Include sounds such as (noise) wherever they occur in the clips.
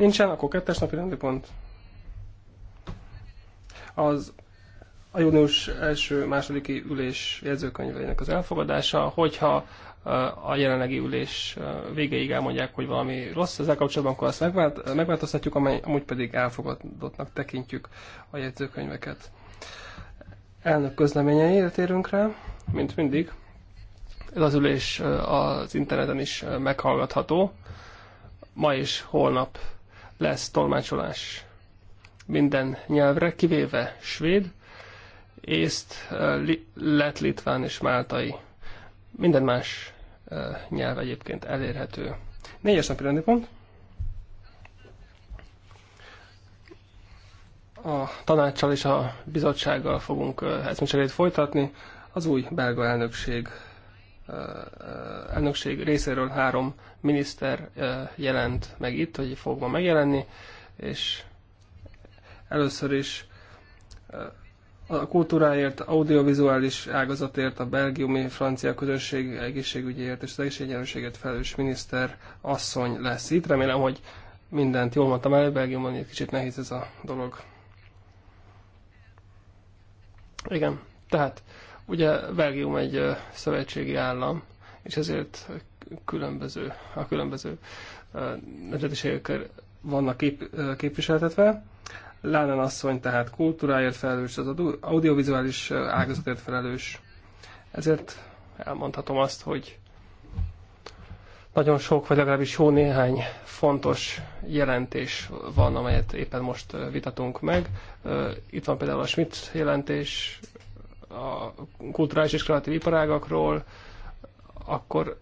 Nincsen, akkor kettes napi rendi pont. Az a június első másodiki ülés jegyzőkönyveinek az elfogadása, hogyha a jelenlegi ülés végéig elmondják, hogy valami rossz ezzel kapcsolatban, akkor azt megvált, megváltoztatjuk, amely, amúgy pedig elfogadottnak tekintjük a jegyzőkönyveket. Elnök közleményeire térünk rá, mint mindig. Ez az ülés az interneten is meghallgatható. Ma és holnap lesz tolmácsolás minden nyelvre, kivéve svéd, észt, lett, litván és máltai. Minden más nyelv egyébként elérhető. Négyes napi pont. A tanácssal és a bizottsággal fogunk ezt folytatni. Az új belga elnökség Eh, elnökség részéről három miniszter eh, jelent meg itt, hogy fog ma megjelenni, és először is eh, a kultúráért, audiovizuális ágazatért, a belgiumi francia közösség egészségügyért és az egészségegyenlőségért felelős miniszter asszony lesz itt. Remélem, hogy mindent jól mondtam el, Belgiumban egy kicsit nehéz ez a dolog. Igen, tehát Ugye Belgium egy szövetségi állam, és ezért különböző, a különböző nemzetiségek vannak kép, képviseltetve. Lánen asszony tehát kultúráért felelős, az audiovizuális ágazatért felelős. Ezért elmondhatom azt, hogy nagyon sok, vagy legalábbis jó néhány fontos jelentés van, amelyet éppen most vitatunk meg. Itt van például a Schmidt jelentés, a kulturális és kreatív iparágakról, akkor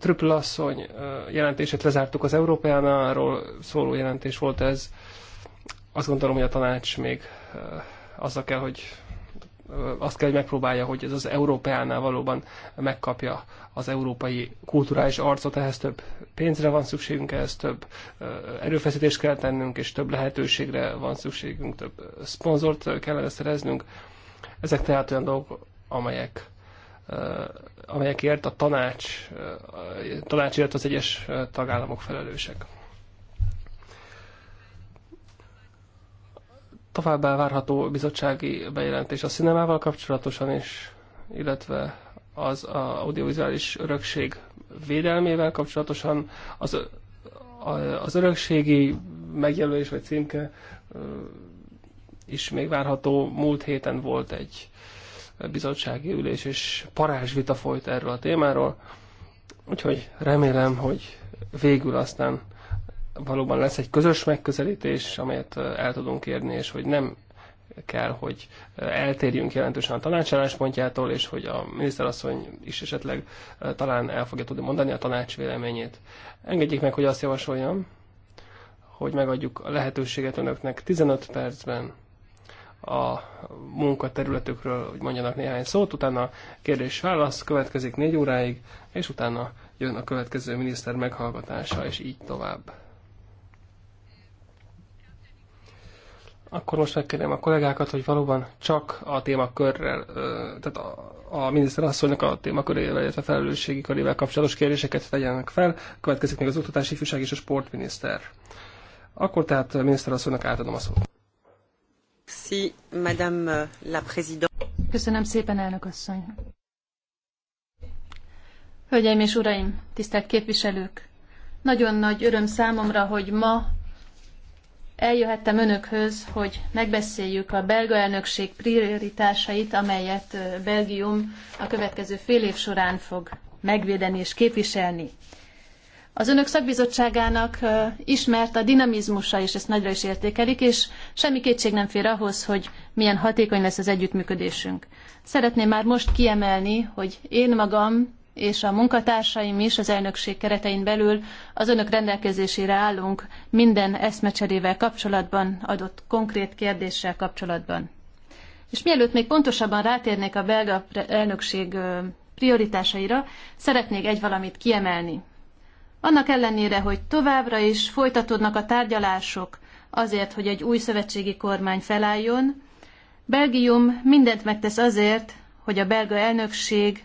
Trüppel asszony jelentését lezártuk az Európeánáról, szóló jelentés volt ez. Azt gondolom, hogy a tanács még azzal kell, hogy azt kell, hogy megpróbálja, hogy ez az Európeánál valóban megkapja az európai kulturális arcot, ehhez több pénzre van szükségünk, ehhez több erőfeszítést kell tennünk, és több lehetőségre van szükségünk, több szponzort kellene szereznünk. Ezek tehát olyan dolgok, amelyek eh, amelyekért a tanács, eh, a tanácsért az egyes eh, tagállamok felelősek. Továbbá várható bizottsági bejelentés a szinemával kapcsolatosan is, illetve az a audiovizuális örökség védelmével kapcsolatosan az, az örökségi megjelölés vagy címke is még várható. Múlt héten volt egy bizottsági ülés, és parázsvita folyt erről a témáról. Úgyhogy remélem, hogy végül aztán valóban lesz egy közös megközelítés, amelyet el tudunk érni, és hogy nem kell, hogy eltérjünk jelentősen a tanácsálláspontjától, és hogy a miniszterasszony is esetleg talán el fogja tudni mondani a tanács véleményét. Engedjék meg, hogy azt javasoljam, hogy megadjuk a lehetőséget önöknek 15 percben a munkaterületükről, hogy mondjanak néhány szót, utána kérdés-válasz következik négy óráig, és utána jön a következő miniszter meghallgatása, és így tovább. Akkor most megkérem a kollégákat, hogy valóban csak a témakörrel, tehát a, a asszonynak a témakörével, illetve felelősségi körével kapcsolatos kérdéseket tegyenek fel. Következik még az oktatási ifjúság és a sportminiszter. Akkor tehát a asszonynak átadom a szót. Köszönöm szépen, elnök asszony. Hölgyeim és uraim, tisztelt képviselők! Nagyon nagy öröm számomra, hogy ma eljöhettem önökhöz, hogy megbeszéljük a belga elnökség prioritásait, amelyet Belgium a következő fél év során fog megvédeni és képviselni. Az önök szakbizottságának ismert a dinamizmusa, és ezt nagyra is értékelik, és semmi kétség nem fér ahhoz, hogy milyen hatékony lesz az együttműködésünk. Szeretném már most kiemelni, hogy én magam és a munkatársaim is az elnökség keretein belül az önök rendelkezésére állunk minden eszmecserével kapcsolatban, adott konkrét kérdéssel kapcsolatban. És mielőtt még pontosabban rátérnék a belga elnökség prioritásaira, szeretnék egy valamit kiemelni. Annak ellenére, hogy továbbra is folytatódnak a tárgyalások azért, hogy egy új szövetségi kormány felálljon, Belgium mindent megtesz azért, hogy a belga elnökség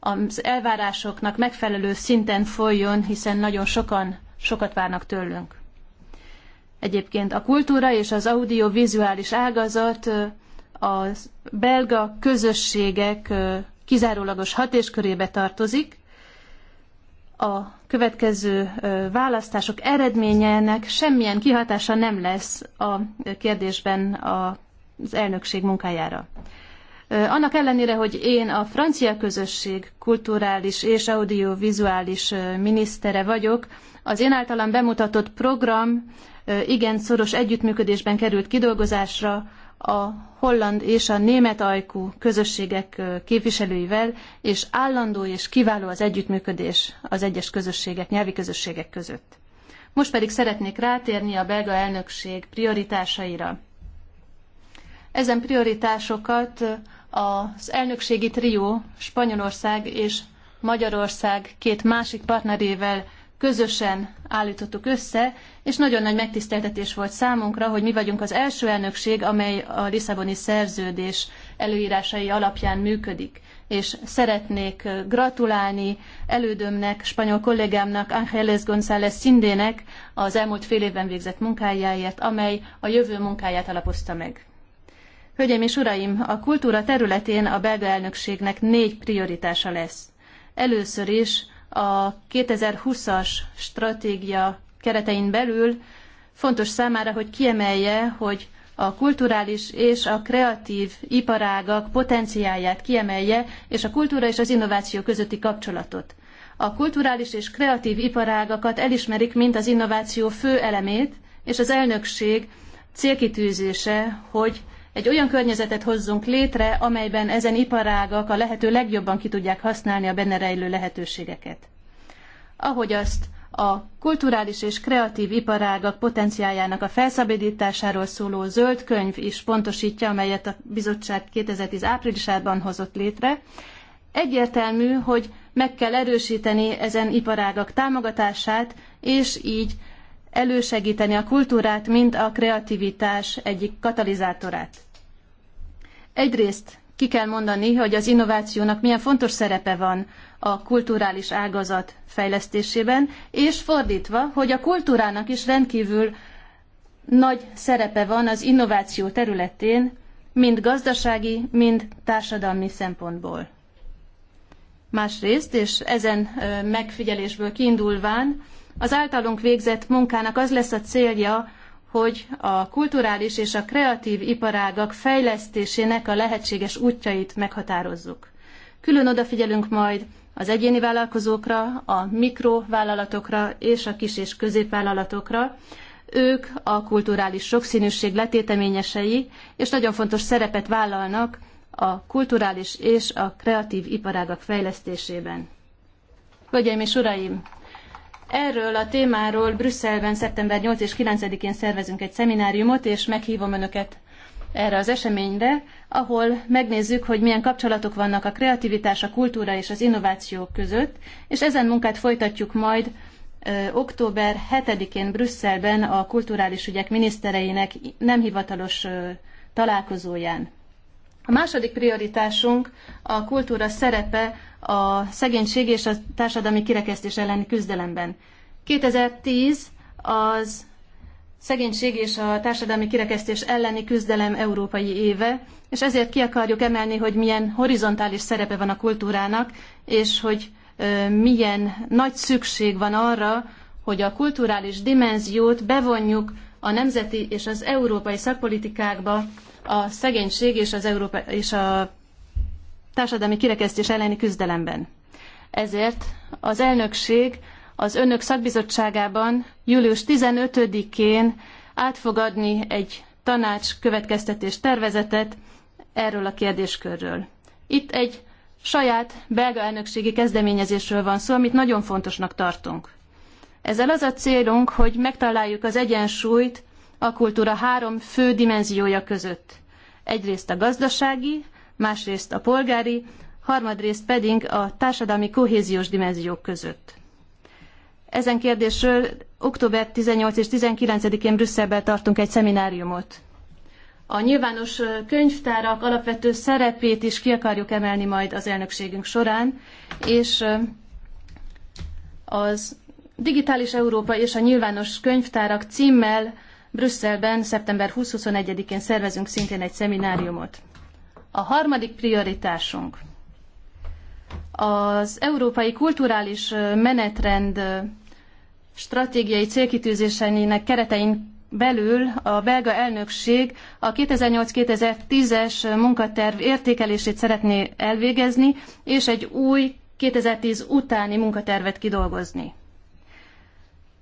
az elvárásoknak megfelelő szinten folyjon, hiszen nagyon sokan sokat várnak tőlünk. Egyébként a kultúra és az audiovizuális ágazat a belga közösségek kizárólagos hatéskörébe tartozik. A következő választások eredményének semmilyen kihatása nem lesz a kérdésben az elnökség munkájára. Annak ellenére, hogy én a francia közösség kulturális és audiovizuális minisztere vagyok, az én általam bemutatott program igen szoros együttműködésben került kidolgozásra a holland és a német ajkú közösségek képviselőivel, és állandó és kiváló az együttműködés az egyes közösségek, nyelvi közösségek között. Most pedig szeretnék rátérni a belga elnökség prioritásaira. Ezen prioritásokat az elnökségi trió Spanyolország és Magyarország két másik partnerével közösen állítottuk össze, és nagyon nagy megtiszteltetés volt számunkra, hogy mi vagyunk az első elnökség, amely a Lisszaboni szerződés előírásai alapján működik. És szeretnék gratulálni elődömnek, spanyol kollégámnak, Ángeles González Szindének az elmúlt fél évben végzett munkájáért, amely a jövő munkáját alapozta meg. Hölgyeim és uraim, a kultúra területén a belga elnökségnek négy prioritása lesz. Először is a 2020-as stratégia keretein belül fontos számára, hogy kiemelje, hogy a kulturális és a kreatív iparágak potenciáját kiemelje, és a kultúra és az innováció közötti kapcsolatot. A kulturális és kreatív iparágakat elismerik, mint az innováció fő elemét, és az elnökség célkitűzése, hogy egy olyan környezetet hozzunk létre, amelyben ezen iparágak a lehető legjobban ki tudják használni a benne rejlő lehetőségeket. Ahogy azt a kulturális és kreatív iparágak potenciáljának a felszabadításáról szóló zöld könyv is pontosítja, amelyet a bizottság 2010 áprilisában hozott létre. Egyértelmű, hogy meg kell erősíteni ezen iparágak támogatását, és így elősegíteni a kultúrát, mint a kreativitás egyik katalizátorát. Egyrészt ki kell mondani, hogy az innovációnak milyen fontos szerepe van a kulturális ágazat fejlesztésében, és fordítva, hogy a kultúrának is rendkívül nagy szerepe van az innováció területén, mind gazdasági, mind társadalmi szempontból. Másrészt, és ezen megfigyelésből kiindulván, az általunk végzett munkának az lesz a célja, hogy a kulturális és a kreatív iparágak fejlesztésének a lehetséges útjait meghatározzuk. Külön odafigyelünk majd az egyéni vállalkozókra, a mikrovállalatokra és a kis- és középvállalatokra. Ők a kulturális sokszínűség letéteményesei, és nagyon fontos szerepet vállalnak a kulturális és a kreatív iparágak fejlesztésében. Hölgyeim és uraim, Erről a témáról Brüsszelben szeptember 8 és 9-én szervezünk egy szemináriumot, és meghívom Önöket erre az eseményre, ahol megnézzük, hogy milyen kapcsolatok vannak a kreativitás, a kultúra és az innováció között, és ezen munkát folytatjuk majd ö, október 7-én Brüsszelben a kulturális ügyek minisztereinek nem hivatalos ö, találkozóján. A második prioritásunk a kultúra szerepe a szegénység és a társadalmi kirekesztés elleni küzdelemben. 2010 az szegénység és a társadalmi kirekesztés elleni küzdelem európai éve, és ezért ki akarjuk emelni, hogy milyen horizontális szerepe van a kultúrának, és hogy milyen nagy szükség van arra, hogy a kulturális dimenziót bevonjuk a nemzeti és az európai szakpolitikákba a szegénység és, az Európa, és a társadalmi kirekesztés elleni küzdelemben. Ezért az elnökség az önök szakbizottságában július 15-én átfogadni egy tanács következtetés tervezetet erről a kérdéskörről. Itt egy saját belga elnökségi kezdeményezésről van szó, amit nagyon fontosnak tartunk. Ezzel az a célunk, hogy megtaláljuk az egyensúlyt a kultúra három fő dimenziója között. Egyrészt a gazdasági, másrészt a polgári, harmadrészt pedig a társadalmi kohéziós dimenziók között. Ezen kérdésről október 18 és 19-én Brüsszelben tartunk egy szemináriumot. A nyilvános könyvtárak alapvető szerepét is ki akarjuk emelni majd az elnökségünk során, és az Digitális Európa és a Nyilvános Könyvtárak címmel Brüsszelben szeptember 20-21-én szervezünk szintén egy szemináriumot. A harmadik prioritásunk az európai kulturális menetrend stratégiai célkitűzéseinek keretein belül a belga elnökség a 2008-2010-es munkaterv értékelését szeretné elvégezni, és egy új 2010 utáni munkatervet kidolgozni.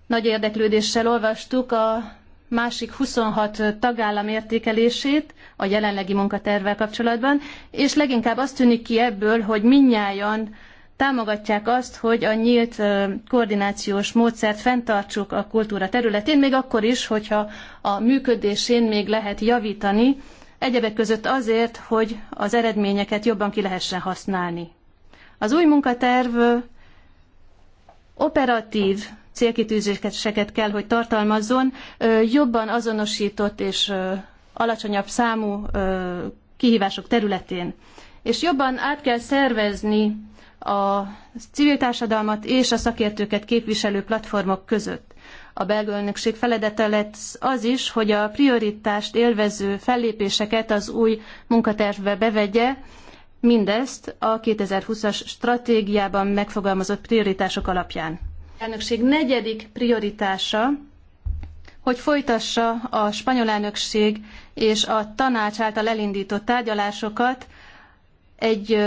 Nagy érdeklődéssel olvastuk a másik 26 tagállam értékelését a jelenlegi munkatervvel kapcsolatban, és leginkább azt tűnik ki ebből, hogy minnyáján támogatják azt, hogy a nyílt koordinációs módszert fenntartsuk a kultúra területén, még akkor is, hogyha a működésén még lehet javítani, egyebek között azért, hogy az eredményeket jobban ki lehessen használni. Az új munkaterv operatív célkitűzéseket kell, hogy tartalmazzon, jobban azonosított és alacsonyabb számú kihívások területén. És jobban át kell szervezni a civil társadalmat és a szakértőket képviselő platformok között. A belga elnökség feladata lesz az is, hogy a prioritást élvező fellépéseket az új munkatervbe bevegye, mindezt a 2020-as stratégiában megfogalmazott prioritások alapján elnökség negyedik prioritása, hogy folytassa a spanyol elnökség és a tanács által elindított tárgyalásokat egy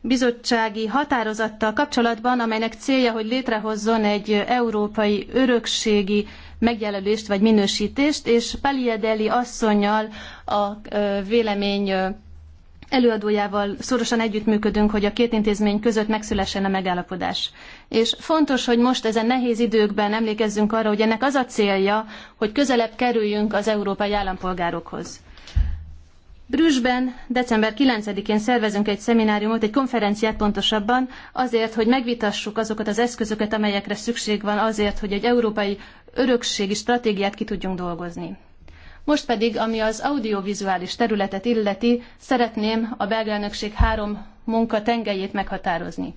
bizottsági határozattal kapcsolatban, amelynek célja, hogy létrehozzon egy európai örökségi megjelölést vagy minősítést, és Paliadeli asszonynal a vélemény előadójával szorosan együttműködünk, hogy a két intézmény között megszülessen a megállapodás. És fontos, hogy most ezen nehéz időkben emlékezzünk arra, hogy ennek az a célja, hogy közelebb kerüljünk az európai állampolgárokhoz. Brüsszben december 9-én szervezünk egy szemináriumot, egy konferenciát pontosabban, azért, hogy megvitassuk azokat az eszközöket, amelyekre szükség van azért, hogy egy európai örökségi stratégiát ki tudjunk dolgozni. Most pedig, ami az audiovizuális területet illeti, szeretném a belga elnökség három munka tengelyét meghatározni.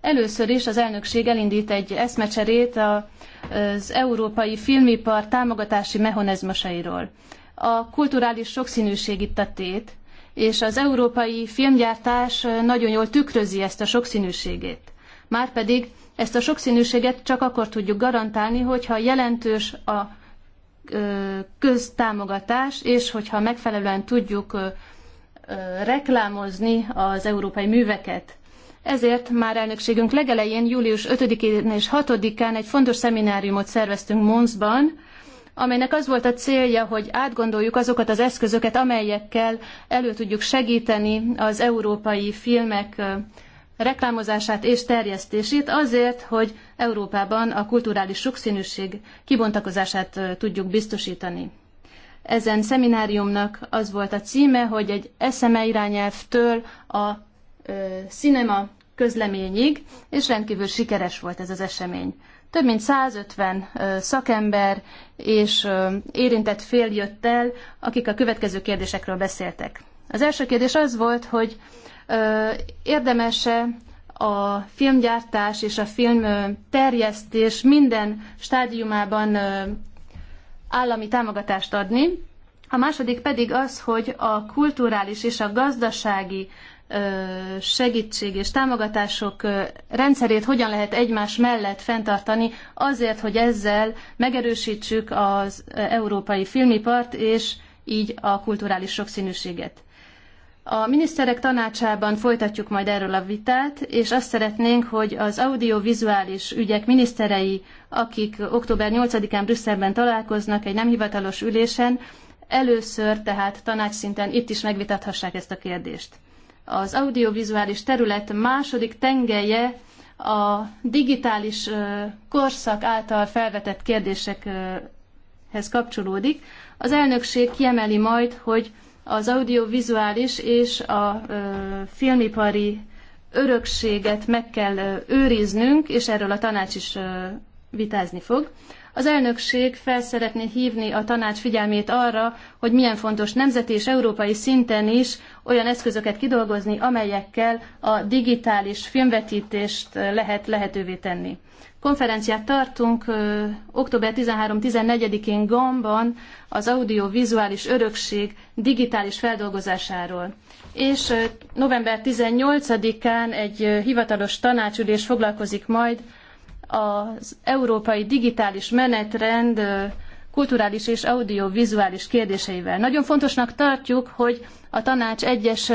Először is az elnökség elindít egy eszmecserét az európai filmipar támogatási mechanizmusairól. A kulturális sokszínűség itt a tét, és az európai filmgyártás nagyon jól tükrözi ezt a sokszínűségét. Márpedig ezt a sokszínűséget csak akkor tudjuk garantálni, hogyha jelentős a köztámogatás, és hogyha megfelelően tudjuk reklámozni az európai műveket. Ezért már elnökségünk legelején, július 5-én és 6-án egy fontos szemináriumot szerveztünk Monzban, amelynek az volt a célja, hogy átgondoljuk azokat az eszközöket, amelyekkel elő tudjuk segíteni az európai filmek reklámozását és terjesztését azért, hogy Európában a kulturális sokszínűség kibontakozását tudjuk biztosítani. Ezen szemináriumnak az volt a címe, hogy egy SME irányelvtől a ö, cinema közleményig, és rendkívül sikeres volt ez az esemény. Több mint 150 szakember és érintett fél jött el, akik a következő kérdésekről beszéltek. Az első kérdés az volt, hogy Érdemese a filmgyártás és a film terjesztés minden stádiumában állami támogatást adni. A második pedig az, hogy a kulturális és a gazdasági segítség és támogatások rendszerét hogyan lehet egymás mellett fenntartani azért, hogy ezzel megerősítsük az európai filmipart és így a kulturális sokszínűséget. A miniszterek tanácsában folytatjuk majd erről a vitát, és azt szeretnénk, hogy az audiovizuális ügyek miniszterei, akik október 8-án Brüsszelben találkoznak egy nem hivatalos ülésen, először tehát tanácsszinten itt is megvitathassák ezt a kérdést. Az audiovizuális terület második tengelye a digitális korszak által felvetett kérdésekhez kapcsolódik. Az elnökség kiemeli majd, hogy az audiovizuális és a filmipari örökséget meg kell őriznünk, és erről a tanács is vitázni fog. Az elnökség fel szeretné hívni a tanács figyelmét arra, hogy milyen fontos nemzeti és európai szinten is olyan eszközöket kidolgozni, amelyekkel a digitális filmvetítést lehet lehetővé tenni. Konferenciát tartunk ö, október 13-14-én Gomban az audiovizuális örökség digitális feldolgozásáról. És ö, november 18-án egy ö, hivatalos tanácsülés foglalkozik majd az európai digitális menetrend kulturális és audiovizuális kérdéseivel. Nagyon fontosnak tartjuk, hogy a tanács egyes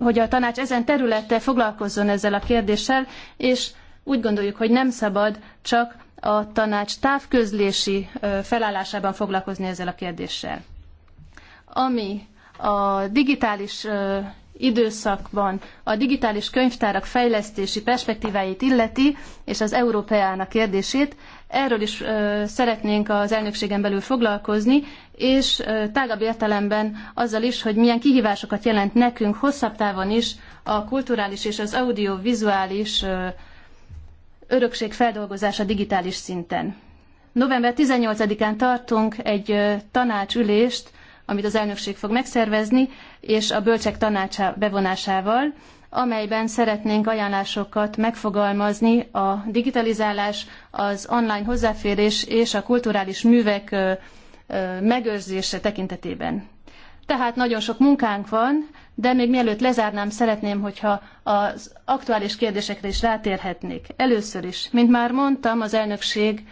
hogy a tanács ezen területtel foglalkozzon ezzel a kérdéssel, és úgy gondoljuk, hogy nem szabad csak a tanács távközlési felállásában foglalkozni ezzel a kérdéssel. Ami a digitális időszakban a digitális könyvtárak fejlesztési perspektíváit illeti, és az Európeának kérdését, erről is ö, szeretnénk az elnökségen belül foglalkozni, és ö, tágabb értelemben azzal is, hogy milyen kihívásokat jelent nekünk hosszabb távon is a kulturális és az audiovizuális örökség feldolgozása digitális szinten. November 18-án tartunk egy tanácsülést amit az elnökség fog megszervezni, és a bölcsek tanácsa bevonásával, amelyben szeretnénk ajánlásokat megfogalmazni a digitalizálás, az online hozzáférés és a kulturális művek megőrzése tekintetében. Tehát nagyon sok munkánk van, de még mielőtt lezárnám, szeretném, hogyha az aktuális kérdésekre is rátérhetnék. Először is, mint már mondtam, az elnökség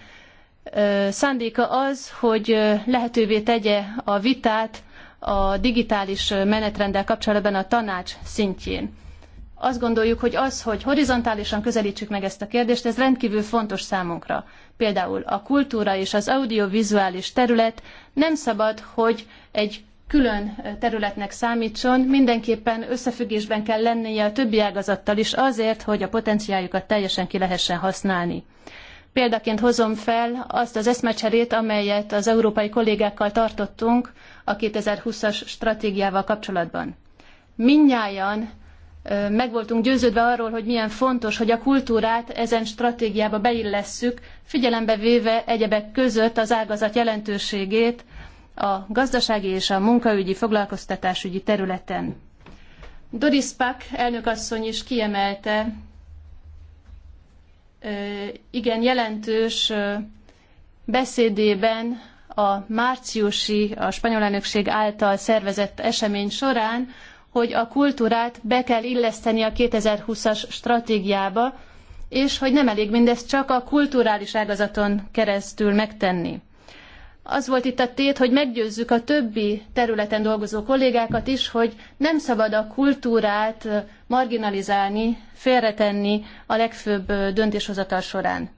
szándéka az, hogy lehetővé tegye a vitát a digitális menetrenddel kapcsolatban a tanács szintjén. Azt gondoljuk, hogy az, hogy horizontálisan közelítsük meg ezt a kérdést, ez rendkívül fontos számunkra. Például a kultúra és az audiovizuális terület nem szabad, hogy egy külön területnek számítson, mindenképpen összefüggésben kell lennie a többi ágazattal is azért, hogy a potenciáljukat teljesen ki lehessen használni. Példaként hozom fel azt az eszmecserét, amelyet az európai kollégákkal tartottunk a 2020-as stratégiával kapcsolatban. Mindnyájan meg voltunk győződve arról, hogy milyen fontos, hogy a kultúrát ezen stratégiába beillesszük, figyelembe véve egyebek között az ágazat jelentőségét a gazdasági és a munkaügyi foglalkoztatásügyi területen. Doris Pack elnökasszony is kiemelte igen jelentős beszédében a márciusi, a spanyol elnökség által szervezett esemény során, hogy a kultúrát be kell illeszteni a 2020-as stratégiába, és hogy nem elég mindezt csak a kulturális ágazaton keresztül megtenni az volt itt a tét, hogy meggyőzzük a többi területen dolgozó kollégákat is, hogy nem szabad a kultúrát marginalizálni, félretenni a legfőbb döntéshozatal során.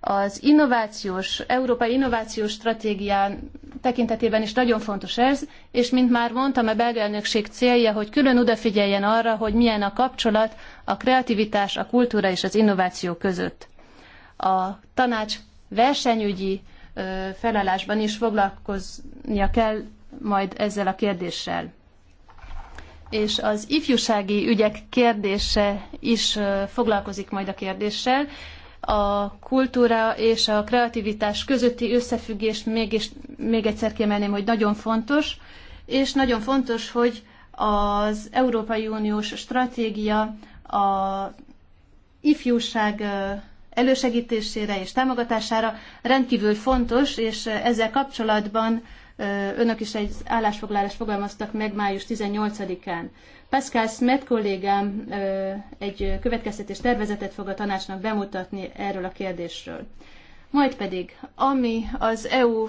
Az innovációs, európai innovációs stratégián tekintetében is nagyon fontos ez, és mint már mondtam, a belga elnökség célja, hogy külön odafigyeljen arra, hogy milyen a kapcsolat a kreativitás, a kultúra és az innováció között. A tanács versenyügyi felállásban is foglalkoznia kell majd ezzel a kérdéssel. És az ifjúsági ügyek kérdése is foglalkozik majd a kérdéssel. A kultúra és a kreativitás közötti összefüggés mégis, még egyszer kiemelném, hogy nagyon fontos, és nagyon fontos, hogy az Európai Uniós stratégia a ifjúság elősegítésére és támogatására rendkívül fontos, és ezzel kapcsolatban önök is egy állásfoglalást fogalmaztak meg május 18-án. Pascal Smet kollégám egy következtetés tervezetet fog a tanácsnak bemutatni erről a kérdésről. Majd pedig, ami az EU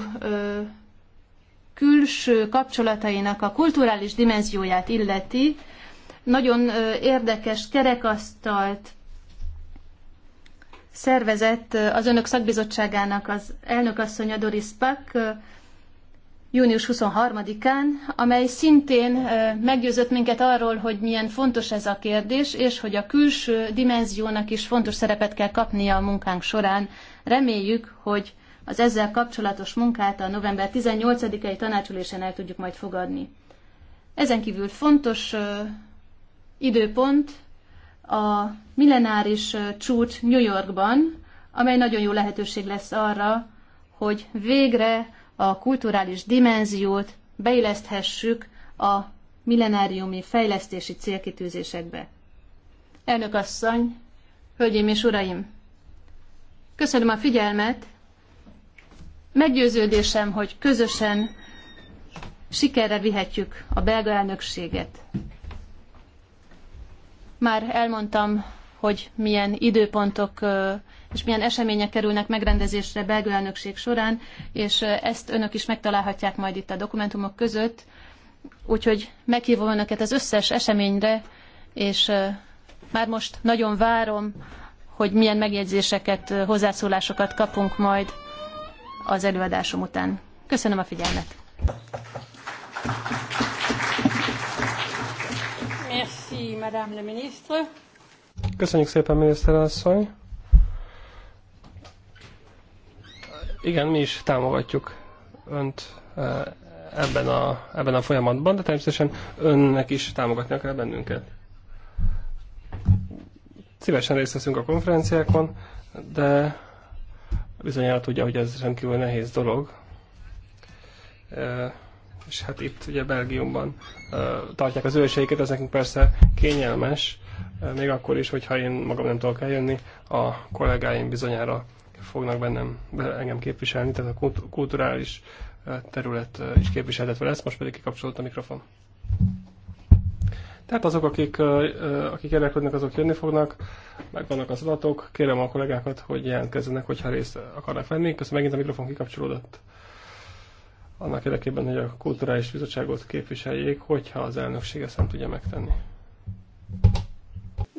külső kapcsolatainak a kulturális dimenzióját illeti, nagyon érdekes kerekasztalt szervezett az önök szakbizottságának az elnökasszonya Doris Pack június 23-án, amely szintén meggyőzött minket arról, hogy milyen fontos ez a kérdés, és hogy a külső dimenziónak is fontos szerepet kell kapnia a munkánk során. Reméljük, hogy az ezzel kapcsolatos munkát a november 18-ai tanácsülésen el tudjuk majd fogadni. Ezen kívül fontos időpont a millenáris csúcs New Yorkban, amely nagyon jó lehetőség lesz arra, hogy végre a kulturális dimenziót beilleszthessük a millenáriumi fejlesztési célkitűzésekbe. Elnök asszony, hölgyeim és uraim! Köszönöm a figyelmet! Meggyőződésem, hogy közösen sikerre vihetjük a belga elnökséget. Már elmondtam, hogy milyen időpontok és milyen események kerülnek megrendezésre belgő elnökség során, és ezt önök is megtalálhatják majd itt a dokumentumok között. Úgyhogy meghívom önöket az összes eseményre, és már most nagyon várom, hogy milyen megjegyzéseket, hozzászólásokat kapunk majd az előadásom után. Köszönöm a figyelmet! Merci, Madame la Ministre. Köszönjük szépen, miniszterasszony. Igen, mi is támogatjuk Önt eh, ebben a, ebben a folyamatban, de természetesen Önnek is támogatnia kell bennünket. Szívesen részt veszünk a konferenciákon, de bizonyára tudja, hogy ez rendkívül nehéz dolog. Eh, és hát itt ugye Belgiumban tartják az őseiket, ez nekünk persze kényelmes, még akkor is, hogyha én magam nem tudok eljönni, a kollégáim bizonyára fognak bennem, engem képviselni, tehát a kulturális terület is képviseltetve lesz, most pedig kikapcsolódott a mikrofon. Tehát azok, akik, akik érdeklődnek, azok jönni fognak, megvannak az adatok, kérem a kollégákat, hogy jelentkezzenek, hogyha részt akarnak venni. Köszönöm, megint a mikrofon kikapcsolódott annak érdekében, hogy a kulturális bizottságot képviseljék, hogyha az elnökség ezt nem tudja megtenni.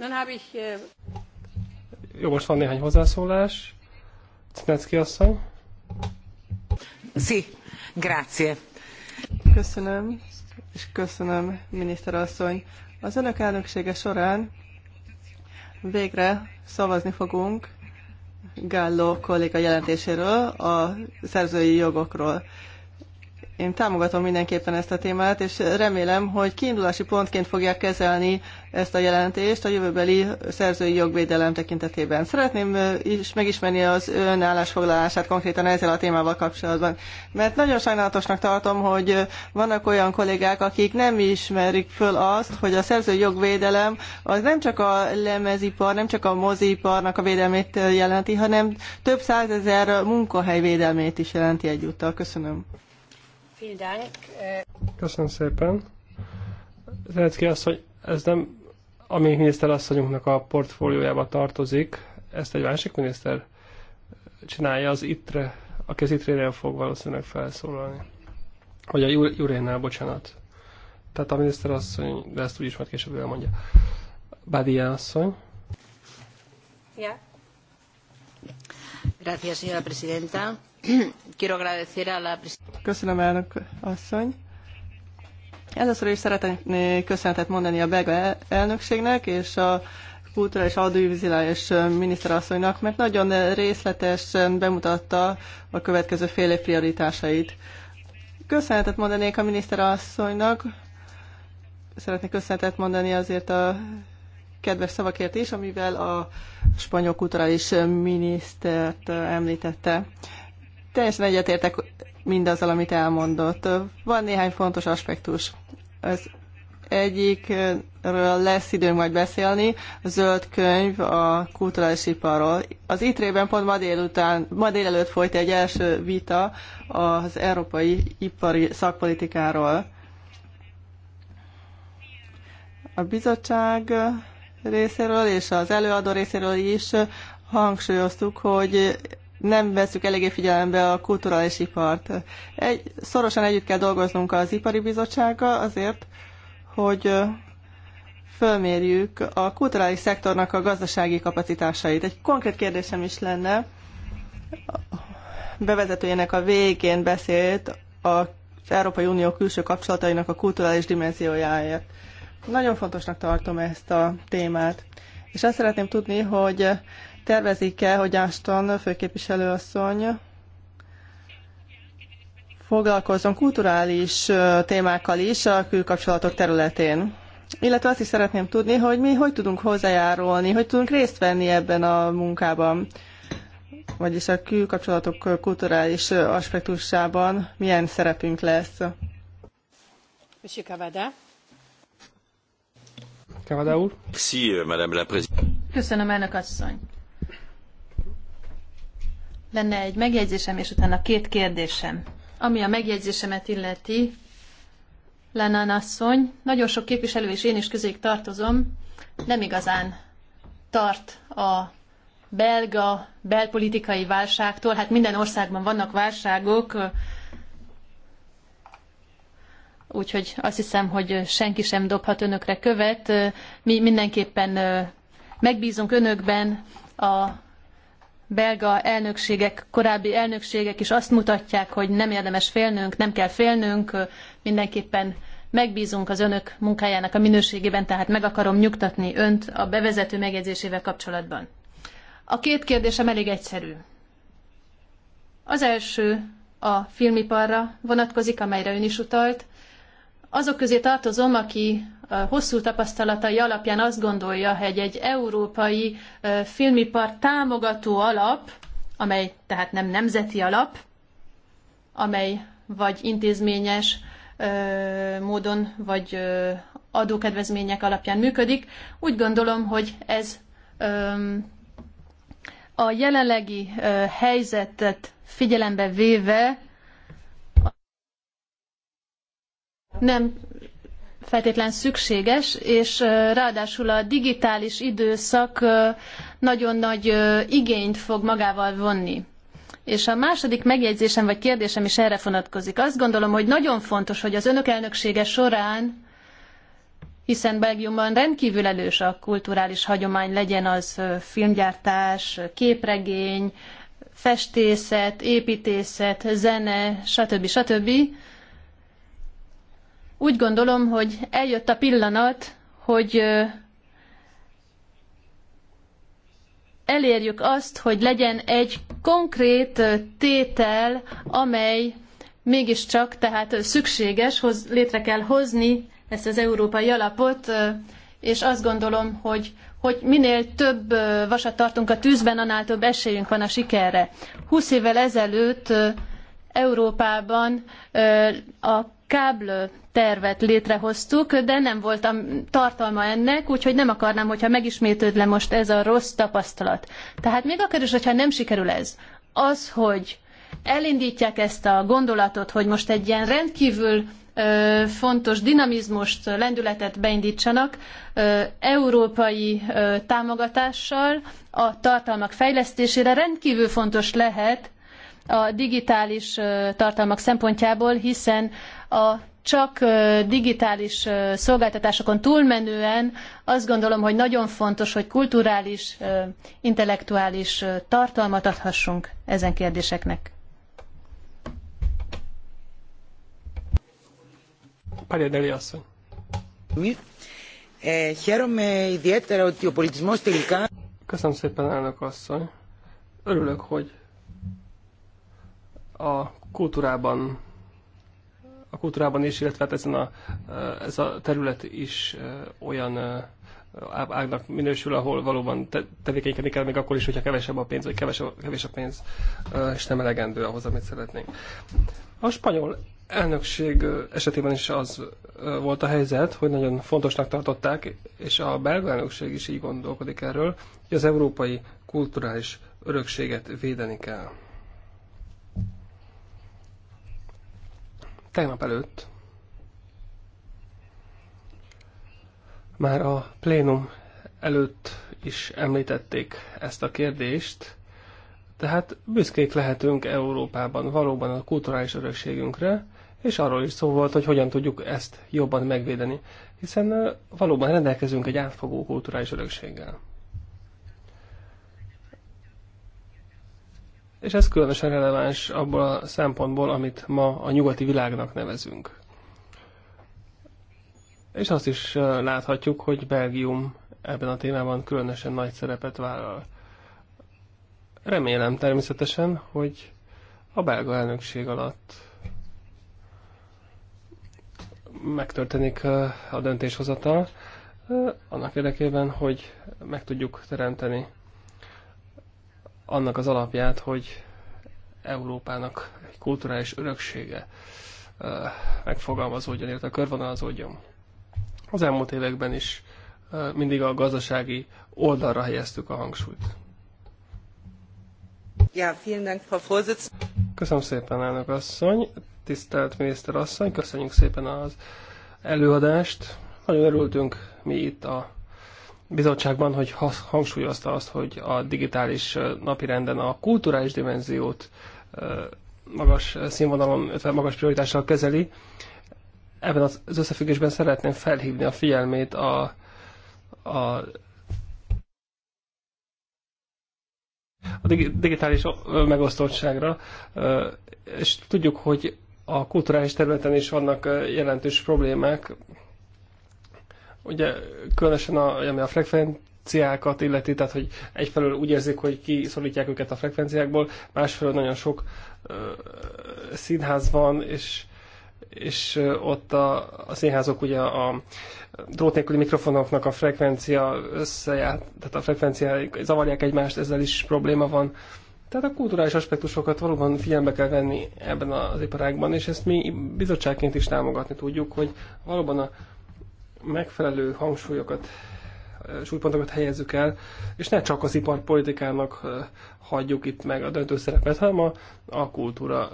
Äh, Jó, most van néhány hozzászólás. Cinecki asszony. Sí, grazie. Köszönöm, és köszönöm, miniszter asszony. Az önök elnöksége során végre szavazni fogunk Gálló kolléga jelentéséről, a szerzői jogokról. Én támogatom mindenképpen ezt a témát, és remélem, hogy kiindulási pontként fogják kezelni ezt a jelentést a jövőbeli szerzői jogvédelem tekintetében. Szeretném is megismerni az ön állásfoglalását konkrétan ezzel a témával kapcsolatban, mert nagyon sajnálatosnak tartom, hogy vannak olyan kollégák, akik nem ismerik föl azt, hogy a szerzői jogvédelem az nem csak a lemezipar, nem csak a moziiparnak a védelmét jelenti, hanem több százezer munkahely védelmét is jelenti egyúttal. Köszönöm. Köszönöm szépen. ki azt, hogy ez nem a mi miniszterasszonyunknak a portfóliójába tartozik, ezt egy másik miniszter csinálja az ittre, aki az itrére fog valószínűleg felszólalni. Vagy a Jurénál, bocsánat. Tehát a miniszterasszony, de ezt úgyis majd később elmondja. Badia asszony. Yeah. Gracias, señora presidenta. (clears throat) Köszönöm, elnök asszony. Először is szeretnék köszönetet mondani a belga elnökségnek és a kultúra és audiovizuális miniszterasszonynak, mert nagyon részletesen bemutatta a következő fél év prioritásait. Köszönetet mondanék a miniszterasszonynak, szeretnék köszönetet mondani azért a kedves szavakért is, amivel a spanyol kulturális minisztert említette. Teljesen egyetértek mindazzal, amit elmondott. Van néhány fontos aspektus. Az egyikről lesz időnk majd beszélni, a zöld könyv a kulturális iparról. Az ITRE-ben pont ma délután, ma délelőtt folyt egy első vita az európai ipari szakpolitikáról. A bizottság részéről és az előadó részéről is hangsúlyoztuk, hogy nem veszük eléggé figyelembe a kulturális ipart. Egy, szorosan együtt kell dolgoznunk az ipari bizottsággal azért, hogy fölmérjük a kulturális szektornak a gazdasági kapacitásait. Egy konkrét kérdésem is lenne, bevezetőjének a végén beszélt az Európai Unió külső kapcsolatainak a kulturális dimenziójáért. Nagyon fontosnak tartom ezt a témát. És azt szeretném tudni, hogy Tervezik-e, hogy Ashton főképviselőasszony foglalkozzon kulturális témákkal is a külkapcsolatok területén? Illetve azt is szeretném tudni, hogy mi hogy tudunk hozzájárulni, hogy tudunk részt venni ebben a munkában, vagyis a külkapcsolatok kulturális aspektusában milyen szerepünk lesz. Monsieur Cavada. Cavada úr. Köszönöm, elnök asszony. Lenne egy megjegyzésem, és utána két kérdésem. Ami a megjegyzésemet illeti, lenán asszony, nagyon sok képviselő, és én is közé tartozom, nem igazán tart a belga belpolitikai válságtól. Hát minden országban vannak válságok, úgyhogy azt hiszem, hogy senki sem dobhat önökre követ. Mi mindenképpen megbízunk önökben a belga elnökségek, korábbi elnökségek is azt mutatják, hogy nem érdemes félnünk, nem kell félnünk, mindenképpen megbízunk az önök munkájának a minőségében, tehát meg akarom nyugtatni önt a bevezető megjegyzésével kapcsolatban. A két kérdésem elég egyszerű. Az első a filmiparra vonatkozik, amelyre ön is utalt. Azok közé tartozom, aki hosszú tapasztalatai alapján azt gondolja, hogy egy európai filmipar támogató alap, amely tehát nem nemzeti alap, amely vagy intézményes módon, vagy adókedvezmények alapján működik. Úgy gondolom, hogy ez a jelenlegi helyzetet figyelembe véve nem feltétlen szükséges, és ráadásul a digitális időszak nagyon nagy igényt fog magával vonni. És a második megjegyzésem vagy kérdésem is erre vonatkozik. Azt gondolom, hogy nagyon fontos, hogy az önök elnöksége során, hiszen Belgiumban rendkívül elős a kulturális hagyomány, legyen az filmgyártás, képregény, festészet, építészet, zene, stb. stb. stb úgy gondolom, hogy eljött a pillanat, hogy elérjük azt, hogy legyen egy konkrét tétel, amely mégiscsak tehát szükséges, hoz, létre kell hozni ezt az európai alapot, és azt gondolom, hogy hogy minél több vasat tartunk a tűzben, annál több esélyünk van a sikerre. 20 évvel ezelőtt Európában a kábel tervet létrehoztuk, de nem voltam tartalma ennek, úgyhogy nem akarnám, hogyha megismétődne most ez a rossz tapasztalat. Tehát még akkor is, hogyha nem sikerül ez, az, hogy elindítják ezt a gondolatot, hogy most egy ilyen rendkívül ö, fontos dinamizmust, lendületet beindítsanak ö, európai ö, támogatással a tartalmak fejlesztésére rendkívül fontos lehet a digitális tartalmak szempontjából, hiszen a csak digitális szolgáltatásokon túlmenően azt gondolom, hogy nagyon fontos, hogy kulturális, intellektuális tartalmat adhassunk ezen kérdéseknek. Párjadeli asszony. Eh, Köszönöm szépen, elnök asszony. Örülök, hogy a kultúrában a kultúrában is, illetve hát ezen a, ez a terület is olyan ágnak minősül, ahol valóban te, tevékenykedni kell még akkor is, hogyha kevesebb a pénz, vagy kevesebb, kevés a pénz, és nem elegendő ahhoz, amit szeretnénk. A spanyol elnökség esetében is az volt a helyzet, hogy nagyon fontosnak tartották, és a belga elnökség is így gondolkodik erről, hogy az európai kulturális örökséget védeni kell. Tegnap előtt már a plénum előtt is említették ezt a kérdést, tehát büszkék lehetünk Európában valóban a kulturális örökségünkre, és arról is szó volt, hogy hogyan tudjuk ezt jobban megvédeni, hiszen valóban rendelkezünk egy átfogó kulturális örökséggel. és ez különösen releváns abból a szempontból, amit ma a nyugati világnak nevezünk. És azt is láthatjuk, hogy Belgium ebben a témában különösen nagy szerepet vállal. Remélem természetesen, hogy a belga elnökség alatt megtörténik a döntéshozatal, annak érdekében, hogy meg tudjuk teremteni annak az alapját, hogy Európának egy kulturális öröksége megfogalmazódjon, illetve körvonalazódjon. Az elmúlt években is mindig a gazdasági oldalra helyeztük a hangsúlyt. Ja, vielen Dank, Frau Vorsitz. Köszönöm szépen, elnök asszony, tisztelt miniszter asszony, köszönjük szépen az előadást. Nagyon örültünk mi itt a bizottságban, hogy hangsúlyozta azt, hogy a digitális napirenden a kulturális dimenziót magas színvonalon, magas prioritással kezeli. Ebben az összefüggésben szeretném felhívni a figyelmét a, a a digitális megosztottságra, és tudjuk, hogy a kulturális területen is vannak jelentős problémák, Ugye különösen a, ami a frekvenciákat illeti, tehát hogy egyfelől úgy érzik, hogy kiszorítják őket a frekvenciákból, másfelől nagyon sok uh, színház van, és és ott a, a színházok ugye a drót nélküli mikrofonoknak a frekvencia összeját, tehát a frekvenciák zavarják egymást, ezzel is probléma van. Tehát a kulturális aspektusokat valóban figyelembe kell venni ebben az iparágban, és ezt mi bizottságként is támogatni tudjuk, hogy valóban a megfelelő hangsúlyokat, súlypontokat helyezzük el, és ne csak az iparpolitikának hagyjuk itt meg a döntő szerepet, hanem a, a kultúra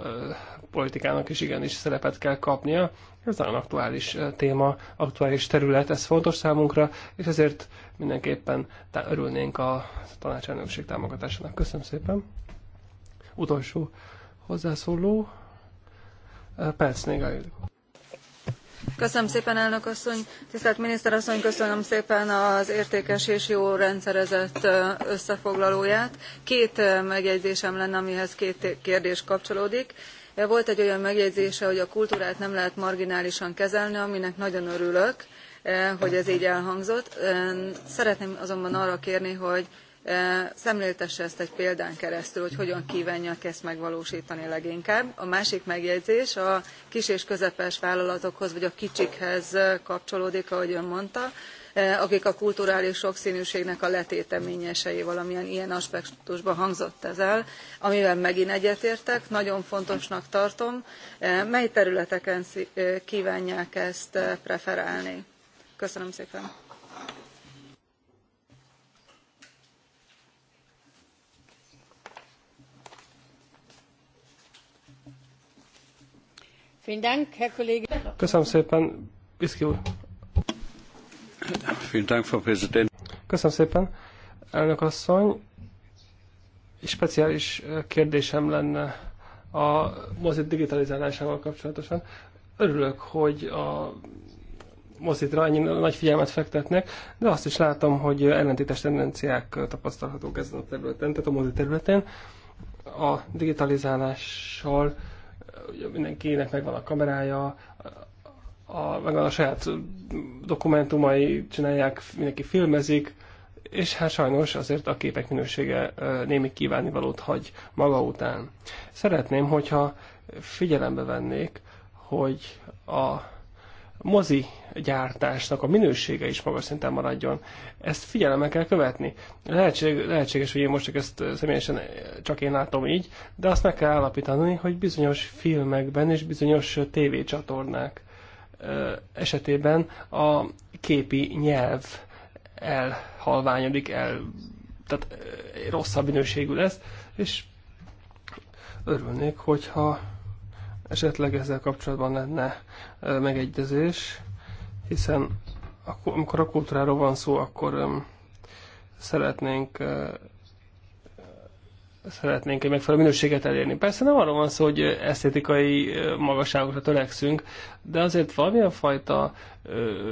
politikának is igenis szerepet kell kapnia. Ez nagyon aktuális téma, aktuális terület, ez fontos számunkra, és ezért mindenképpen örülnénk a tanácselnökség támogatásának. Köszönöm szépen. Utolsó hozzászóló, Perc Négail. Köszönöm szépen, elnök asszony! Tisztelt miniszter asszony, köszönöm szépen az értékes és jól rendszerezett összefoglalóját. Két megjegyzésem lenne, amihez két kérdés kapcsolódik volt egy olyan megjegyzése hogy a kultúrát nem lehet marginálisan kezelni aminek nagyon örülök hogy ez gy elhangzott. szeretném azonban arra kérni hogy szemléltesse ezt egy példán keresztül hogy hogyan kvánják ezt megvalóstani leginkább. a másik megjegyzés a kis és közepes vállalatokhoz vagy a kicsikhez kapcsolódik ahogy ön mondta akik a kulturális soksznűségnek a letéteményesei valamilyen ilyen aspektusban hangzott ez el amivel megint egyetértek nagyon fontosnak tartom mely területeken kvánják ezt preferálni. köszönöm szépen! Köszönöm szépen, Biszki úr. Köszönöm szépen, elnök asszony. Speciális kérdésem lenne a mozi digitalizálásával kapcsolatosan. Örülök, hogy a mozitra ennyi nagy figyelmet fektetnek, de azt is látom, hogy ellentétes tendenciák tapasztalhatók ezen a területen, tehát a mozi területen. A digitalizálással ugye mindenkinek megvan a kamerája, a, megvan a saját dokumentumai, csinálják, mindenki filmezik, és hát sajnos azért a képek minősége némi kívánivalót hagy maga után. Szeretném, hogyha figyelembe vennék, hogy a mozi gyártásnak a minősége is magas szinten maradjon. Ezt figyelemmel kell követni. Lehetség, lehetséges, hogy én most csak ezt eh, személyesen eh, csak én látom így, de azt meg kell állapítani, hogy bizonyos filmekben és bizonyos eh, tévécsatornák esetében a képi nyelv elhalványodik, el, tehát rosszabb minőségű lesz, és örülnék, hogyha esetleg ezzel kapcsolatban lenne megegyezés, hiszen amikor a kultúráról van szó, akkor szeretnénk szeretnénk egy megfelelő minőséget elérni. Persze nem arról van szó, hogy esztétikai magasságokra törekszünk, de azért valamilyen fajta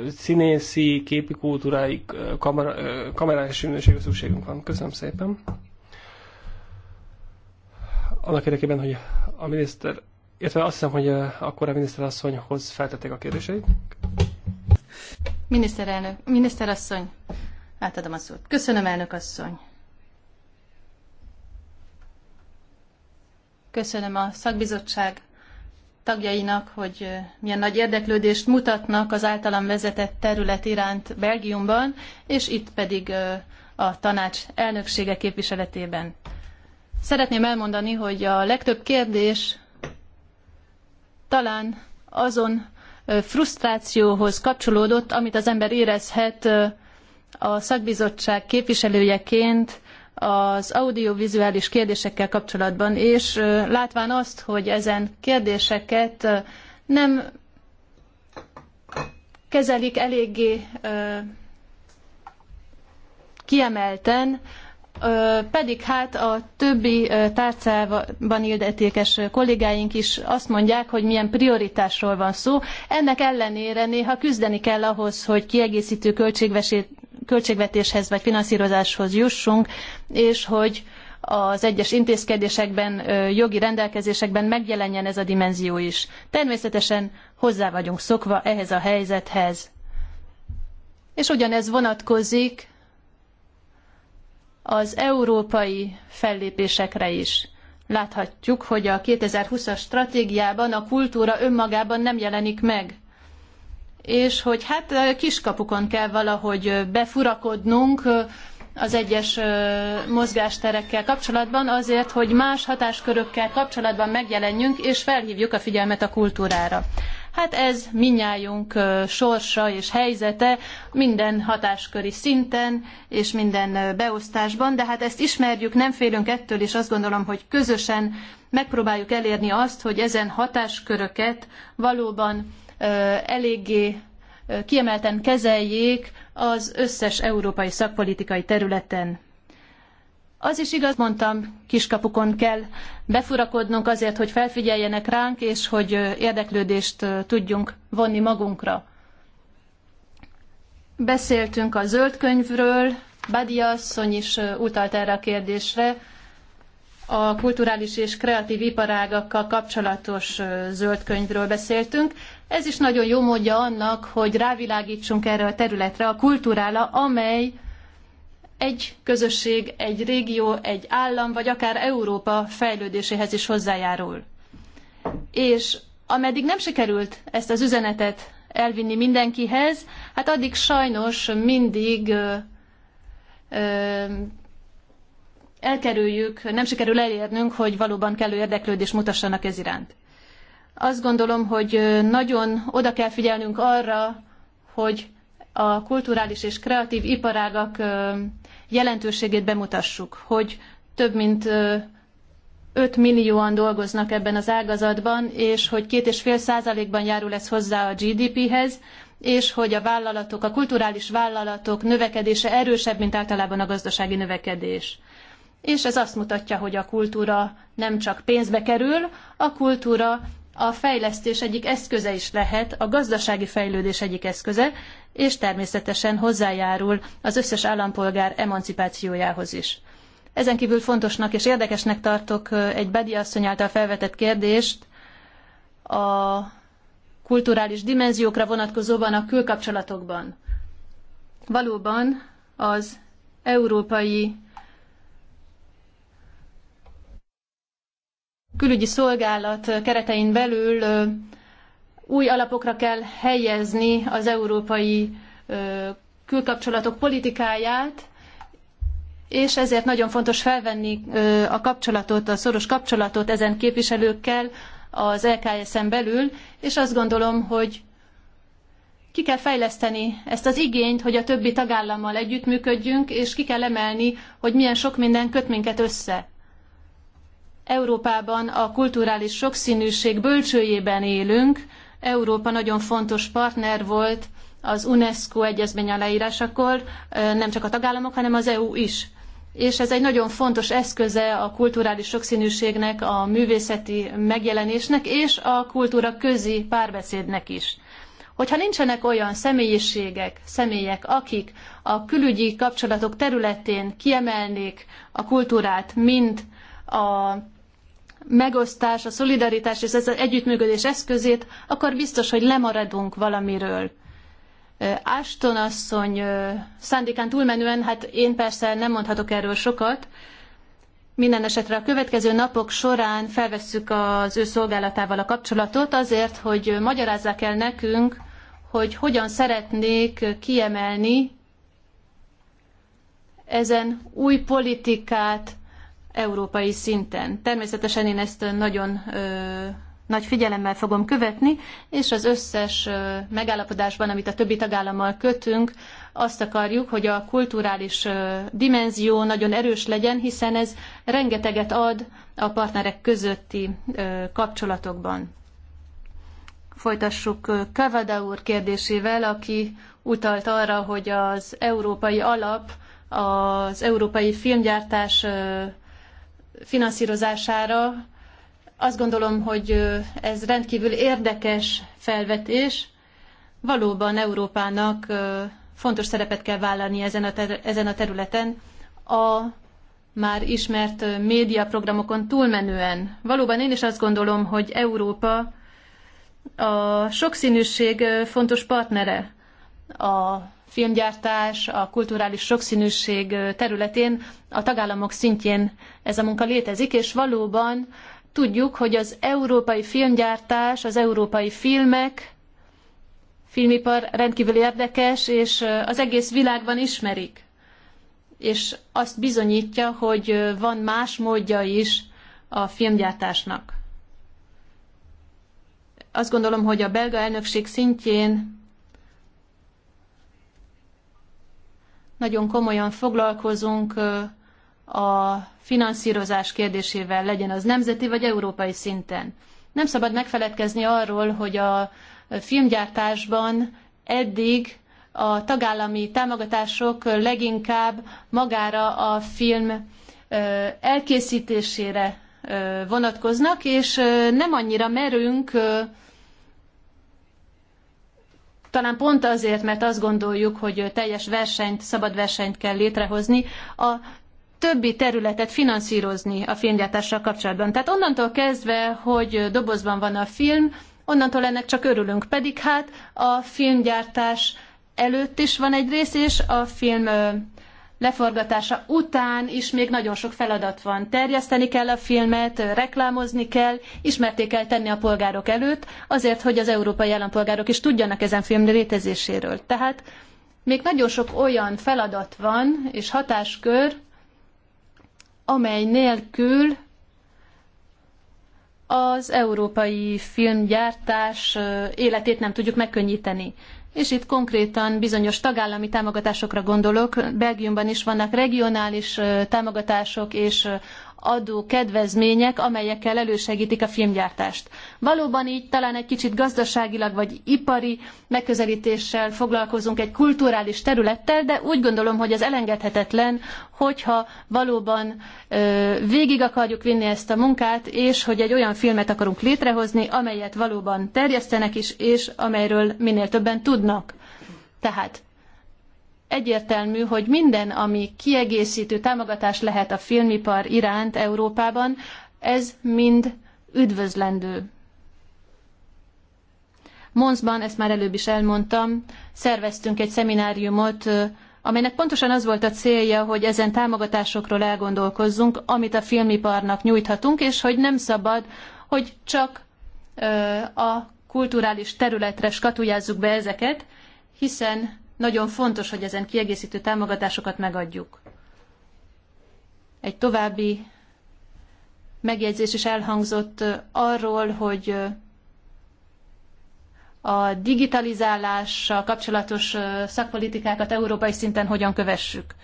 színészi, képi kultúrái, kamera, kamerás minőségű szükségünk van. Köszönöm szépen. Annak érdekében, hogy a miniszter illetve azt hiszem, hogy eh, akkor a miniszterasszonyhoz feltették a kérdéseit. Miniszterelnök, miniszterasszony, átadom a szót. Köszönöm, elnök asszony. Köszönöm a szakbizottság tagjainak, hogy eh, milyen nagy érdeklődést mutatnak az általam vezetett terület iránt Belgiumban, és itt pedig eh, a tanács elnöksége képviseletében. Szeretném elmondani, hogy a legtöbb kérdés, talán azon frusztrációhoz kapcsolódott, amit az ember érezhet a szakbizottság képviselőjeként az audiovizuális kérdésekkel kapcsolatban, és látván azt, hogy ezen kérdéseket nem kezelik eléggé kiemelten, pedig hát a többi tárcában illetékes kollégáink is azt mondják, hogy milyen prioritásról van szó. Ennek ellenére néha küzdeni kell ahhoz, hogy kiegészítő költségvetéshez vagy finanszírozáshoz jussunk, és hogy az egyes intézkedésekben, jogi rendelkezésekben megjelenjen ez a dimenzió is. Természetesen hozzá vagyunk szokva ehhez a helyzethez. És ugyanez vonatkozik az európai fellépésekre is. Láthatjuk, hogy a 2020-as stratégiában a kultúra önmagában nem jelenik meg. És hogy hát kiskapukon kell valahogy befurakodnunk az egyes mozgásterekkel kapcsolatban azért, hogy más hatáskörökkel kapcsolatban megjelenjünk és felhívjuk a figyelmet a kultúrára. Hát ez minnyájunk sorsa és helyzete minden hatásköri szinten és minden beosztásban, de hát ezt ismerjük, nem félünk ettől, és azt gondolom, hogy közösen megpróbáljuk elérni azt, hogy ezen hatásköröket valóban eléggé kiemelten kezeljék az összes európai szakpolitikai területen az is igaz, mondtam, kiskapukon kell befurakodnunk azért, hogy felfigyeljenek ránk, és hogy érdeklődést tudjunk vonni magunkra. Beszéltünk a zöld könyvről, Badia asszony is utalt erre a kérdésre, a kulturális és kreatív iparágakkal kapcsolatos zöld könyvről beszéltünk. Ez is nagyon jó módja annak, hogy rávilágítsunk erre a területre, a kultúrára, amely egy közösség, egy régió, egy állam, vagy akár Európa fejlődéséhez is hozzájárul. És ameddig nem sikerült ezt az üzenetet elvinni mindenkihez, hát addig sajnos mindig ö, ö, elkerüljük, nem sikerül elérnünk, hogy valóban kellő érdeklődést mutassanak ez iránt. Azt gondolom, hogy nagyon oda kell figyelnünk arra, hogy a kulturális és kreatív iparágak jelentőségét bemutassuk, hogy több mint 5 millióan dolgoznak ebben az ágazatban, és hogy 2,5 százalékban járul ez hozzá a GDP-hez, és hogy a vállalatok, a kulturális vállalatok növekedése erősebb, mint általában a gazdasági növekedés. És ez azt mutatja, hogy a kultúra nem csak pénzbe kerül, a kultúra a fejlesztés egyik eszköze is lehet, a gazdasági fejlődés egyik eszköze, és természetesen hozzájárul az összes állampolgár emancipációjához is. Ezen kívül fontosnak és érdekesnek tartok egy Bedi asszony által felvetett kérdést a kulturális dimenziókra vonatkozóban a külkapcsolatokban. Valóban az európai külügyi szolgálat keretein belül új alapokra kell helyezni az európai külkapcsolatok politikáját, és ezért nagyon fontos felvenni a kapcsolatot, a szoros kapcsolatot ezen képviselőkkel az LKSZ-en belül, és azt gondolom, hogy ki kell fejleszteni ezt az igényt, hogy a többi tagállammal együttműködjünk, és ki kell emelni, hogy milyen sok minden köt minket össze. Európában a kulturális sokszínűség bölcsőjében élünk. Európa nagyon fontos partner volt az UNESCO egyezmény aláírásakor, nem csak a tagállamok, hanem az EU is. És ez egy nagyon fontos eszköze a kulturális sokszínűségnek, a művészeti megjelenésnek és a kultúra közi párbeszédnek is hogyha nincsenek olyan személyiségek, személyek, akik a külügyi kapcsolatok területén kiemelnék a kultúrát, mint a megosztás, a szolidaritás és ez az együttműködés eszközét, akkor biztos, hogy lemaradunk valamiről. Ashton asszony szándékán túlmenően, hát én persze nem mondhatok erről sokat, minden esetre a következő napok során felvesszük az ő szolgálatával a kapcsolatot azért, hogy magyarázzák el nekünk, hogy hogyan szeretnék kiemelni ezen új politikát, európai szinten. Természetesen én ezt nagyon ö, nagy figyelemmel fogom követni, és az összes ö, megállapodásban, amit a többi tagállammal kötünk, azt akarjuk, hogy a kulturális ö, dimenzió nagyon erős legyen, hiszen ez rengeteget ad a partnerek közötti ö, kapcsolatokban. Folytassuk Kavada úr kérdésével, aki utalt arra, hogy az európai alap az európai filmgyártás finanszírozására. Azt gondolom, hogy ez rendkívül érdekes felvetés. Valóban Európának fontos szerepet kell vállalni ezen a, ter- ezen a területen a már ismert médiaprogramokon túlmenően. Valóban én is azt gondolom, hogy Európa a sokszínűség fontos partnere a filmgyártás, a kulturális sokszínűség területén a tagállamok szintjén ez a munka létezik, és valóban tudjuk, hogy az európai filmgyártás, az európai filmek, filmipar rendkívül érdekes, és az egész világban ismerik. És azt bizonyítja, hogy van más módja is a filmgyártásnak. Azt gondolom, hogy a belga elnökség szintjén Nagyon komolyan foglalkozunk a finanszírozás kérdésével, legyen az nemzeti vagy európai szinten. Nem szabad megfeledkezni arról, hogy a filmgyártásban eddig a tagállami támogatások leginkább magára a film elkészítésére vonatkoznak, és nem annyira merünk talán pont azért, mert azt gondoljuk, hogy teljes versenyt, szabad versenyt kell létrehozni, a többi területet finanszírozni a filmgyártással kapcsolatban. Tehát onnantól kezdve, hogy dobozban van a film, onnantól ennek csak örülünk. Pedig hát a filmgyártás előtt is van egy rész, és a film leforgatása után is még nagyon sok feladat van. Terjeszteni kell a filmet, reklámozni kell, ismerté kell tenni a polgárok előtt, azért, hogy az európai állampolgárok is tudjanak ezen film létezéséről. Tehát még nagyon sok olyan feladat van és hatáskör, amely nélkül az európai filmgyártás életét nem tudjuk megkönnyíteni és itt konkrétan bizonyos tagállami támogatásokra gondolok. Belgiumban is vannak regionális támogatások és adó kedvezmények, amelyekkel elősegítik a filmgyártást. Valóban így talán egy kicsit gazdaságilag vagy ipari megközelítéssel foglalkozunk egy kulturális területtel, de úgy gondolom, hogy ez elengedhetetlen, hogyha valóban ö, végig akarjuk vinni ezt a munkát, és hogy egy olyan filmet akarunk létrehozni, amelyet valóban terjesztenek is, és amelyről minél többen tudnak. Tehát egyértelmű, hogy minden, ami kiegészítő támogatás lehet a filmipar iránt Európában, ez mind üdvözlendő. Monzban, ezt már előbb is elmondtam, szerveztünk egy szemináriumot, amelynek pontosan az volt a célja, hogy ezen támogatásokról elgondolkozzunk, amit a filmiparnak nyújthatunk, és hogy nem szabad, hogy csak a kulturális területre skatujázzuk be ezeket, hiszen nagyon fontos, hogy ezen kiegészítő támogatásokat megadjuk. Egy további megjegyzés is elhangzott arról, hogy a digitalizálással kapcsolatos szakpolitikákat európai szinten hogyan kövessük.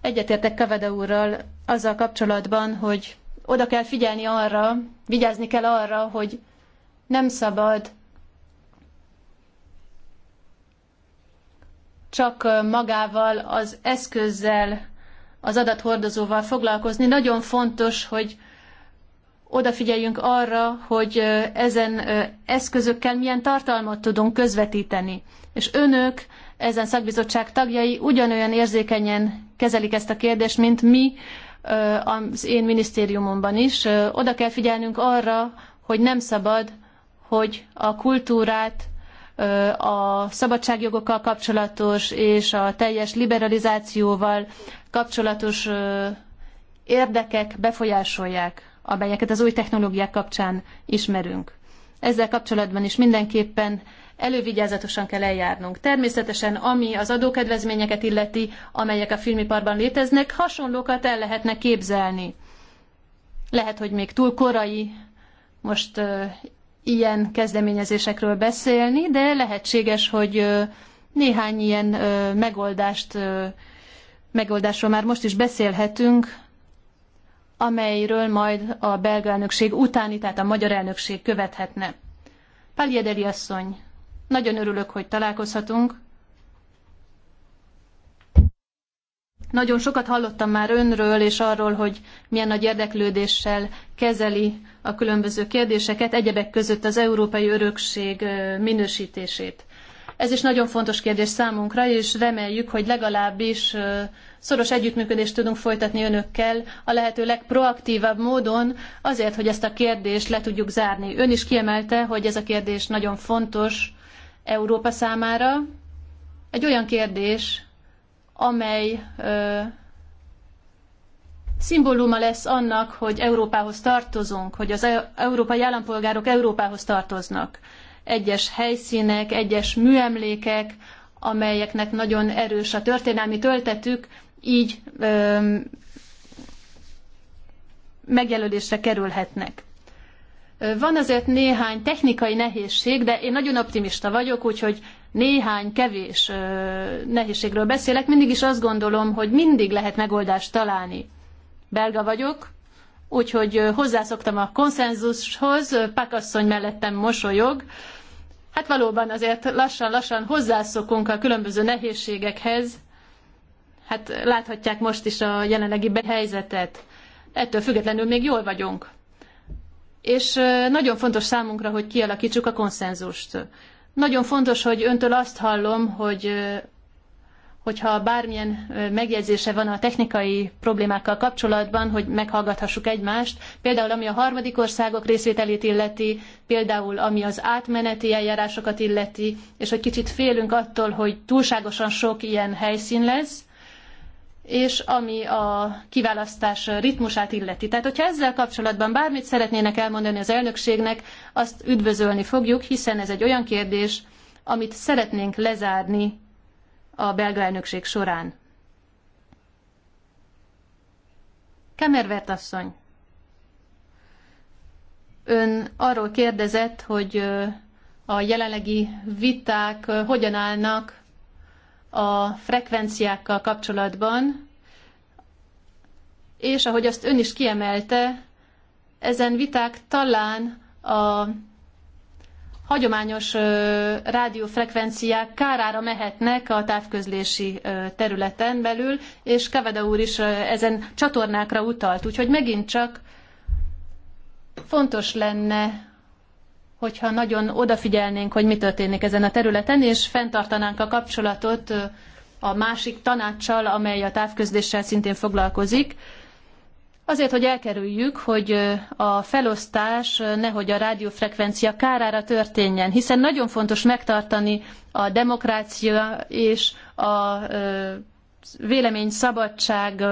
Egyetértek Kavede úrral azzal kapcsolatban, hogy oda kell figyelni arra, vigyázni kell arra, hogy nem szabad csak magával az eszközzel, az adathordozóval foglalkozni. Nagyon fontos, hogy odafigyeljünk arra, hogy ezen eszközökkel milyen tartalmat tudunk közvetíteni. És önök, ezen szakbizottság tagjai ugyanolyan érzékenyen kezelik ezt a kérdést, mint mi az én minisztériumomban is. Oda kell figyelnünk arra, hogy nem szabad, hogy a kultúrát a szabadságjogokkal kapcsolatos és a teljes liberalizációval kapcsolatos érdekek befolyásolják, amelyeket az új technológiák kapcsán ismerünk. Ezzel kapcsolatban is mindenképpen elővigyázatosan kell eljárnunk. Természetesen, ami az adókedvezményeket illeti, amelyek a filmiparban léteznek, hasonlókat el lehetne képzelni. Lehet, hogy még túl korai most ilyen kezdeményezésekről beszélni, de lehetséges, hogy néhány ilyen megoldást, megoldásról már most is beszélhetünk, amelyről majd a belga elnökség utáni, tehát a magyar elnökség követhetne. Paljedeli asszony, nagyon örülök, hogy találkozhatunk. Nagyon sokat hallottam már önről és arról, hogy milyen nagy érdeklődéssel kezeli a különböző kérdéseket, egyebek között az európai örökség minősítését. Ez is nagyon fontos kérdés számunkra, és reméljük, hogy legalábbis szoros együttműködést tudunk folytatni önökkel a lehető legproaktívabb módon, azért, hogy ezt a kérdést le tudjuk zárni. Ön is kiemelte, hogy ez a kérdés nagyon fontos Európa számára. Egy olyan kérdés, amely szimbóluma lesz annak, hogy Európához tartozunk, hogy az e- európai állampolgárok Európához tartoznak. Egyes helyszínek, egyes műemlékek, amelyeknek nagyon erős a történelmi töltetük, így öm, megjelölésre kerülhetnek. Van azért néhány technikai nehézség, de én nagyon optimista vagyok, úgyhogy néhány kevés nehézségről beszélek. Mindig is azt gondolom, hogy mindig lehet megoldást találni belga vagyok, úgyhogy hozzászoktam a konszenzushoz, Pakasszony mellettem mosolyog. Hát valóban azért lassan-lassan hozzászokunk a különböző nehézségekhez. Hát láthatják most is a jelenlegi helyzetet. Ettől függetlenül még jól vagyunk. És nagyon fontos számunkra, hogy kialakítsuk a konszenzust. Nagyon fontos, hogy öntől azt hallom, hogy hogyha bármilyen megjegyzése van a technikai problémákkal kapcsolatban, hogy meghallgathassuk egymást, például ami a harmadik országok részvételét illeti, például ami az átmeneti eljárásokat illeti, és hogy kicsit félünk attól, hogy túlságosan sok ilyen helyszín lesz, és ami a kiválasztás ritmusát illeti. Tehát, hogyha ezzel kapcsolatban bármit szeretnének elmondani az elnökségnek, azt üdvözölni fogjuk, hiszen ez egy olyan kérdés, amit szeretnénk lezárni a belga elnökség során. Kemervert asszony, ön arról kérdezett, hogy a jelenlegi viták hogyan állnak a frekvenciákkal kapcsolatban, és ahogy azt ön is kiemelte, ezen viták talán a hagyományos rádiófrekvenciák kárára mehetnek a távközlési területen belül, és Kavada úr is ezen csatornákra utalt. Úgyhogy megint csak fontos lenne hogyha nagyon odafigyelnénk, hogy mi történik ezen a területen, és fenntartanánk a kapcsolatot a másik tanácssal, amely a távközléssel szintén foglalkozik, Azért, hogy elkerüljük, hogy a felosztás nehogy a rádiófrekvencia kárára történjen, hiszen nagyon fontos megtartani a demokrácia és a vélemény szabadság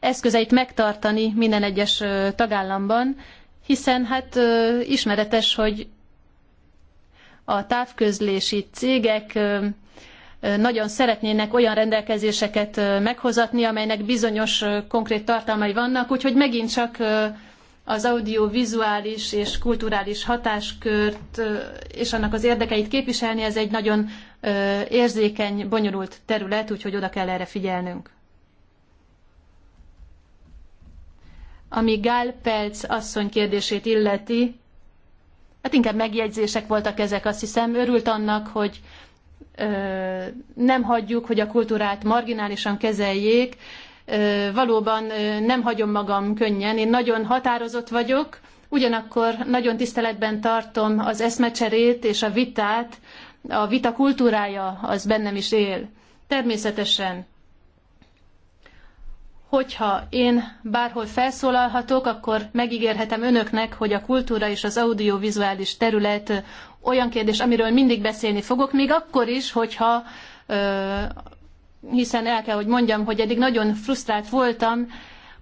eszközeit megtartani minden egyes tagállamban, hiszen hát ismeretes, hogy a távközlési cégek nagyon szeretnének olyan rendelkezéseket meghozatni, amelynek bizonyos konkrét tartalmai vannak, úgyhogy megint csak az audiovizuális és kulturális hatáskört és annak az érdekeit képviselni, ez egy nagyon érzékeny, bonyolult terület, úgyhogy oda kell erre figyelnünk. Ami Gál Pelc asszony kérdését illeti, hát inkább megjegyzések voltak ezek, azt hiszem, örült annak, hogy nem hagyjuk, hogy a kultúrát marginálisan kezeljék. Valóban nem hagyom magam könnyen. Én nagyon határozott vagyok, ugyanakkor nagyon tiszteletben tartom az eszmecserét és a vitát. A vita kultúrája az bennem is él. Természetesen hogyha én bárhol felszólalhatok, akkor megígérhetem önöknek, hogy a kultúra és az audiovizuális terület olyan kérdés, amiről mindig beszélni fogok, még akkor is, hogyha hiszen el kell, hogy mondjam, hogy eddig nagyon frusztrált voltam,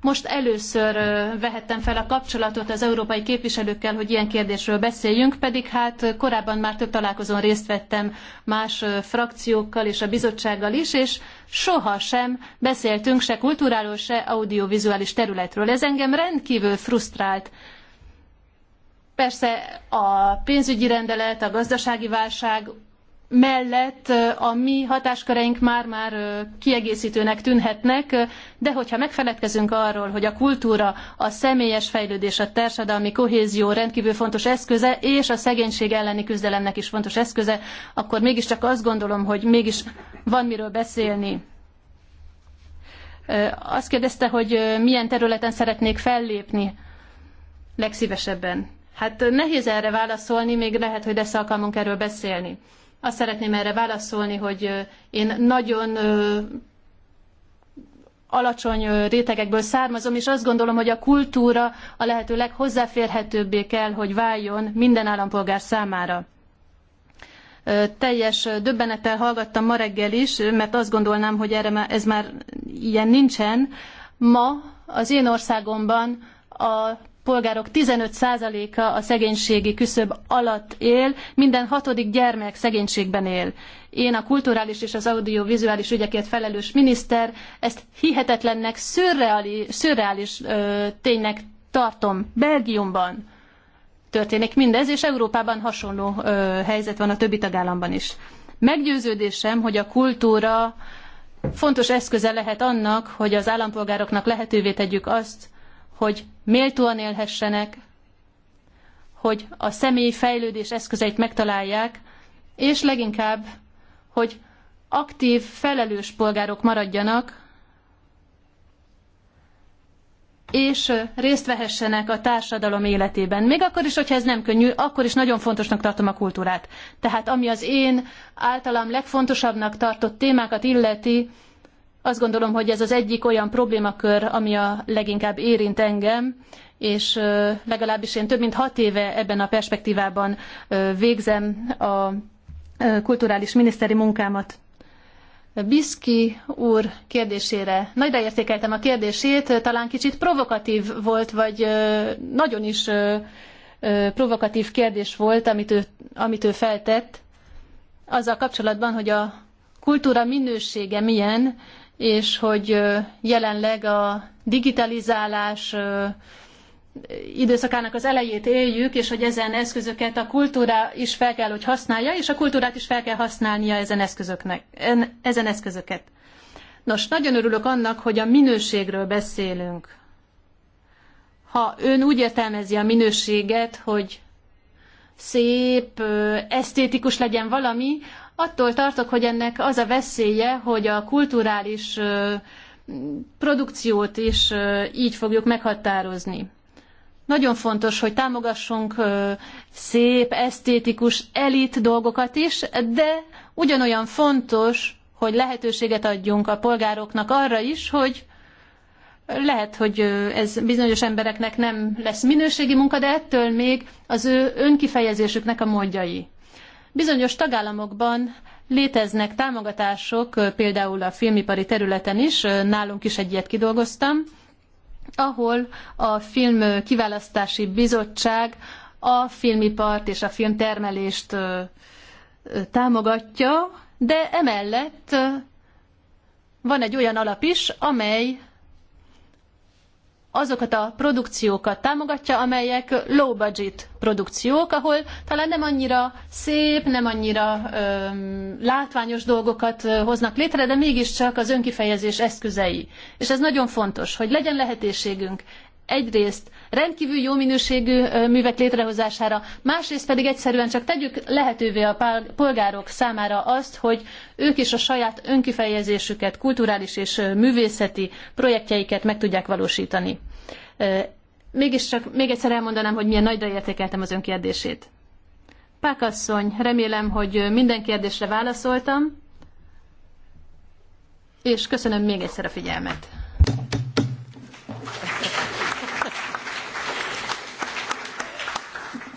most először vehettem fel a kapcsolatot az európai képviselőkkel, hogy ilyen kérdésről beszéljünk, pedig hát korábban már több találkozón részt vettem más frakciókkal és a bizottsággal is, és sohasem beszéltünk se kulturáról, se audiovizuális területről. Ez engem rendkívül frusztrált. Persze a pénzügyi rendelet, a gazdasági válság mellett a mi hatásköreink már-már kiegészítőnek tűnhetnek, de hogyha megfeledkezünk arról, hogy a kultúra, a személyes fejlődés, a társadalmi kohézió rendkívül fontos eszköze, és a szegénység elleni küzdelemnek is fontos eszköze, akkor mégiscsak azt gondolom, hogy mégis van miről beszélni. Azt kérdezte, hogy milyen területen szeretnék fellépni legszívesebben. Hát nehéz erre válaszolni, még lehet, hogy lesz alkalmunk erről beszélni. Azt szeretném erre válaszolni, hogy én nagyon alacsony rétegekből származom, és azt gondolom, hogy a kultúra a lehető leghozzáférhetőbbé kell, hogy váljon minden állampolgár számára. Teljes döbbenettel hallgattam ma reggel is, mert azt gondolnám, hogy erre ez már ilyen nincsen. Ma az én országomban a polgárok 15%-a a szegénységi küszöb alatt él, minden hatodik gyermek szegénységben él. Én a kulturális és az audiovizuális ügyekért felelős miniszter ezt hihetetlennek, szürreális, szürreális ö, ténynek tartom. Belgiumban történik mindez, és Európában hasonló ö, helyzet van a többi tagállamban is. Meggyőződésem, hogy a kultúra fontos eszköze lehet annak, hogy az állampolgároknak lehetővé tegyük azt, hogy méltóan élhessenek, hogy a személyi fejlődés eszközeit megtalálják, és leginkább, hogy aktív, felelős polgárok maradjanak, és részt vehessenek a társadalom életében. Még akkor is, hogyha ez nem könnyű, akkor is nagyon fontosnak tartom a kultúrát. Tehát ami az én általam legfontosabbnak tartott témákat illeti, azt gondolom, hogy ez az egyik olyan problémakör, ami a leginkább érint engem, és legalábbis én több mint hat éve ebben a perspektívában végzem a kulturális miniszteri munkámat. Biszki úr kérdésére. Nagyra értékeltem a kérdését, talán kicsit provokatív volt, vagy nagyon is provokatív kérdés volt, amit ő, amit ő feltett, azzal kapcsolatban, hogy a kultúra minősége milyen, és hogy jelenleg a digitalizálás időszakának az elejét éljük, és hogy ezen eszközöket a kultúra is fel kell, hogy használja, és a kultúrát is fel kell használnia ezen, eszközöknek, ezen eszközöket. Nos, nagyon örülök annak, hogy a minőségről beszélünk. Ha ön úgy értelmezi a minőséget, hogy szép, esztétikus legyen valami, Attól tartok, hogy ennek az a veszélye, hogy a kulturális produkciót is így fogjuk meghatározni. Nagyon fontos, hogy támogassunk szép, esztétikus, elit dolgokat is, de ugyanolyan fontos, hogy lehetőséget adjunk a polgároknak arra is, hogy lehet, hogy ez bizonyos embereknek nem lesz minőségi munka, de ettől még az ő önkifejezésüknek a módjai. Bizonyos tagállamokban léteznek támogatások, például a filmipari területen is, nálunk is egy ilyet kidolgoztam, ahol a film kiválasztási bizottság a filmipart és a filmtermelést támogatja, de emellett van egy olyan alap is, amely azokat a produkciókat támogatja, amelyek low budget produkciók, ahol talán nem annyira szép, nem annyira öm, látványos dolgokat hoznak létre, de mégiscsak az önkifejezés eszközei. És ez nagyon fontos, hogy legyen lehetőségünk egyrészt rendkívül jó minőségű művek létrehozására, másrészt pedig egyszerűen csak tegyük lehetővé a polgárok számára azt, hogy ők is a saját önkifejezésüket, kulturális és művészeti projektjeiket meg tudják valósítani. Mégiscsak még egyszer elmondanám, hogy milyen nagyra értékeltem az önkérdését. Pákasszony, remélem, hogy minden kérdésre válaszoltam, és köszönöm még egyszer a figyelmet.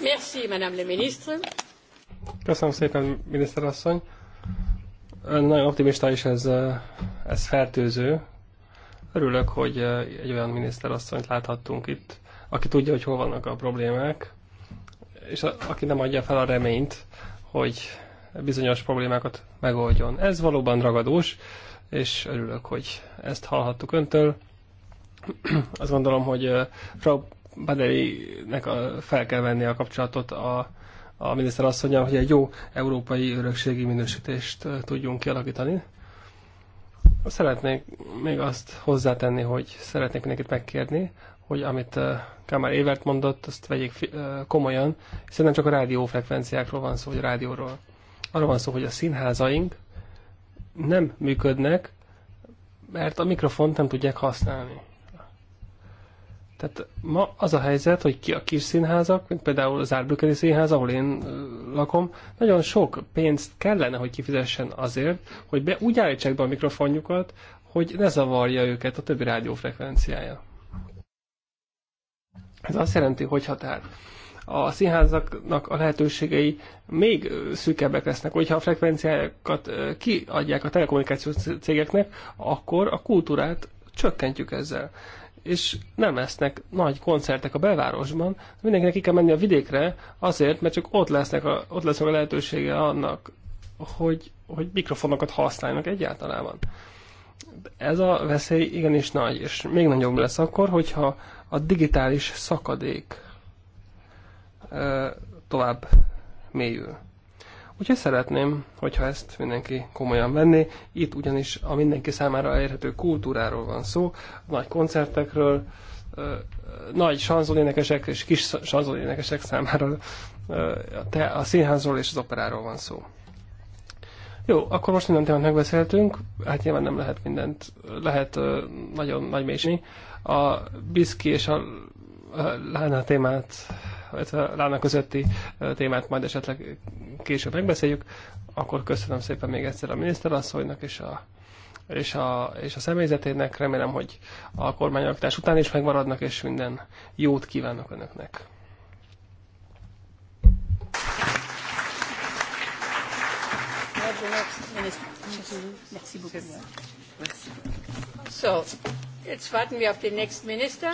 Merci, Madame le Ministre. Köszönöm szépen, miniszterasszony. Ön nagyon optimista és ez, ez fertőző. Örülök, hogy egy olyan miniszterasszonyt láthattunk itt, aki tudja, hogy hol vannak a problémák, és a, aki nem adja fel a reményt, hogy bizonyos problémákat megoldjon. Ez valóban ragadós, és örülök, hogy ezt hallhattuk öntől. Azt gondolom, hogy Frau Baderinek a, fel kell venni a kapcsolatot a, a miniszter asszonya, hogy egy jó európai örökségi minősítést tudjunk kialakítani. Szeretnék még azt hozzátenni, hogy szeretnék mindenkit megkérni, hogy amit Kámár Évert mondott, azt vegyék komolyan, hiszen nem csak a rádiófrekvenciákról van szó, hogy a rádióról. Arról van szó, hogy a színházaink nem működnek, mert a mikrofont nem tudják használni. Tehát ma az a helyzet, hogy ki a kis színházak, mint például az Árbökeli Színház, ahol én lakom, nagyon sok pénzt kellene, hogy kifizessen azért, hogy be, úgy állítsák be a mikrofonjukat, hogy ne zavarja őket a többi rádiófrekvenciája. Ez azt jelenti, hogy határ. A színházaknak a lehetőségei még szűkebbek lesznek, hogyha a frekvenciákat kiadják a telekommunikációs cégeknek, akkor a kultúrát csökkentjük ezzel és nem lesznek nagy koncertek a belvárosban, mindenkinek ki kell menni a vidékre azért, mert csak ott, lesznek a, ott lesz a lehetősége annak, hogy, hogy mikrofonokat használnak egyáltalában. Ez a veszély igenis nagy, és még nagyobb lesz akkor, hogyha a digitális szakadék tovább mélyül. Úgyhogy szeretném, hogyha ezt mindenki komolyan venné. Itt ugyanis a mindenki számára elérhető kultúráról van szó, nagy koncertekről, nagy sanzolénekesek és kis sanzolénekesek számára a színházról és az operáról van szó. Jó, akkor most minden témát megbeszéltünk, hát nyilván nem lehet mindent, lehet nagyon nagy mélység. A Biszki és a Lána témát illetve Lána közötti témát majd esetleg később megbeszéljük, akkor köszönöm szépen még egyszer a miniszterasszonynak és a és a, és a személyzetének. Remélem, hogy a kormányalakítás után is megmaradnak, és minden jót kívánok Önöknek. So, jetzt warten wir auf den nächsten Minister.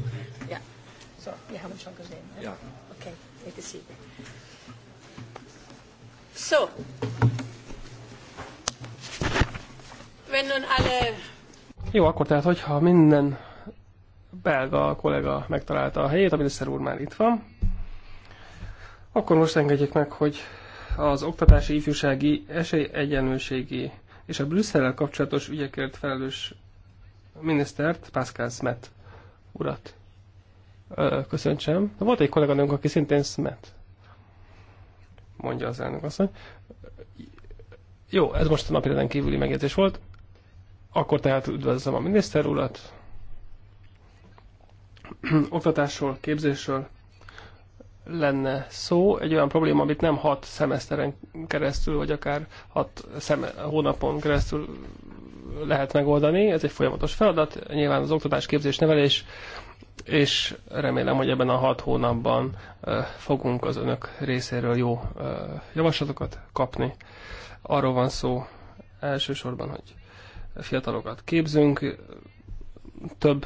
So, wir haben schon gesehen. Ne? Ja. Okay, bitte Sie. So. Wenn nun alle... Uh, Jó, akkor tehát, hogyha minden belga kollega megtalálta a helyét, a miniszter úr már itt van, akkor most engedjék meg, hogy az oktatási, ifjúsági, esélyegyenlőségi és a Brüsszellel kapcsolatos ügyekért felelős minisztert, Pascal Smet urat köszöntsem. Volt egy kolléganőnk, aki szintén szmet. Mondja az elnök hogy Jó, ez most a napirenden kívüli megjegyzés volt. Akkor tehát üdvözlöm a miniszter urat. (clears throat) Oktatásról, képzésről lenne szó. Egy olyan probléma, amit nem hat szemeszteren keresztül, vagy akár hat szeme, hónapon keresztül lehet megoldani. Ez egy folyamatos feladat. Nyilván az oktatás, képzés, nevelés és remélem, hogy ebben a hat hónapban fogunk az önök részéről jó javaslatokat kapni. Arról van szó elsősorban, hogy fiatalokat képzünk, több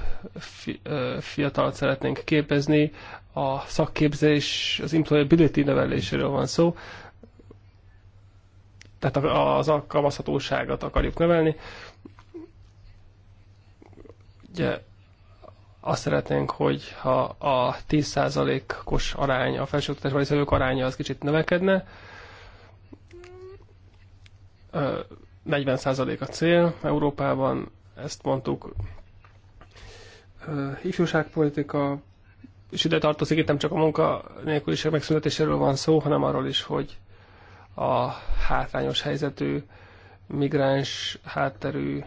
fiatalt szeretnénk képezni, a szakképzés, az employability növeléséről van szó, tehát az alkalmazhatóságot akarjuk növelni. Ugye azt szeretnénk, hogy ha a 10%-os arány, a felsőoktatásban részvevők aránya az kicsit növekedne, 40% a cél Európában, ezt mondtuk, ifjúságpolitika, és ide tartozik, itt nem csak a munka nélküliség megszületéséről van szó, hanem arról is, hogy a hátrányos helyzetű, migráns hátterű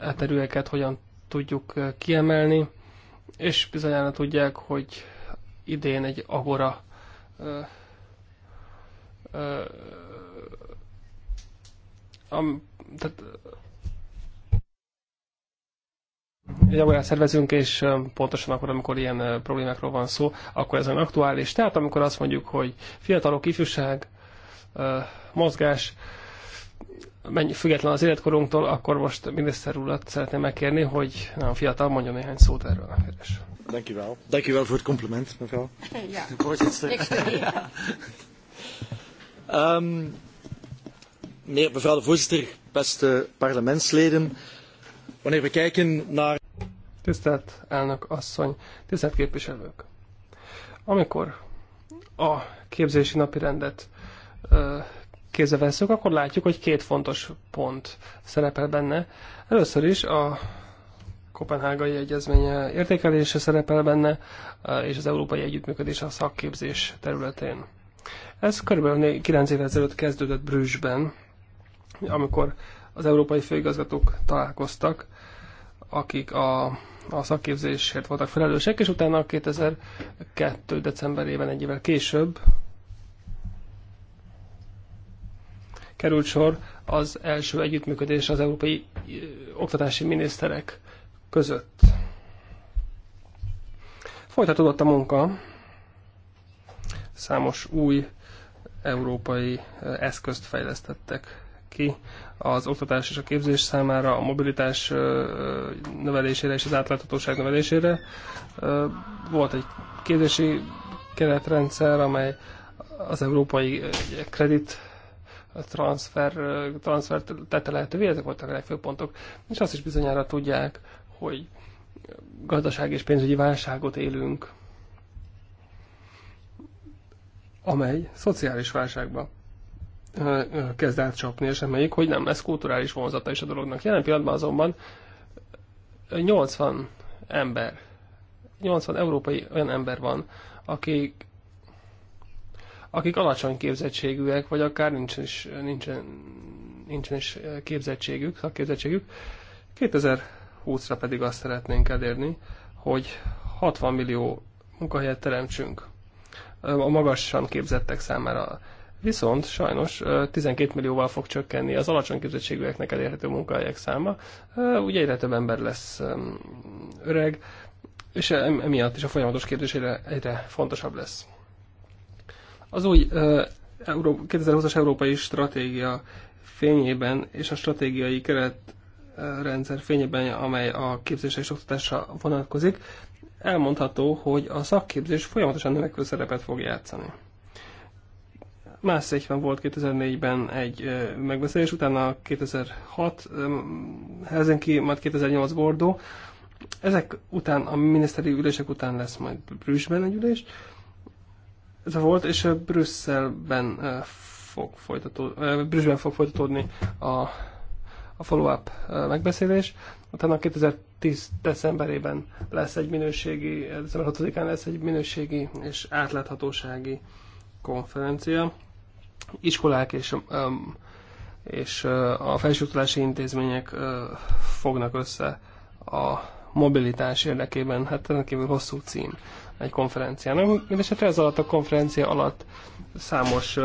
hátterűeket hogyan tudjuk eh, kiemelni, és bizonyára tudják, hogy idén egy agora eh, eh, tehát, egy agorát szervezünk, és pontosan akkor, amikor ilyen problémákról van szó, akkor ez olyan aktuális. Tehát amikor azt mondjuk, hogy fiatalok, ifjúság, mozgás, mennyi független az életkorunktól, akkor most miniszter urat szeretném megkérni, hogy nagyon fiatal mondjon néhány szót erről a kérdés. Dankjewel. Dankjewel voor het compliment, mevrouw. Ja. Voorzitter. (laughs) um, meneer, mevrouw de voorzitter, beste parlementsleden. Wanneer we kijken naar... Tisztelt elnök asszony, tisztelt képviselők. Amikor a képzési napirendet uh, kézbe veszünk, akkor látjuk, hogy két fontos pont szerepel benne. Először is a Kopenhágai Egyezmény értékelése szerepel benne, és az európai együttműködés a szakképzés területén. Ez körülbelül 9 évvel ezelőtt kezdődött Brüsszben, amikor az európai főigazgatók találkoztak, akik a, a szakképzésért voltak felelősek, és utána 2002. decemberében egy évvel később került sor az első együttműködés az európai oktatási miniszterek között. Folytatódott a munka, számos új európai eszközt fejlesztettek ki az oktatás és a képzés számára, a mobilitás növelésére és az átláthatóság növelésére. Volt egy képzési keretrendszer, amely az európai kredit transfer, transfer tette lehetővé, ezek voltak a legfőbb pontok. És azt is bizonyára tudják, hogy gazdaság és pénzügyi válságot élünk, amely szociális válságba kezd átcsapni, és amelyik, hogy nem lesz kulturális vonzata is a dolognak. Jelen pillanatban azonban 80 ember, 80 európai olyan ember van, akik akik alacsony képzettségűek, vagy akár nincsen is, nincsen, nincsen is eh, képzettségük, képzettségük. 2020-ra pedig azt szeretnénk elérni, hogy 60 millió munkahelyet teremtsünk eh, a magasan képzettek számára. Viszont sajnos 12 eh, millióval fog csökkenni az alacsony képzettségűeknek elérhető munkahelyek száma. Ugye egyre több ember lesz öreg, és emiatt is a folyamatos kérdés egyre fontosabb lesz. Az új 2020-as európai stratégia fényében és a stratégiai keretrendszer fényében, amely a képzésre és oktatásra vonatkozik, elmondható, hogy a szakképzés folyamatosan növekvő szerepet fog játszani. van volt 2004-ben egy megbeszélés, utána 2006 Helsinki, majd 2008 Bordó. Ezek után, a miniszteri ülések után lesz majd Brüsszben egy ülés, ez volt, és Brüsszelben fog, folytató, Brüsszelben fog folytatódni a, a follow-up megbeszélés. Utána 2010 decemberében lesz egy minőségi, december 6-án lesz egy minőségi és átláthatósági konferencia. Iskolák és, és a felsőoktatási intézmények fognak össze a mobilitás érdekében, hát rendkívül hosszú cím egy konferencián. Mindenesetre ez alatt a konferencia alatt számos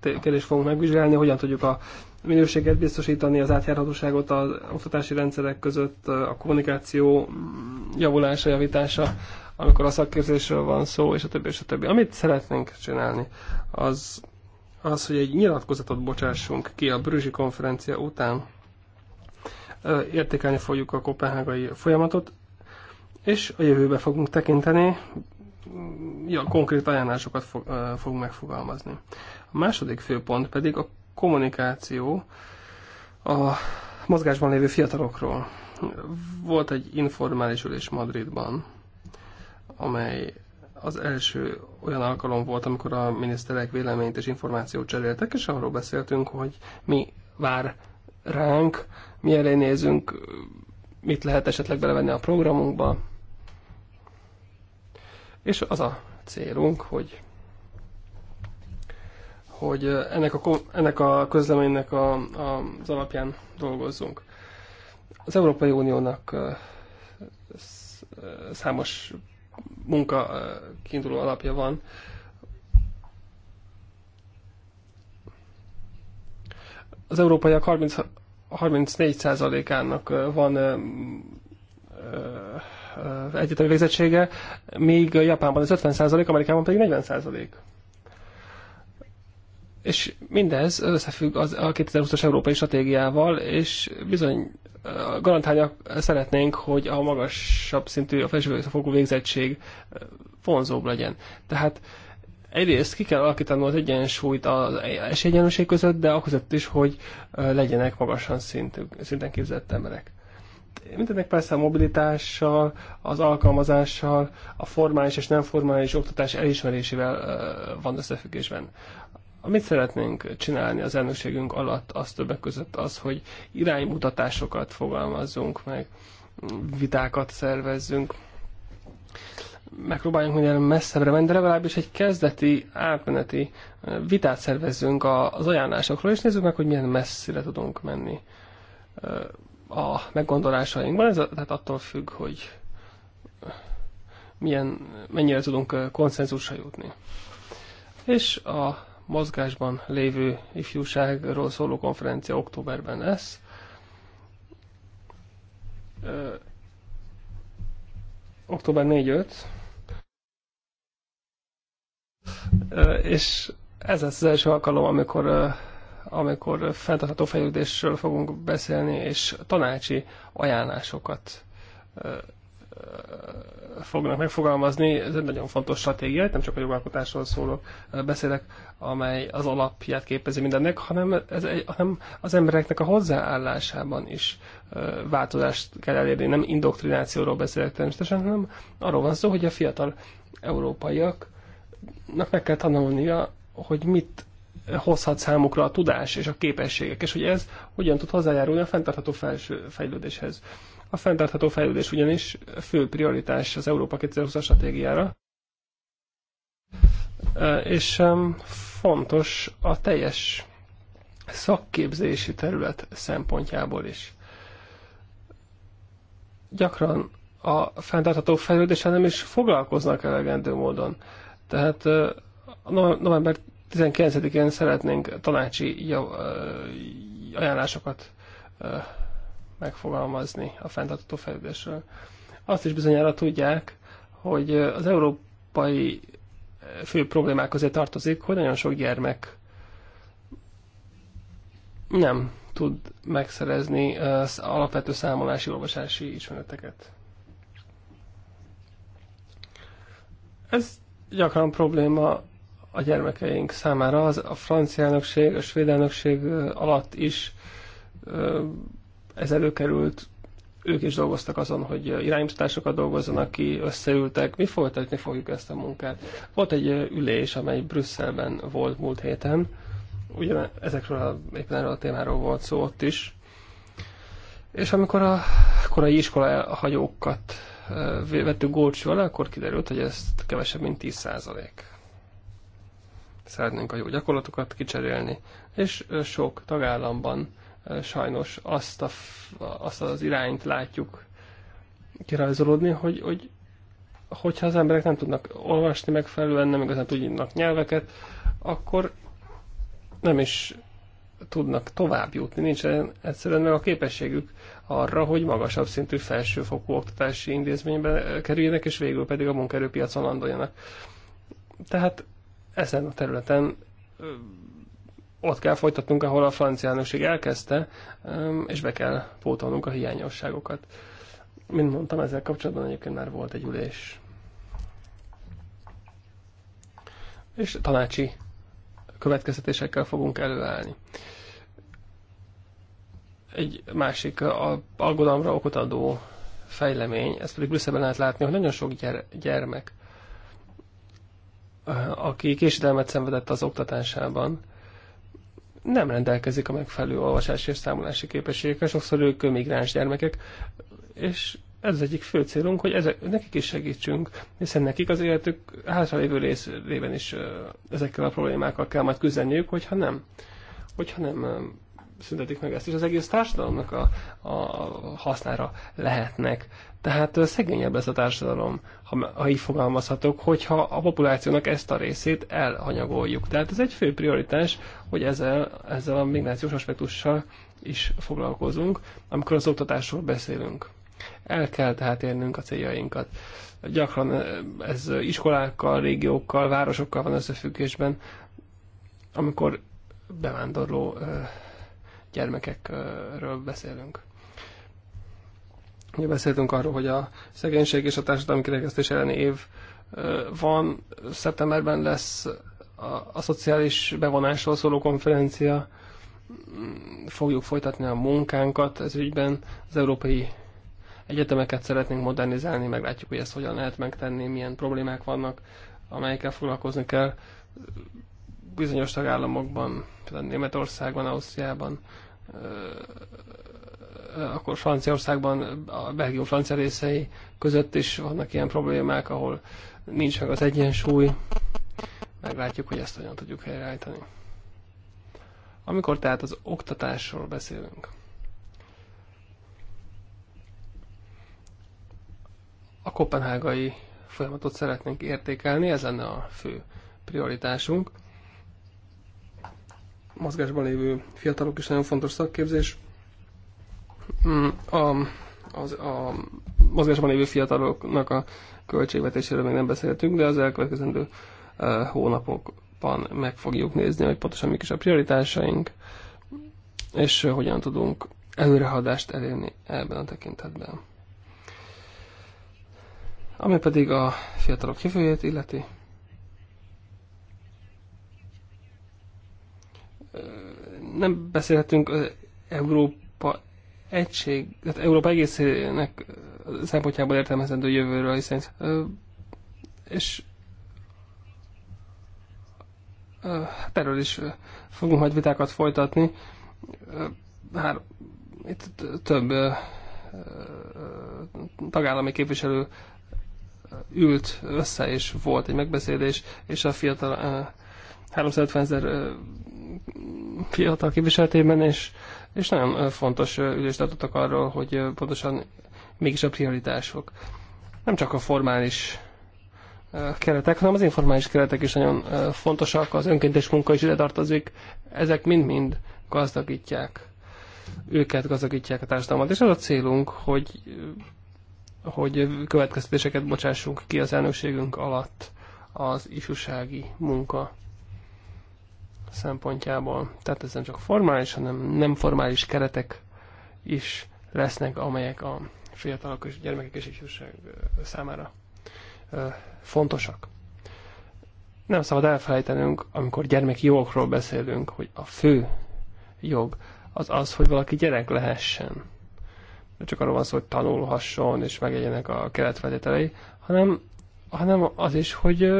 kérdést fogunk megvizsgálni, hogyan tudjuk a minőséget biztosítani, az átjárhatóságot az oktatási rendszerek között, a kommunikáció mm, javulása, javítása, amikor a szakképzésről van szó, és a többi, és a többi. Amit szeretnénk csinálni, az, az hogy egy nyilatkozatot bocsássunk ki a Brüzsi konferencia után. Értékelni fogjuk a kopenhágai folyamatot, és a jövőbe fogunk tekinteni, Mm, ja, konkrét ajánlásokat fog, fogunk megfogalmazni. A második főpont pedig a kommunikáció a mozgásban lévő fiatalokról. Volt egy informális ülés Madridban, amely az első olyan alkalom volt, amikor a miniszterek véleményt és információt cseréltek, és arról beszéltünk, hogy mi vár ránk, mi elé nézünk, mit lehet esetleg belevenni a programunkba, és az a célunk, hogy hogy ennek a, ennek a közleménynek a, a, az alapján dolgozzunk. Az Európai Uniónak számos munka kiinduló alapja van. Az európaiak 30, 34%-ának van egyetemi végzettsége, míg Japánban ez 50%, Amerikában pedig 40%. És mindez összefügg az, a 2020-as európai stratégiával, és bizony garantálni szeretnénk, hogy a magasabb szintű, a felsőfokú végzettség vonzóbb legyen. Tehát egyrészt ki kell az egyensúlyt az esélyegyenlőség között, de a között is, hogy legyenek magasan szintű, szinten képzett emberek. Mindennek persze a mobilitással, az alkalmazással, a formális és nem formális oktatás elismerésével van összefüggésben. Amit szeretnénk csinálni az elnökségünk alatt, az többek között az, hogy iránymutatásokat fogalmazzunk meg, vitákat szervezzünk, megpróbáljunk minél messzebbre menni, de legalábbis egy kezdeti, átmeneti vitát szervezzünk az ajánlásokról, és nézzük meg, hogy milyen messzire tudunk menni a meggondolásainkban, ez a, tehát attól függ, hogy milyen, mennyire tudunk konszenzusra jutni. És a mozgásban lévő ifjúságról szóló konferencia októberben lesz. Ö, október 4-5. És ez lesz az első alkalom, amikor amikor fenntartható fejlődésről fogunk beszélni, és tanácsi ajánlásokat fognak megfogalmazni. Ez egy nagyon fontos stratégia, nem csak a jogalkotásról szólok, beszélek, amely az alapját képezi mindennek, hanem, ez egy, hanem az embereknek a hozzáállásában is változást kell elérni. Nem indoktrinációról beszélek természetesen, hanem arról van szó, hogy a fiatal európaiaknak meg kell tanulnia, hogy mit hozhat számukra a tudás és a képességek, és hogy ez hogyan tud hozzájárulni a fenntartható fejlődéshez. A fenntartható fejlődés ugyanis fő prioritás az Európa 2020-as stratégiára, és fontos a teljes szakképzési terület szempontjából is. Gyakran a fenntartható fejlődéssel nem is foglalkoznak elegendő módon. Tehát november 19-én szeretnénk tanácsi ajánlásokat megfogalmazni a fenntartató fejlődésről. Azt is bizonyára tudják, hogy az európai fő problémák közé tartozik, hogy nagyon sok gyermek nem tud megszerezni az alapvető számolási, olvasási ismereteket. Ez gyakran probléma a gyermekeink számára. Az a francia elnökség, a svéd elnökség alatt is ez előkerült, ők is dolgoztak azon, hogy iránymutatásokat dolgozzanak ki, összeültek, mi folytatni fogjuk ezt a munkát. Volt egy ülés, amely Brüsszelben volt múlt héten, ugyan ezekről a, éppen erről a témáról volt szó ott is, és amikor a korai iskola hagyókat vettük górcső alá, akkor kiderült, hogy ez kevesebb, mint 10 százalék szeretnénk a jó gyakorlatokat kicserélni, és sok tagállamban sajnos azt, a, azt az irányt látjuk kirajzolódni, hogy, hogy hogyha az emberek nem tudnak olvasni megfelelően, nem igazán tudnak nyelveket, akkor nem is tudnak tovább jutni, nincs egyszerűen meg a képességük arra, hogy magasabb szintű felsőfokú oktatási intézménybe kerüljenek, és végül pedig a munkaerőpiacon landoljanak. Tehát ezen a területen ott kell folytatnunk, ahol a francia elnökség elkezdte, és be kell pótolnunk a hiányosságokat. Mint mondtam, ezzel kapcsolatban egyébként már volt egy ülés. És tanácsi következtetésekkel fogunk előállni. Egy másik a aggodalomra okot adó fejlemény, ezt pedig Brüsszelben lehet látni, hogy nagyon sok gyermek aki késedelmet szenvedett az oktatásában, nem rendelkezik a megfelelő olvasási és számolási képességekkel, sokszor ők migráns gyermekek, és ez az egyik fő célunk, hogy ezek, nekik is segítsünk, hiszen nekik az életük hátralévő részében is ezekkel a problémákkal kell majd küzdeniük, hogyha nem, hogyha nem szüntetik meg ezt, és az egész társadalomnak a, a hasznára lehetnek. Tehát szegényebb lesz a társadalom, ha, ha így fogalmazhatok, hogyha a populációnak ezt a részét elhanyagoljuk. Tehát ez egy fő prioritás, hogy ezzel, ezzel a migrációs aspektussal is foglalkozunk, amikor az oktatásról beszélünk. El kell tehát érnünk a céljainkat. Gyakran ez iskolákkal, régiókkal, városokkal van összefüggésben, amikor bevándorló gyermekekről beszélünk. Ugye beszéltünk arról, hogy a szegénység és a társadalmi kirekesztés elleni év van. Szeptemberben lesz a, a szociális bevonásról szóló konferencia. Fogjuk folytatni a munkánkat ez ügyben. Az európai egyetemeket szeretnénk modernizálni, meglátjuk, hogy ezt hogyan lehet megtenni, milyen problémák vannak, amelyekkel foglalkozni kell bizonyos tagállamokban, például Németországban, Ausztriában akkor Franciaországban a Belgium-Francia részei között is vannak ilyen problémák, ahol nincs meg az egyensúly. Meglátjuk, hogy ezt hogyan tudjuk helyreállítani. Amikor tehát az oktatásról beszélünk, a kopenhágai folyamatot szeretnénk értékelni, ez lenne a fő prioritásunk mozgásban lévő fiatalok is nagyon fontos szakképzés. Mm, a, az, a mozgásban lévő fiataloknak a költségvetéséről még nem beszéltünk, de az elkövetkezendő e, hónapokban meg fogjuk nézni, hogy pontosan mik is a prioritásaink, és hogyan tudunk előrehadást elérni ebben a tekintetben. Ami pedig a fiatalok jövőjét illeti, nem beszélhetünk az Európa egység, tehát Európa egészének szempontjából értelmezendő jövőről, hiszen és hát erről is fogunk majd vitákat folytatni. Hát itt több tagállami képviselő ült össze, és volt egy megbeszélés, és a fiatal 350 ezer fiatal képviseletében, és, és nagyon fontos ülést adottak arról, hogy pontosan mégis a prioritások. Nem csak a formális keretek, hanem az informális keretek is nagyon fontosak, az önkéntes munka is ide tartozik, ezek mind-mind gazdagítják őket, gazdagítják a társadalmat, és az a célunk, hogy, hogy következtetéseket bocsássunk ki az elnökségünk alatt az ifjúsági munka szempontjából. Tehát ez nem csak formális, hanem nem formális keretek is lesznek, amelyek a fiatalok és gyermekek és ifjúság számára fontosak. Nem szabad elfelejtenünk, amikor gyermeki jogokról beszélünk, hogy a fő jog az az, hogy valaki gyerek lehessen. Nem csak arról van szó, hogy tanulhasson és megegyenek a keletfeltételei, hanem, hanem az is, hogy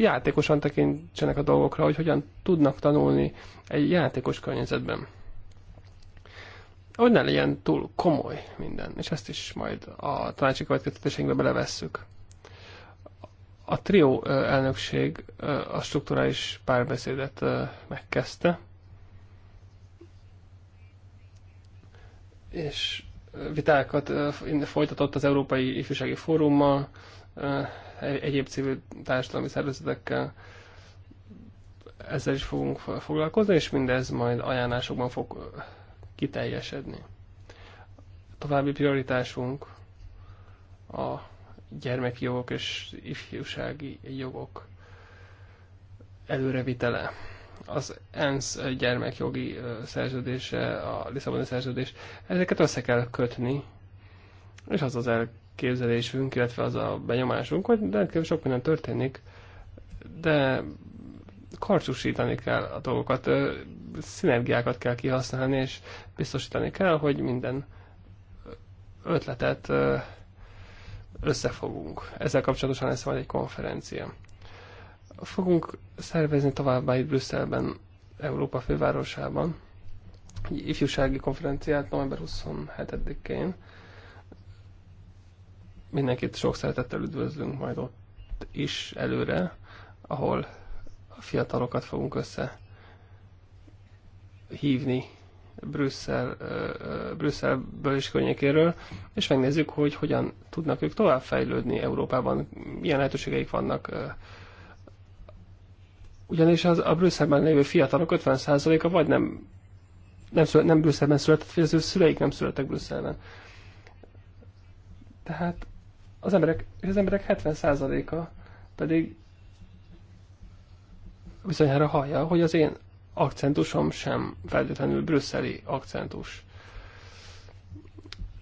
játékosan tekintsenek a dolgokra, hogy hogyan tudnak tanulni egy játékos környezetben. Hogy ne legyen túl komoly minden, és ezt is majd a tanácsi következtetésünkbe belevesszük. A trió elnökség a strukturális párbeszédet megkezdte, és vitákat folytatott az Európai Ifjúsági Fórummal, egyéb civil társadalmi szervezetekkel ezzel is fogunk foglalkozni, és mindez majd ajánlásokban fog kiteljesedni. További prioritásunk a gyermeki jogok és ifjúsági jogok előrevitele. Az ENSZ gyermekjogi szerződése, a Lisszaboni szerződés, ezeket össze kell kötni, és az az el, elképzelésünk, illetve az a benyomásunk, hogy rendkívül sok minden történik, de karcsúsítani kell a dolgokat, szinergiákat kell kihasználni, és biztosítani kell, hogy minden ötletet összefogunk. Ezzel kapcsolatosan lesz majd egy konferencia. Fogunk szervezni továbbá itt Brüsszelben, Európa fővárosában, egy ifjúsági konferenciát november 27-én, Mindenkit sok szeretettel üdvözlünk majd ott is előre, ahol a fiatalokat fogunk össze hívni Brüsszel, Brüsszelből és környékéről, és megnézzük, hogy hogyan tudnak ők továbbfejlődni Európában, milyen lehetőségeik vannak. Ugyanis az, a Brüsszelben lévő fiatalok 50%-a vagy nem, nem, szület, nem Brüsszelben született, vagy az ő szüleik nem születtek Brüsszelben. Tehát az emberek, az emberek 70%-a pedig bizonyára hallja, hogy az én akcentusom sem feltétlenül brüsszeli akcentus.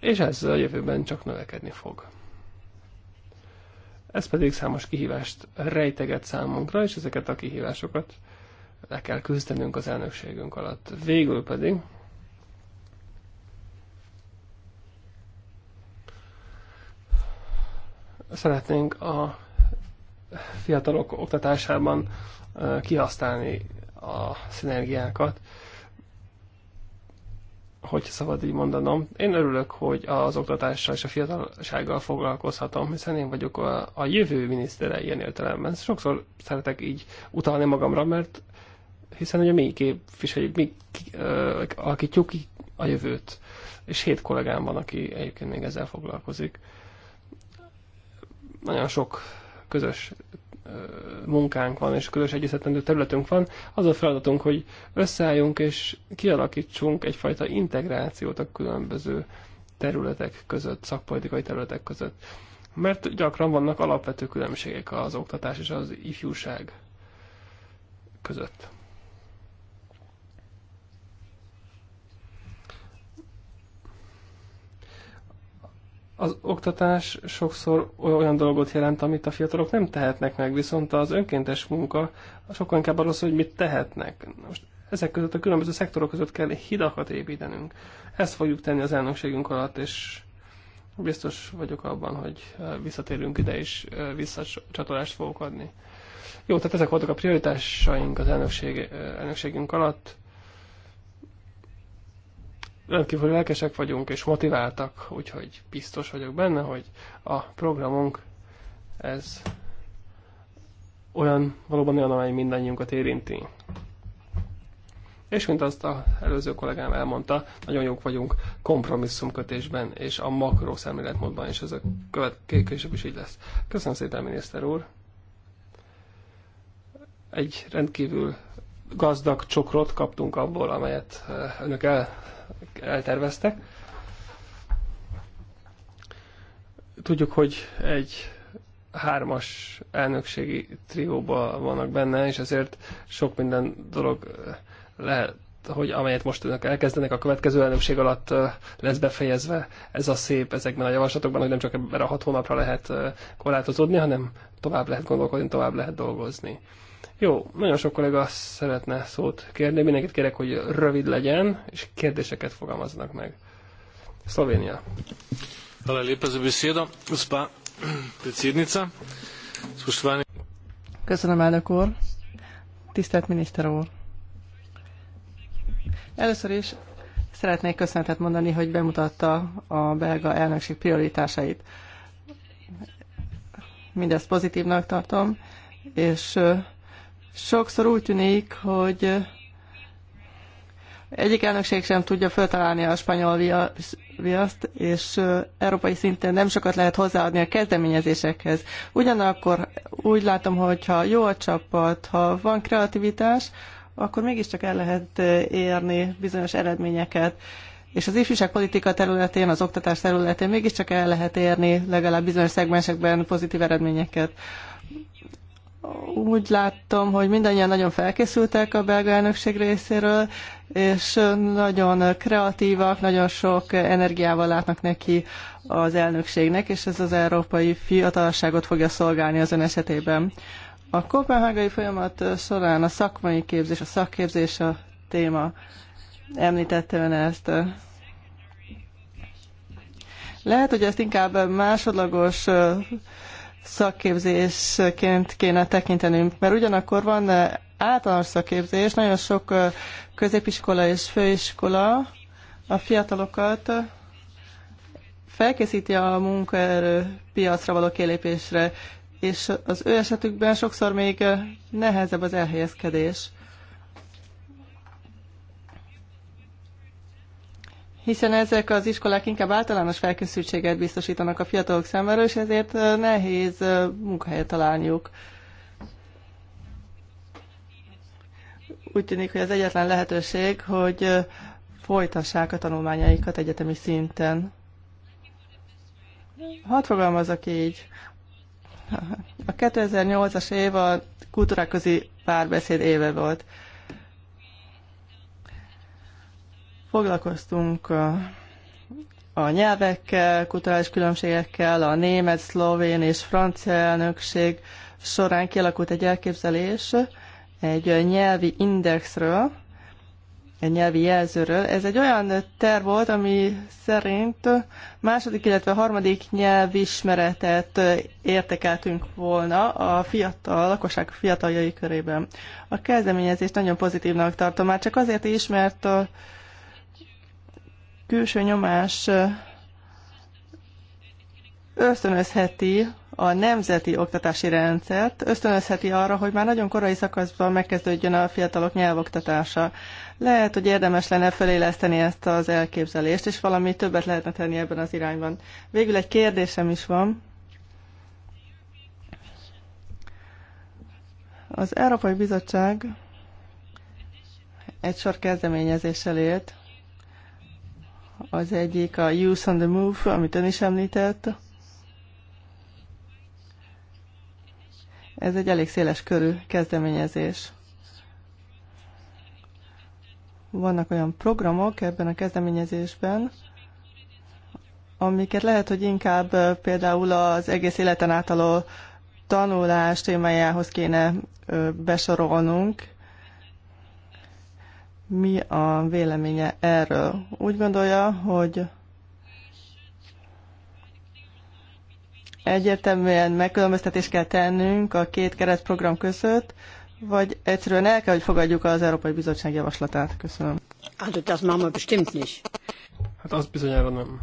És ez a jövőben csak növekedni fog. Ez pedig számos kihívást rejteget számunkra, és ezeket a kihívásokat le kell küzdenünk az elnökségünk alatt. Végül pedig szeretnénk a fiatalok oktatásában kihasználni a szinergiákat, hogy szabad így mondanom. Én örülök, hogy az oktatással és a fiatalsággal foglalkozhatom, hiszen én vagyok a, a jövő minisztere ilyen értelemben. Sokszor szeretek így utalni magamra, mert hiszen ugye mi képviseljük, mi alakítjuk ki a jövőt. És hét kollégám van, aki egyébként még ezzel foglalkozik nagyon sok közös munkánk van, és közös egyeztetendő területünk van, az a feladatunk, hogy összeálljunk és kialakítsunk egyfajta integrációt a különböző területek között, szakpolitikai területek között. Mert gyakran vannak alapvető különbségek az oktatás és az ifjúság között. Az oktatás sokszor olyan dolgot jelent, amit a fiatalok nem tehetnek meg, viszont az önkéntes munka sokkal inkább arról szól, hogy mit tehetnek. Most ezek között a különböző szektorok között kell hidakat építenünk. Ezt fogjuk tenni az elnökségünk alatt, és biztos vagyok abban, hogy visszatérünk ide, és visszacsatolást fogok adni. Jó, tehát ezek voltak a prioritásaink az elnökség, elnökségünk alatt rendkívül lelkesek vagyunk és motiváltak, úgyhogy biztos vagyok benne, hogy a programunk ez olyan, valóban olyan, amely mindannyiunkat érinti. És mint azt az előző kollégám elmondta, nagyon jók vagyunk kompromisszumkötésben és a makró szemléletmódban, és ez a következő is így lesz. Köszönöm szépen, miniszter úr! Egy rendkívül gazdag csokrot kaptunk abból, amelyet eh, önök el elterveztek. Tudjuk, hogy egy hármas elnökségi trióba vannak benne, és ezért sok minden dolog eh, lehet, hogy amelyet most önök elkezdenek, a következő elnökség alatt eh, lesz befejezve. Ez a szép ezekben a javaslatokban, hogy nem csak ebben a hat hónapra lehet eh, korlátozódni, hanem tovább lehet gondolkodni, tovább lehet dolgozni. Jó, nagyon sok kollega szeretne szót kérni. Mindenkit kérek, hogy rövid legyen, és kérdéseket fogalmaznak meg. Szlovénia. Hvala lepa za besedo, gospa predsednica. Spoštovani. Köszönöm, elnök úr. Tisztelt miniszter úr. Először is szeretnék köszönetet mondani, hogy bemutatta a belga elnökség prioritásait. Mindezt pozitívnak tartom, és Sokszor úgy tűnik, hogy egyik elnökség sem tudja föltalálni a spanyol viaszt, és európai szinten nem sokat lehet hozzáadni a kezdeményezésekhez. Ugyanakkor úgy látom, hogy ha jó a csapat, ha van kreativitás, akkor mégiscsak el lehet érni bizonyos eredményeket. És az ifjúságpolitika területén, az oktatás területén mégiscsak el lehet érni legalább bizonyos szegmensekben pozitív eredményeket úgy láttam, hogy mindannyian nagyon felkészültek a belga elnökség részéről, és nagyon kreatívak, nagyon sok energiával látnak neki az elnökségnek, és ez az európai fiatalságot fogja szolgálni az ön esetében. A kopenhágai folyamat során a szakmai képzés, a szakképzés a téma. Említette ön ezt. Lehet, hogy ezt inkább másodlagos szakképzésként kéne tekintenünk, mert ugyanakkor van eh, általános szakképzés, nagyon sok eh, középiskola és főiskola a fiatalokat eh, felkészíti a munkaerő piacra való kilépésre, és az ő esetükben sokszor még nehezebb az elhelyezkedés. hiszen ezek az iskolák inkább általános felkészültséget biztosítanak a fiatalok számára, és ezért nehéz munkahelyet találniuk. Úgy tűnik, hogy az egyetlen lehetőség, hogy folytassák a tanulmányaikat egyetemi szinten. Hadd fogalmazok így. A 2008-as év a kultúráközi párbeszéd éve volt. Foglalkoztunk a nyelvekkel, kulturális különbségekkel, a német, szlovén és francia elnökség során kialakult egy elképzelés egy nyelvi indexről, egy nyelvi jelzőről. Ez egy olyan terv volt, ami szerint második, illetve harmadik nyelvismeretet értekeltünk volna a fiatal, a lakosság fiataljai körében. A kezdeményezést nagyon pozitívnak tartom, már csak azért is, mert a külső nyomás ösztönözheti a nemzeti oktatási rendszert, ösztönözheti arra, hogy már nagyon korai szakaszban megkezdődjön a fiatalok nyelvoktatása. Lehet, hogy érdemes lenne feléleszteni ezt az elképzelést, és valami többet lehetne tenni ebben az irányban. Végül egy kérdésem is van. Az Európai Bizottság egy sor kezdeményezéssel élt, az egyik a Use on the Move, amit ön is említett. Ez egy elég széles körű kezdeményezés. Vannak olyan programok ebben a kezdeményezésben, amiket lehet, hogy inkább például az egész életen átaló tanulás témájához kéne besorolnunk, mi a véleménye erről. Úgy gondolja, hogy egyértelműen megkülönböztetést kell tennünk a két keretprogram között, vagy egyszerűen el kell, hogy fogadjuk az Európai Bizottság javaslatát. Köszönöm. Hát, das machen bestimmt nicht. Hát az bizonyára nem.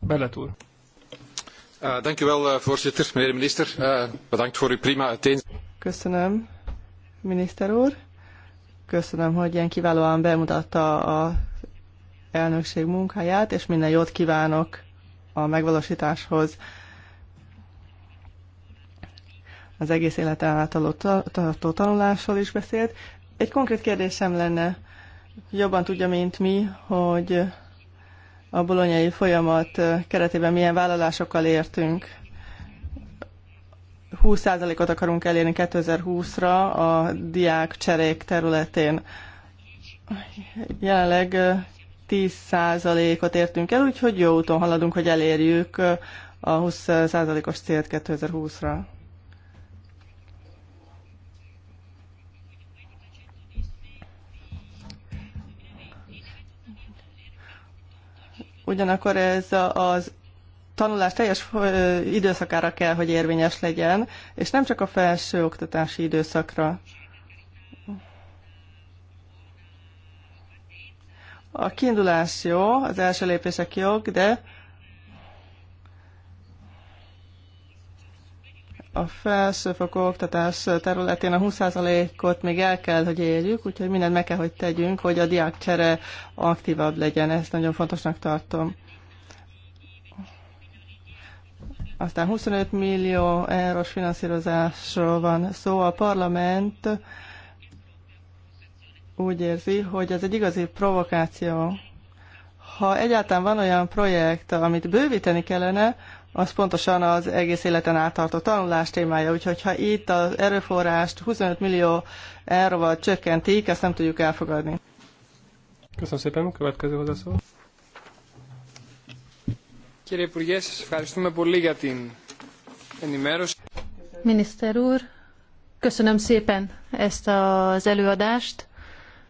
Beletúl. Eh, eh, eh, Köszönöm, miniszter úr. Köszönöm, hogy ilyen kiválóan bemutatta a elnökség munkáját, és minden jót kívánok a megvalósításhoz. Az egész életen átaló tartó tanulásról is beszélt. Egy konkrét kérdésem lenne, jobban tudja, mint mi, hogy a bolonyai folyamat keretében milyen vállalásokkal értünk. 20%-ot akarunk elérni 2020-ra a diák cserék területén. Jelenleg 10%-ot értünk el, úgyhogy jó úton haladunk, hogy elérjük a 20%-os célt 2020-ra. Ugyanakkor ez az tanulás teljes időszakára kell, hogy érvényes legyen, és nem csak a felső oktatási időszakra. A kiindulás jó, az első lépések jók, de a felsőfokú oktatás területén a 20%-ot még el kell, hogy érjük, úgyhogy mindent meg kell, hogy tegyünk, hogy a diákcsere aktívabb legyen. Ezt nagyon fontosnak tartom. Aztán 25 millió eurós finanszírozásról van szó. A parlament úgy érzi, hogy ez egy igazi provokáció. Ha egyáltalán van olyan projekt, amit bővíteni kellene, az pontosan az egész életen tartó tanulás témája, úgyhogy ha itt az erőforrást 25 millió euróval csökkentik, ezt nem tudjuk elfogadni. Köszönöm szépen, következő hozzászó. Kérjé Purgyes, ευχαριστούμε a για Ennyi ενημέρωση. Miniszter úr, köszönöm szépen ezt az előadást.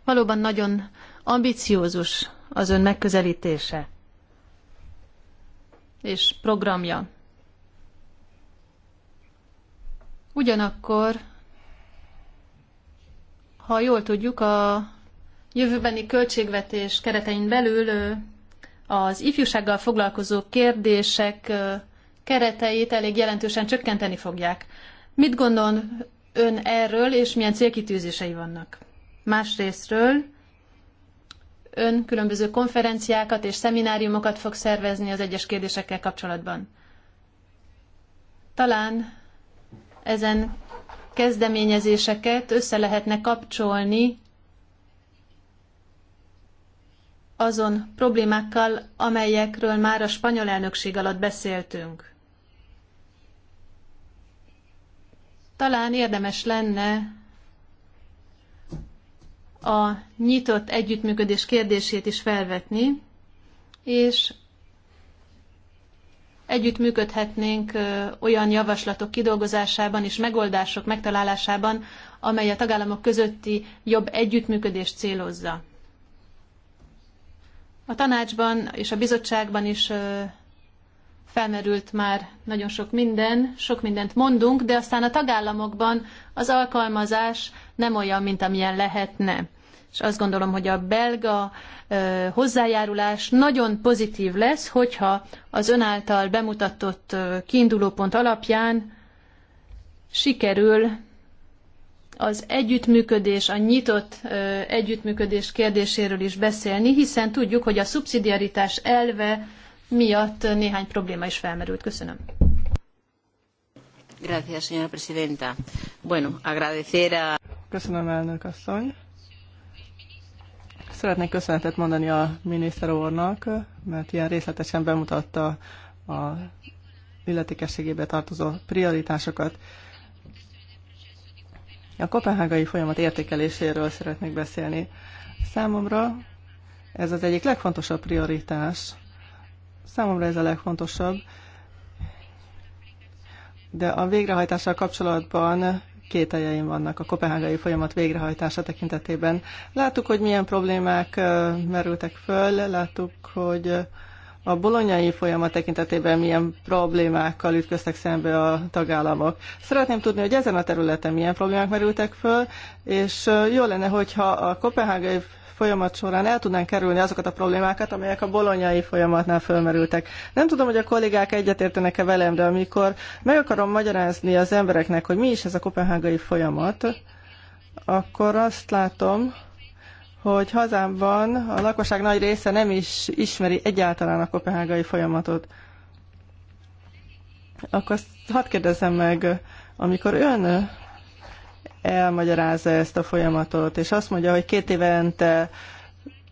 Valóban nagyon ambiciózus az ön megközelítése és programja. Ugyanakkor, ha jól tudjuk, a jövőbeni költségvetés keretein belül az ifjúsággal foglalkozó kérdések kereteit elég jelentősen csökkenteni fogják. Mit gondol ön erről, és milyen célkitűzései vannak? Másrésztről ön különböző konferenciákat és szemináriumokat fog szervezni az egyes kérdésekkel kapcsolatban. Talán ezen kezdeményezéseket össze lehetne kapcsolni azon problémákkal, amelyekről már a spanyol elnökség alatt beszéltünk. Talán érdemes lenne a nyitott együttműködés kérdését is felvetni, és együttműködhetnénk olyan javaslatok kidolgozásában és megoldások megtalálásában, amely a tagállamok közötti jobb együttműködést célozza. A tanácsban és a bizottságban is felmerült már nagyon sok minden, sok mindent mondunk, de aztán a tagállamokban az alkalmazás nem olyan, mint amilyen lehetne. És azt gondolom, hogy a belga ö, hozzájárulás nagyon pozitív lesz, hogyha az önáltal bemutatott ö, kiindulópont alapján sikerül az együttműködés, a nyitott együttműködés kérdéséről is beszélni, hiszen tudjuk, hogy a szubszidiaritás elve miatt néhány probléma is felmerült. Köszönöm. Gracias, señora presidenta. Bueno, agradecer a... Köszönöm, elnök asszony. Szeretnék köszönetet mondani a miniszter úrnak, mert ilyen részletesen bemutatta a illetékességébe tartozó prioritásokat. A kopenhágai folyamat értékeléséről szeretnék beszélni. Számomra ez az egyik legfontosabb prioritás Számomra ez a legfontosabb. De a végrehajtással kapcsolatban két eljeim vannak a kopenhágai folyamat végrehajtása tekintetében. Láttuk, hogy milyen problémák merültek föl, láttuk, hogy a bolonyai folyamat tekintetében milyen problémákkal ütköztek szembe a tagállamok. Szeretném tudni, hogy ezen a területen milyen problémák merültek föl, és jó lenne, hogyha a kopenhágai folyamat során el tudnánk kerülni azokat a problémákat, amelyek a bolonyai folyamatnál fölmerültek. Nem tudom, hogy a kollégák egyetértenek-e velem, de amikor meg akarom magyarázni az embereknek, hogy mi is ez a kopenhágai folyamat, akkor azt látom, hogy hazámban a lakosság nagy része nem is ismeri egyáltalán a kopenhágai folyamatot. Akkor hadd kérdezzem meg, amikor ön elmagyarázza ezt a folyamatot, és azt mondja, hogy két évente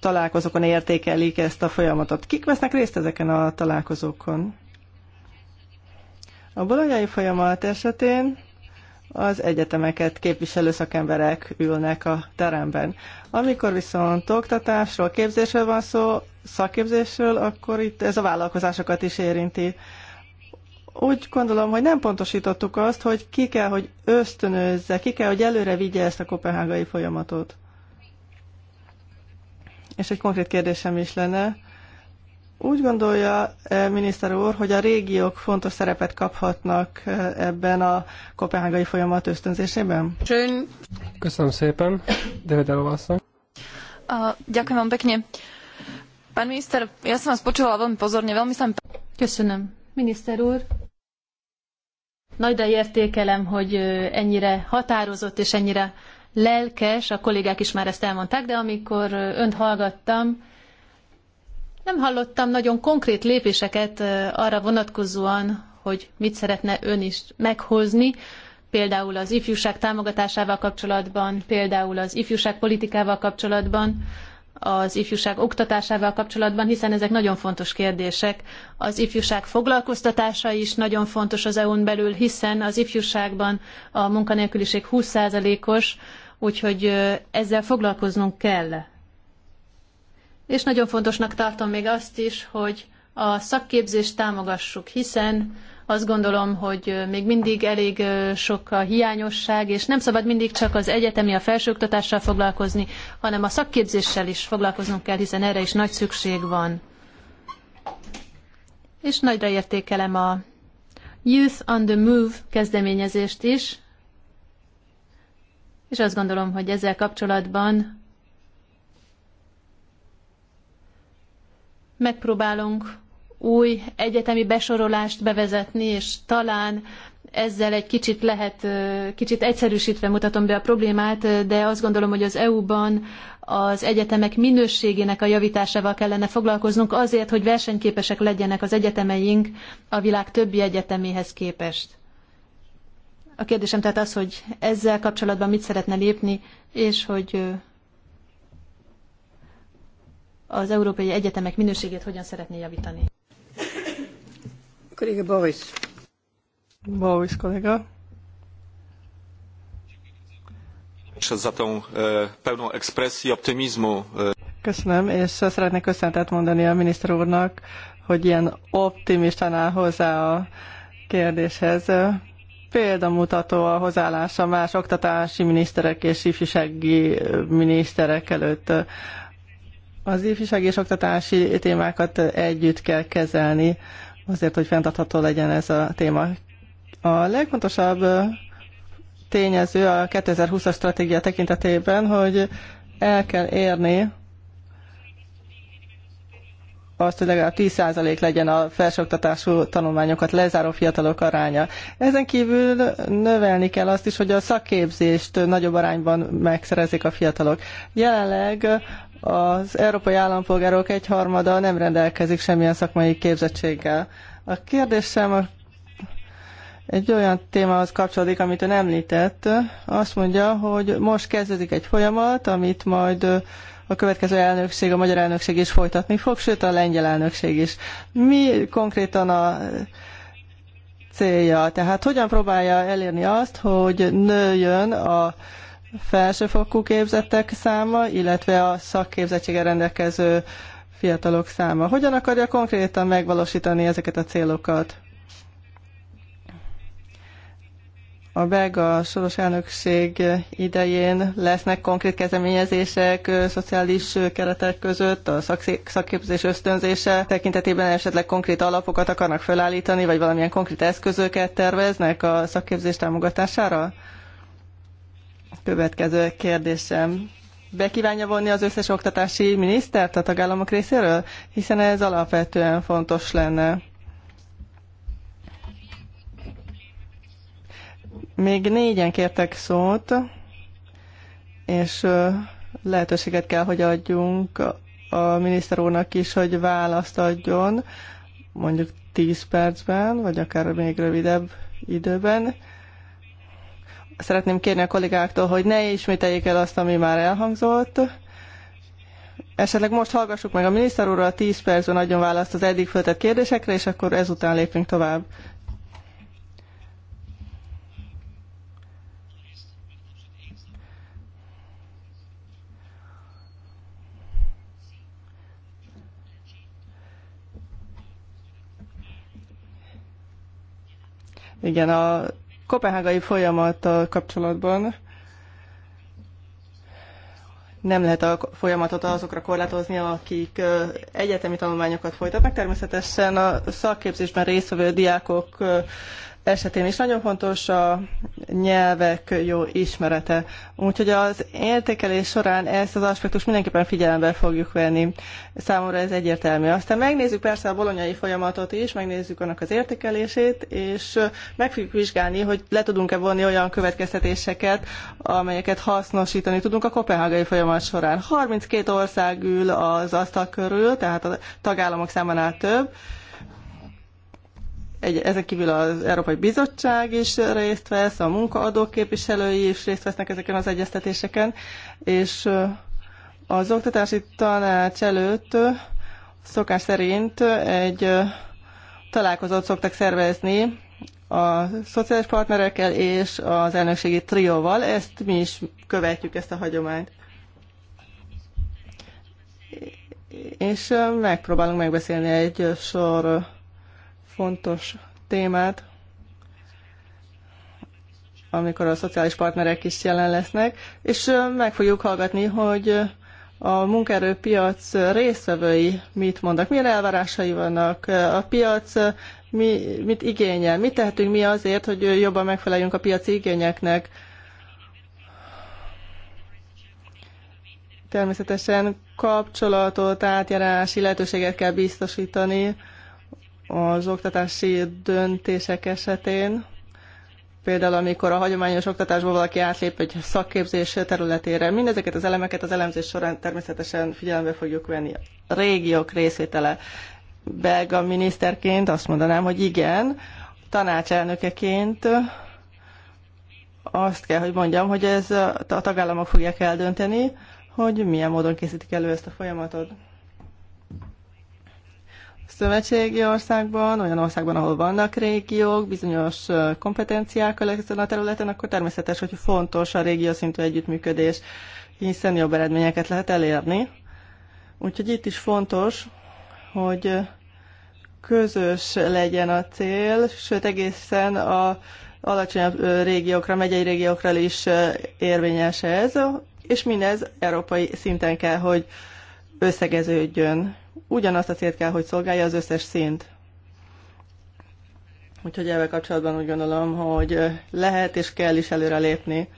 találkozókon értékelik ezt a folyamatot. Kik vesznek részt ezeken a találkozókon? A bolonyai folyamat esetén az egyetemeket képviselő szakemberek ülnek a teremben. Amikor viszont oktatásról, képzésről van szó, szakképzésről, akkor itt ez a vállalkozásokat is érinti úgy gondolom, hogy nem pontosítottuk azt, hogy ki kell, hogy ösztönözze, ki kell, hogy előre vigye ezt a kopenhágai folyamatot. És egy konkrét kérdésem is lenne. Úgy gondolja, e, miniszter úr, hogy a régiók fontos szerepet kaphatnak e, ebben a kopenhágai folyamat ösztönzésében? Csön. Köszönöm szépen. Devedelov asszony. Ďakujem vám pekne. Pán miniszter, ja som vás počúvala veľmi pozorne, veľmi sa mi... Köszönöm Miniszter úr, nagyra értékelem, hogy ennyire határozott és ennyire lelkes, a kollégák is már ezt elmondták, de amikor önt hallgattam, nem hallottam nagyon konkrét lépéseket arra vonatkozóan, hogy mit szeretne ön is meghozni, például az ifjúság támogatásával kapcsolatban, például az ifjúságpolitikával kapcsolatban, az ifjúság oktatásával kapcsolatban, hiszen ezek nagyon fontos kérdések. Az ifjúság foglalkoztatása is nagyon fontos az EU-n belül, hiszen az ifjúságban a munkanélküliség 20%-os, úgyhogy ezzel foglalkoznunk kell. És nagyon fontosnak tartom még azt is, hogy a szakképzést támogassuk, hiszen azt gondolom, hogy még mindig elég sok a hiányosság, és nem szabad mindig csak az egyetemi, a felsőoktatással foglalkozni, hanem a szakképzéssel is foglalkoznunk kell, hiszen erre is nagy szükség van. És nagyra értékelem a Youth on the Move kezdeményezést is, és azt gondolom, hogy ezzel kapcsolatban megpróbálunk új egyetemi besorolást bevezetni, és talán ezzel egy kicsit lehet, kicsit egyszerűsítve mutatom be a problémát, de azt gondolom, hogy az EU-ban az egyetemek minőségének a javításával kellene foglalkoznunk azért, hogy versenyképesek legyenek az egyetemeink a világ többi egyeteméhez képest. A kérdésem tehát az, hogy ezzel kapcsolatban mit szeretne lépni, és hogy az európai egyetemek minőségét hogyan szeretné javítani. Kolléga Boris. Boris kollega. za tą e, pełną ekspresji optymizmu. E. Köszönöm, és szeretnék köszöntet mondani a miniszter úrnak, hogy ilyen optimistán áll hozzá a kérdéshez. Példamutató a hozzáállása más oktatási miniszterek és ifjúsági miniszterek előtt. Az ifjúsági és oktatási témákat együtt kell kezelni azért, hogy fenntartható legyen ez a téma. A legfontosabb tényező a 2020-as stratégia tekintetében, hogy el kell érni azt, hogy legalább 10% legyen a felsőoktatású tanulmányokat lezáró fiatalok aránya. Ezen kívül növelni kell azt is, hogy a szakképzést nagyobb arányban megszerezik a fiatalok. Jelenleg az európai állampolgárok egyharmada nem rendelkezik semmilyen szakmai képzettséggel. A kérdésem a egy olyan témához kapcsolódik, amit ön említett. Azt mondja, hogy most kezdődik egy folyamat, amit majd a következő elnökség, a magyar elnökség is folytatni fog, sőt a lengyel elnökség is. Mi konkrétan a célja? Tehát hogyan próbálja elérni azt, hogy nőjön a felsőfokú képzettek száma, illetve a szakképzettséggel rendelkező fiatalok száma. Hogyan akarja konkrétan megvalósítani ezeket a célokat? A belga soros elnökség idején lesznek konkrét kezdeményezések szociális keretek között, a szakképzés ösztönzése tekintetében esetleg konkrét alapokat akarnak felállítani, vagy valamilyen konkrét eszközöket terveznek a szakképzés támogatására? Következő kérdésem. Be kívánja vonni az összes oktatási minisztert a tagállamok részéről? Hiszen ez alapvetően fontos lenne. Még négyen kértek szót, és lehetőséget kell, hogy adjunk a miniszter úrnak is, hogy választ adjon, mondjuk 10 percben, vagy akár még rövidebb időben szeretném kérni a kollégáktól, hogy ne ismételjék el azt, ami már elhangzott. Esetleg most hallgassuk meg a miniszter úrral, 10 percben adjon választ az eddig föltett kérdésekre, és akkor ezután lépünk tovább. Igen, a kopenhágai folyamattal kapcsolatban nem lehet a folyamatot azokra korlátozni, akik egyetemi tanulmányokat folytatnak. Természetesen a szakképzésben résztvevő diákok esetén is nagyon fontos a nyelvek jó ismerete. Úgyhogy az értékelés során ezt az aspektust mindenképpen figyelembe fogjuk venni. Számomra ez egyértelmű. Aztán megnézzük persze a bolonyai folyamatot is, megnézzük annak az értékelését, és meg fogjuk vizsgálni, hogy le tudunk-e vonni olyan következtetéseket, amelyeket hasznosítani tudunk a kopenhágai folyamat során. 32 ország ül az asztal körül, tehát a tagállamok számánál több, egy, ezen kívül az Európai Bizottság is részt vesz, a munkaadók képviselői is részt vesznek ezeken az egyeztetéseken, és az oktatási tanács előtt szokás szerint egy találkozót szoktak szervezni a szociális partnerekkel és az elnökségi trióval. Ezt mi is követjük, ezt a hagyományt. És megpróbálunk megbeszélni egy sor fontos témát, amikor a szociális partnerek is jelen lesznek, és meg fogjuk hallgatni, hogy a munkaerőpiac részvevői mit mondnak, milyen elvárásai vannak, a piac mi, mit igényel, mit tehetünk mi azért, hogy jobban megfeleljünk a piaci igényeknek. Természetesen kapcsolatot, átjárási lehetőséget kell biztosítani az oktatási döntések esetén, például amikor a hagyományos oktatásból valaki átlép egy szakképzés területére, mindezeket az elemeket az elemzés során természetesen figyelembe fogjuk venni. A régiók részvétele belga miniszterként azt mondanám, hogy igen, tanácselnökeként azt kell, hogy mondjam, hogy ez a tagállamok fogják eldönteni, hogy milyen módon készítik elő ezt a folyamatot szövetségi országban, olyan országban, ahol vannak régiók, bizonyos kompetenciákkal ezen a területen, akkor természetes, hogy fontos a régió szintű együttműködés, hiszen jobb eredményeket lehet elérni. Úgyhogy itt is fontos, hogy közös legyen a cél, sőt egészen a alacsonyabb régiókra, megyei régiókra is érvényes ez, és mindez európai szinten kell, hogy összegeződjön ugyanazt a célt kell, hogy szolgálja az összes szint. Úgyhogy ebben kapcsolatban úgy gondolom, hogy lehet és kell is előre lépni.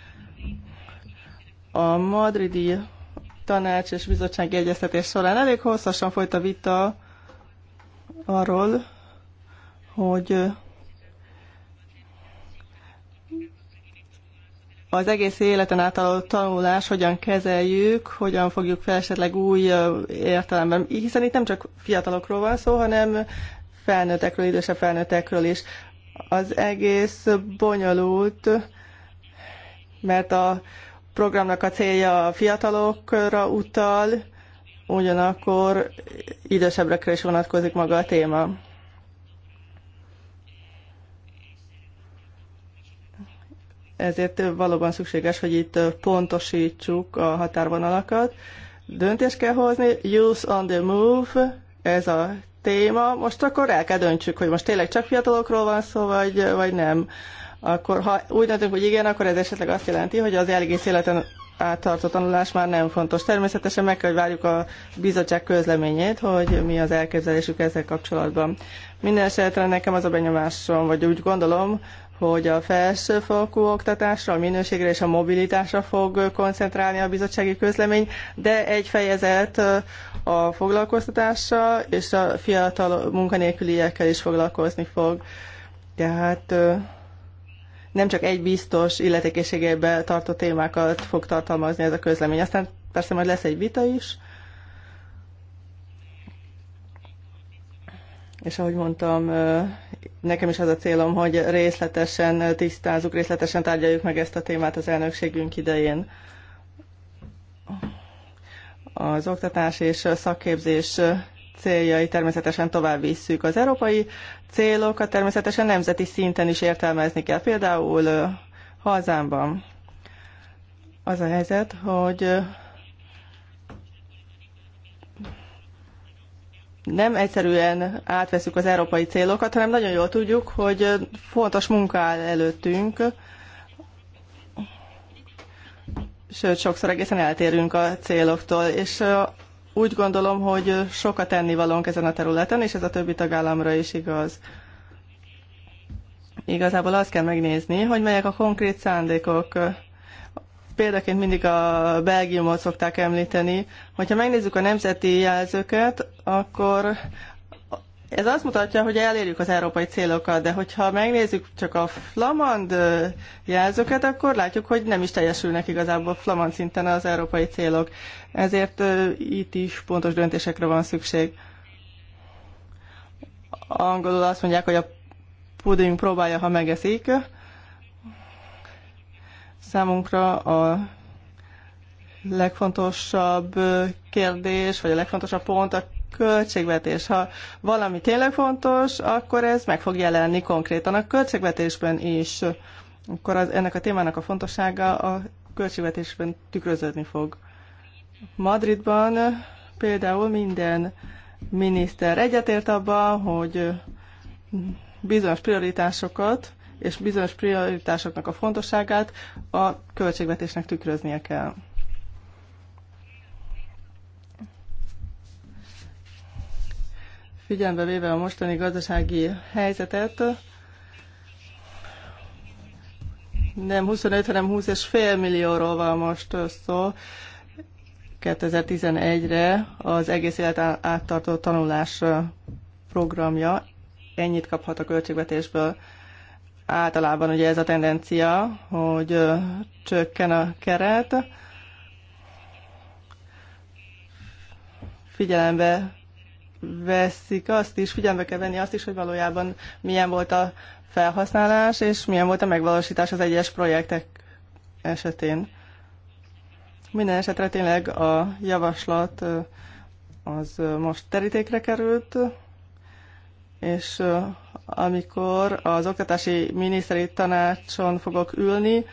A madridi tanács és bizottsági egyeztetés során elég hosszasan folyt a vita arról, hogy az egész életen a tanulás hogyan kezeljük, hogyan fogjuk fel esetleg új értelemben, hiszen itt nem csak fiatalokról van szó, hanem felnőttekről, idősebb felnőttekről is. Az egész bonyolult, mert a programnak a célja a fiatalokra utal, ugyanakkor idősebbekre is vonatkozik maga a téma. Ezért valóban szükséges, hogy itt pontosítsuk a határvonalakat. Döntést kell hozni, use on the move, ez a téma. Most akkor el kell döntsük, hogy most tényleg csak fiatalokról van szó, vagy, vagy nem. Akkor ha úgy döntünk, hogy igen, akkor ez esetleg azt jelenti, hogy az egész életen áttartó tanulás már nem fontos. Természetesen meg kell, hogy várjuk a bizottság közleményét, hogy mi az elképzelésük ezzel kapcsolatban. Minden esetre nekem az a benyomásom, vagy úgy gondolom, hogy a felsőfokú oktatásra, a minőségre és a mobilitásra fog koncentrálni a bizottsági közlemény, de egy fejezet a foglalkoztatással és a fiatal munkanélküliekkel is foglalkozni fog. Tehát nem csak egy biztos illetékességében tartó témákat fog tartalmazni ez a közlemény. Aztán persze majd lesz egy vita is, és ahogy mondtam, nekem is az a célom, hogy részletesen tisztázzuk, részletesen tárgyaljuk meg ezt a témát az elnökségünk idején. Az oktatás és szakképzés céljai természetesen tovább visszük. Az európai célokat természetesen nemzeti szinten is értelmezni kell. Például hazámban az a helyzet, hogy nem egyszerűen átveszük az európai célokat, hanem nagyon jól tudjuk, hogy fontos munka áll előttünk, sőt, sokszor egészen eltérünk a céloktól, és úgy gondolom, hogy sokat tennivalónk ezen a területen, és ez a többi tagállamra is igaz. Igazából azt kell megnézni, hogy melyek a konkrét szándékok, példaként mindig a Belgiumot szokták említeni. Hogyha megnézzük a nemzeti jelzőket, akkor ez azt mutatja, hogy elérjük az európai célokat, de hogyha megnézzük csak a flamand jelzőket, akkor látjuk, hogy nem is teljesülnek igazából flamand szinten az európai célok. Ezért itt is pontos döntésekre van szükség. Angolul azt mondják, hogy a puding próbálja, ha megeszik. Számunkra a legfontosabb kérdés, vagy a legfontosabb pont a költségvetés. Ha valami tényleg fontos, akkor ez meg fog jelenni konkrétan a költségvetésben is. Akkor az, ennek a témának a fontossága a költségvetésben tükröződni fog. Madridban például minden miniszter egyetért abban, hogy bizonyos prioritásokat és bizonyos prioritásoknak a fontosságát a költségvetésnek tükröznie kell. Figyelembe véve a mostani gazdasági helyzetet, nem 25, hanem fél millióról van most szó, 2011-re az egész élet áttartó tanulás programja ennyit kaphat a költségvetésből. Általában ugye ez a tendencia, hogy csökken a keret. Figyelembe veszik azt is, figyelembe kell venni azt is, hogy valójában milyen volt a felhasználás, és milyen volt a megvalósítás az egyes projektek esetén. Minden esetre tényleg a javaslat az most terítékre került, és amikor az oktatási miniszteri tanácson fogok ülni,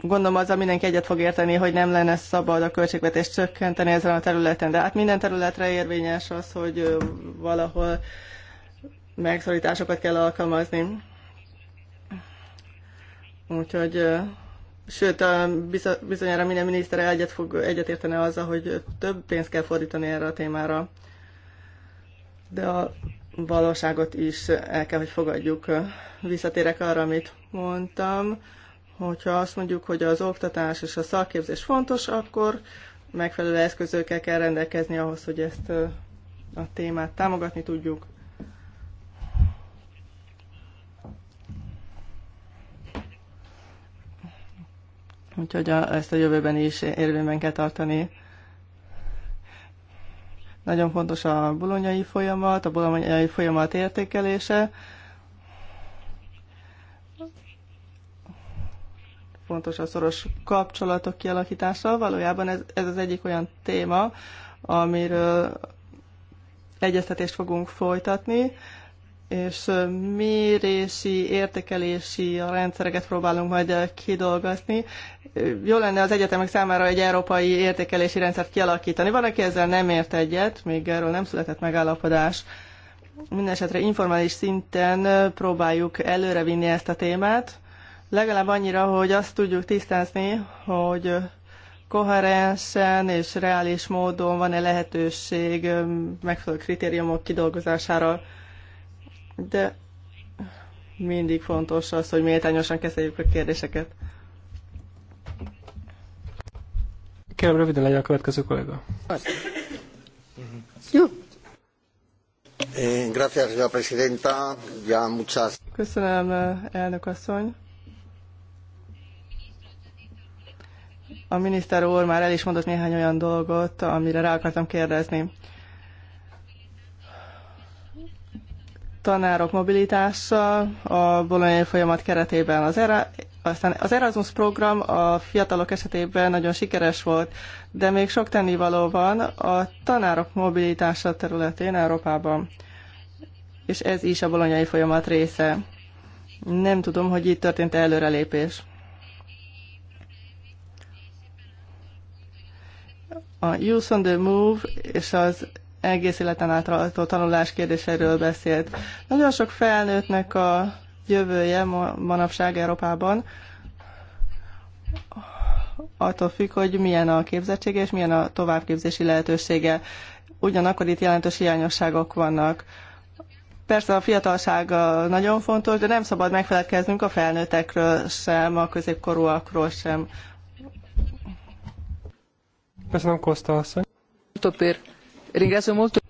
gondolom azzal mindenki egyet fog érteni, hogy nem lenne szabad a költségvetést csökkenteni ezen a területen. De hát minden területre érvényes az, hogy valahol megszorításokat kell alkalmazni. Úgyhogy, sőt, bizonyára minden miniszter egyet fog egyetérteni azzal, hogy több pénzt kell fordítani erre a témára de a valóságot is el kell, hogy fogadjuk. Visszatérek arra, amit mondtam, hogyha azt mondjuk, hogy az oktatás és a szakképzés fontos, akkor megfelelő eszközökkel kell rendelkezni ahhoz, hogy ezt a témát támogatni tudjuk. Úgyhogy ezt a jövőben is érvényben kell tartani. Nagyon fontos a bolonyai folyamat, a bolonyai folyamat értékelése. Fontos a szoros kapcsolatok kialakítása. Valójában ez, ez az egyik olyan téma, amiről egyeztetést fogunk folytatni és mérési, értékelési rendszereket próbálunk majd kidolgozni. Jó lenne az egyetemek számára egy európai értékelési rendszert kialakítani. Van, aki ezzel nem ért egyet, még erről nem született megállapodás. Mindenesetre informális szinten próbáljuk előrevinni ezt a témát. Legalább annyira, hogy azt tudjuk tisztázni, hogy koherensen és reális módon van-e lehetőség megfelelő kritériumok kidolgozására de mindig fontos az, hogy méltányosan kezeljük a kérdéseket. Kérem, röviden legyen a következő kollega. Jó. Eh, gracias, señora presidenta. Ya muchas... Köszönöm, elnök asszony. A miniszter úr már el is mondott néhány olyan dolgot, amire rá akartam kérdezni. tanárok mobilitása a bolonyai folyamat keretében. Az erre. aztán az Erasmus program a fiatalok esetében nagyon sikeres volt, de még sok tennivaló van a tanárok mobilitása területén Európában. És ez is a bolonyai folyamat része. Nem tudom, hogy itt történt -e előrelépés. A Youth on the Move és az egész életen át tanulás kérdéséről beszélt. Nagyon sok felnőttnek a jövője manapság Európában attól függ, hogy milyen a képzettsége és milyen a továbbképzési lehetősége. Ugyanakkor itt jelentős hiányosságok vannak. Persze a fiatalság nagyon fontos, de nem szabad megfelelkeznünk a felnőttekről sem, a középkorúakról sem. Köszönöm, Kosta asszony. Topér. Ringrazio molto.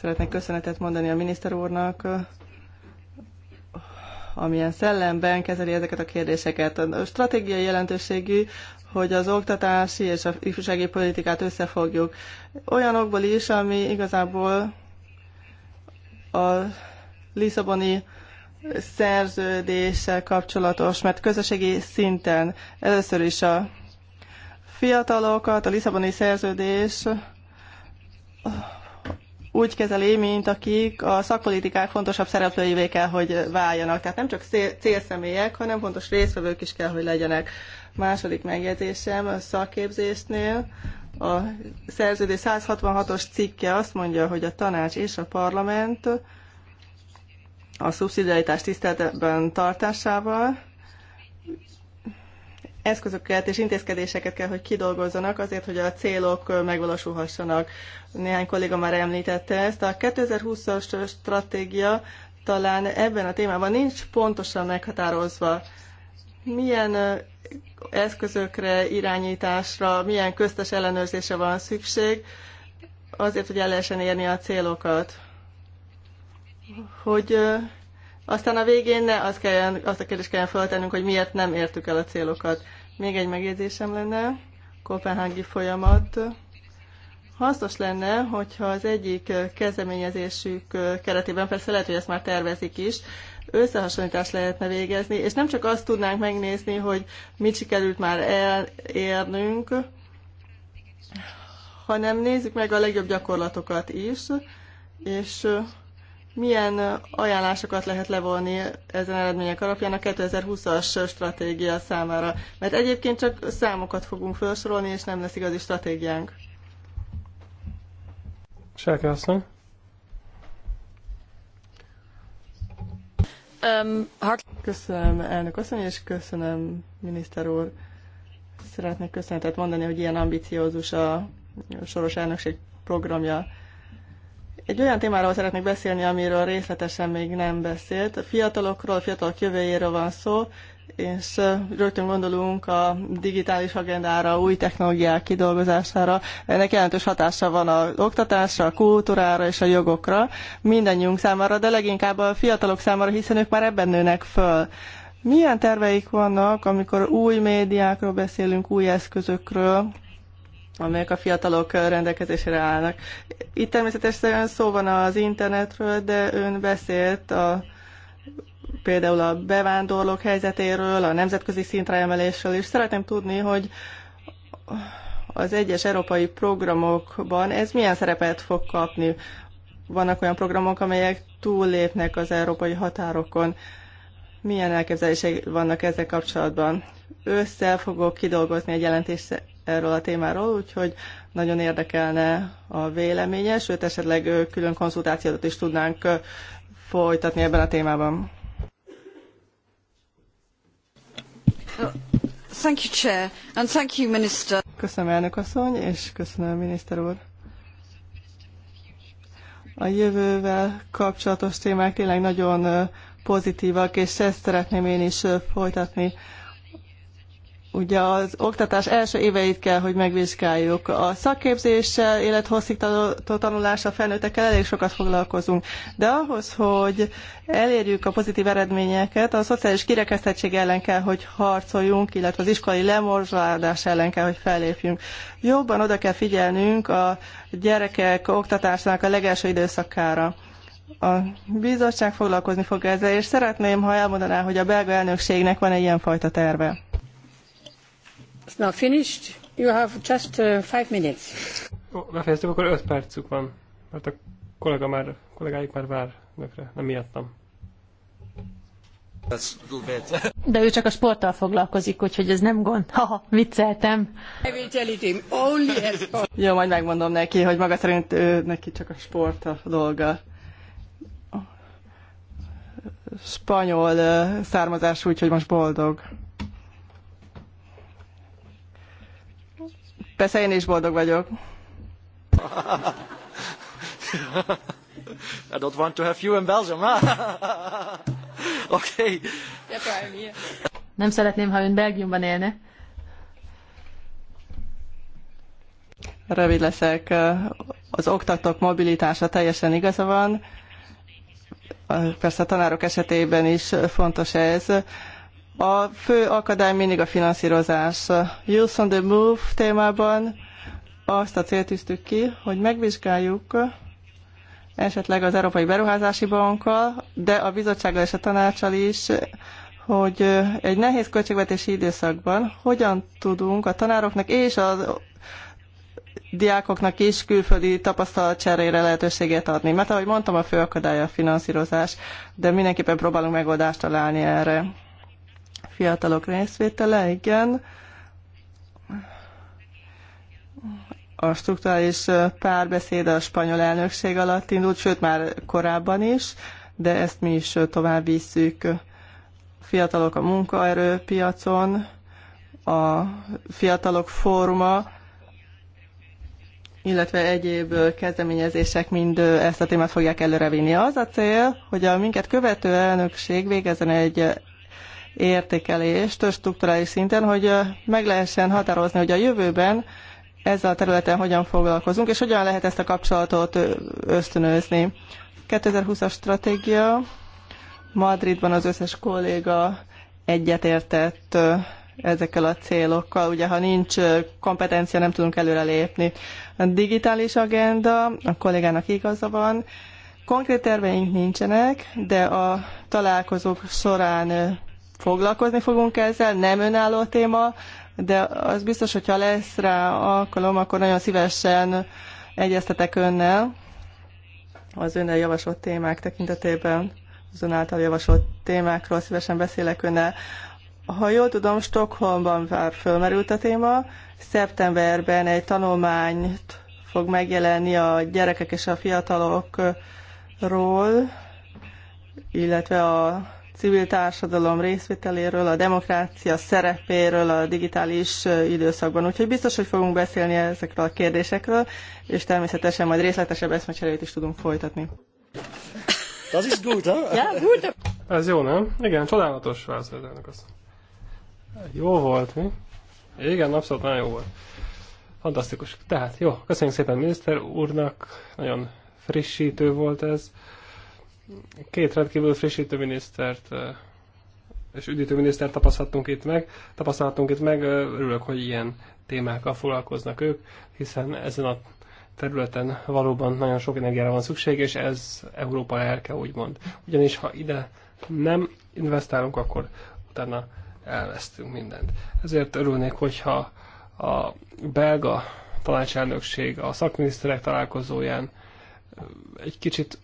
Szeretnék köszönetet mondani a miniszter úrnak, amilyen szellemben kezeli ezeket a kérdéseket. A stratégiai jelentőségű, hogy az oktatási és a ifjúsági politikát összefogjuk. Olyanokból is, ami igazából a Lisszaboni szerződéssel kapcsolatos, mert közösségi szinten először is a fiatalokat, a Lisszaboni szerződés úgy kezeli, mint akik a szakpolitikák fontosabb szereplőivé kell, hogy váljanak. Tehát nem csak célszemélyek, hanem fontos résztvevők is kell, hogy legyenek. Második megjegyzésem a szakképzésnél. A szerződés 166-os cikke azt mondja, hogy a tanács és a parlament a szubszidiaritás tiszteletben tartásával eszközöket és intézkedéseket kell, hogy kidolgozzanak azért, hogy a célok megvalósulhassanak. Néhány kolléga már említette ezt. A 2020-as stratégia talán ebben a témában nincs pontosan meghatározva. Milyen eszközökre, irányításra, milyen köztes ellenőrzése van szükség azért, hogy el lehessen érni a célokat. Hogy aztán a végén ne azt, kelljen, azt a kérdést kelljen feltennünk, hogy miért nem értük el a célokat. Még egy megjegyzésem lenne, kopenhági folyamat. Hasznos lenne, hogyha az egyik kezdeményezésük keretében, persze lehet, hogy ezt már tervezik is, összehasonlítást lehetne végezni, és nem csak azt tudnánk megnézni, hogy mit sikerült már elérnünk, hanem nézzük meg a legjobb gyakorlatokat is, és milyen ajánlásokat lehet levonni ezen eredmények alapján a 2020-as stratégia számára? Mert egyébként csak számokat fogunk felsorolni, és nem lesz igazi stratégiánk. Sáke asszony. Köszönöm elnök asszony, és köszönöm miniszter úr. Szeretnék köszönetet mondani, hogy ilyen ambiciózus a soros elnökség programja egy olyan témáról szeretnék beszélni, amiről részletesen még nem beszélt. A fiatalokról, a fiatalok jövőjéről van szó, és rögtön gondolunk a digitális agendára, új technológiák kidolgozására. Ennek jelentős hatása van az oktatásra, a kultúrára és a jogokra mindannyiunk számára, de leginkább a fiatalok számára, hiszen ők már ebben nőnek föl. Milyen terveik vannak, amikor új médiákról beszélünk, új eszközökről, amelyek a fiatalok rendelkezésére állnak. Itt természetesen szó van az internetről, de ön beszélt a, például a bevándorlók helyzetéről, a nemzetközi szintre emelésről, és szeretném tudni, hogy az egyes európai programokban ez milyen szerepet fog kapni. Vannak olyan programok, amelyek túllépnek az európai határokon milyen elképzelések vannak ezzel kapcsolatban. Ősszel fogok kidolgozni egy jelentést erről a témáról, úgyhogy nagyon érdekelne a véleménye, sőt esetleg külön konzultációt is tudnánk folytatni ebben a témában. Thank you, Chair, and thank you, Minister. Köszönöm, elnök asszony, és köszönöm, miniszter úr. A jövővel kapcsolatos témák tényleg nagyon pozitívak, és ezt szeretném én is folytatni. Ugye az oktatás első éveit kell, hogy megvizsgáljuk. A szakképzéssel, élethosszígtató tanulása, felnőttekkel elég sokat foglalkozunk. De ahhoz, hogy elérjük a pozitív eredményeket, a szociális kirekesztettség ellen kell, hogy harcoljunk, illetve az iskolai lemorzsolódás ellen kell, hogy fellépjünk. Jobban oda kell figyelnünk a gyerekek oktatásának a legelső időszakára a bizottság foglalkozni fog ezzel, és szeretném, ha elmondaná, hogy a belga elnökségnek van-e ilyenfajta terve. It's not finished. You have just uh, five minutes. Oh, befejeztük, akkor öt percük van, mert a kollega már, kollégáik már várnak rá, nem miattam. De ő csak a sporttal foglalkozik, úgyhogy ez nem gond. (laughs) Haha, vicceltem. Jó, majd megmondom neki, hogy maga szerint ő, neki csak a sport a dolga spanyol származású, úgyhogy most boldog. Persze én is boldog vagyok. I don't want to have you in Belgium. okay. Nem szeretném, ha ön Belgiumban élne. Rövid leszek. Az oktatók mobilitása teljesen igaza van persze a tanárok esetében is fontos ez. A fő akadály mindig a finanszírozás. Youth on the Move témában azt a célt tűztük ki, hogy megvizsgáljuk esetleg az Európai Beruházási Bankkal, de a bizottsággal és a tanácsal is, hogy egy nehéz költségvetési időszakban hogyan tudunk a tanároknak és az diákoknak is külföldi tapasztalatcserére lehetőséget adni. Mert ahogy mondtam, a fő akadály a finanszírozás, de mindenképpen próbálunk megoldást találni erre. Fiatalok részvétele, igen. A strukturális párbeszéd a spanyol elnökség alatt indult, sőt már korábban is, de ezt mi is tovább visszük. Fiatalok a munkaerőpiacon, a fiatalok fóruma, illetve egyéb kezdeményezések mind ezt a témát fogják előrevinni. Az a cél, hogy a minket követő elnökség végezzen egy értékelést struktúrális szinten, hogy meg lehessen határozni, hogy a jövőben ezzel a területen hogyan foglalkozunk, és hogyan lehet ezt a kapcsolatot ösztönözni. 2020-as stratégia, Madridban az összes kolléga egyetértett ezekkel a célokkal. Ugye, ha nincs kompetencia, nem tudunk előrelépni. A digitális agenda, a kollégának igaza van, konkrét terveink nincsenek, de a találkozók során foglalkozni fogunk ezzel, nem önálló téma, de az biztos, hogyha lesz rá alkalom, akkor nagyon szívesen egyeztetek önnel az önnel javasolt témák tekintetében, az ön által javasolt témákról szívesen beszélek önnel. Ha jól tudom, Stockholmban már fölmerült a téma. Szeptemberben egy tanulmányt fog megjelenni a gyerekek és a fiatalokról, illetve a civil társadalom részvételéről, a demokrácia szerepéről a digitális időszakban. Úgyhogy biztos, hogy fogunk beszélni ezekről a kérdésekről, és természetesen majd részletesebb eszmecserét is tudunk folytatni. Az is gut, Ja, Ez jó, nem? Igen, csodálatos válasz az elnök azt. Jó volt, mi? Igen, abszolút nagyon jó volt. Fantasztikus. Tehát jó, köszönjük szépen miniszter úrnak, nagyon frissítő volt ez. Két rendkívül frissítő minisztert és üdítő minisztert tapasztaltunk itt meg. Tapasztaltunk itt meg, örülök, hogy ilyen témákkal foglalkoznak ők, hiszen ezen a területen valóban nagyon sok energiára van szükség, és ez Európa lelke, úgymond. Ugyanis ha ide nem investálunk, akkor utána elvesztünk mindent. Ezért örülnék, hogyha a belga tanácselnökség a szakminiszterek találkozóján egy kicsit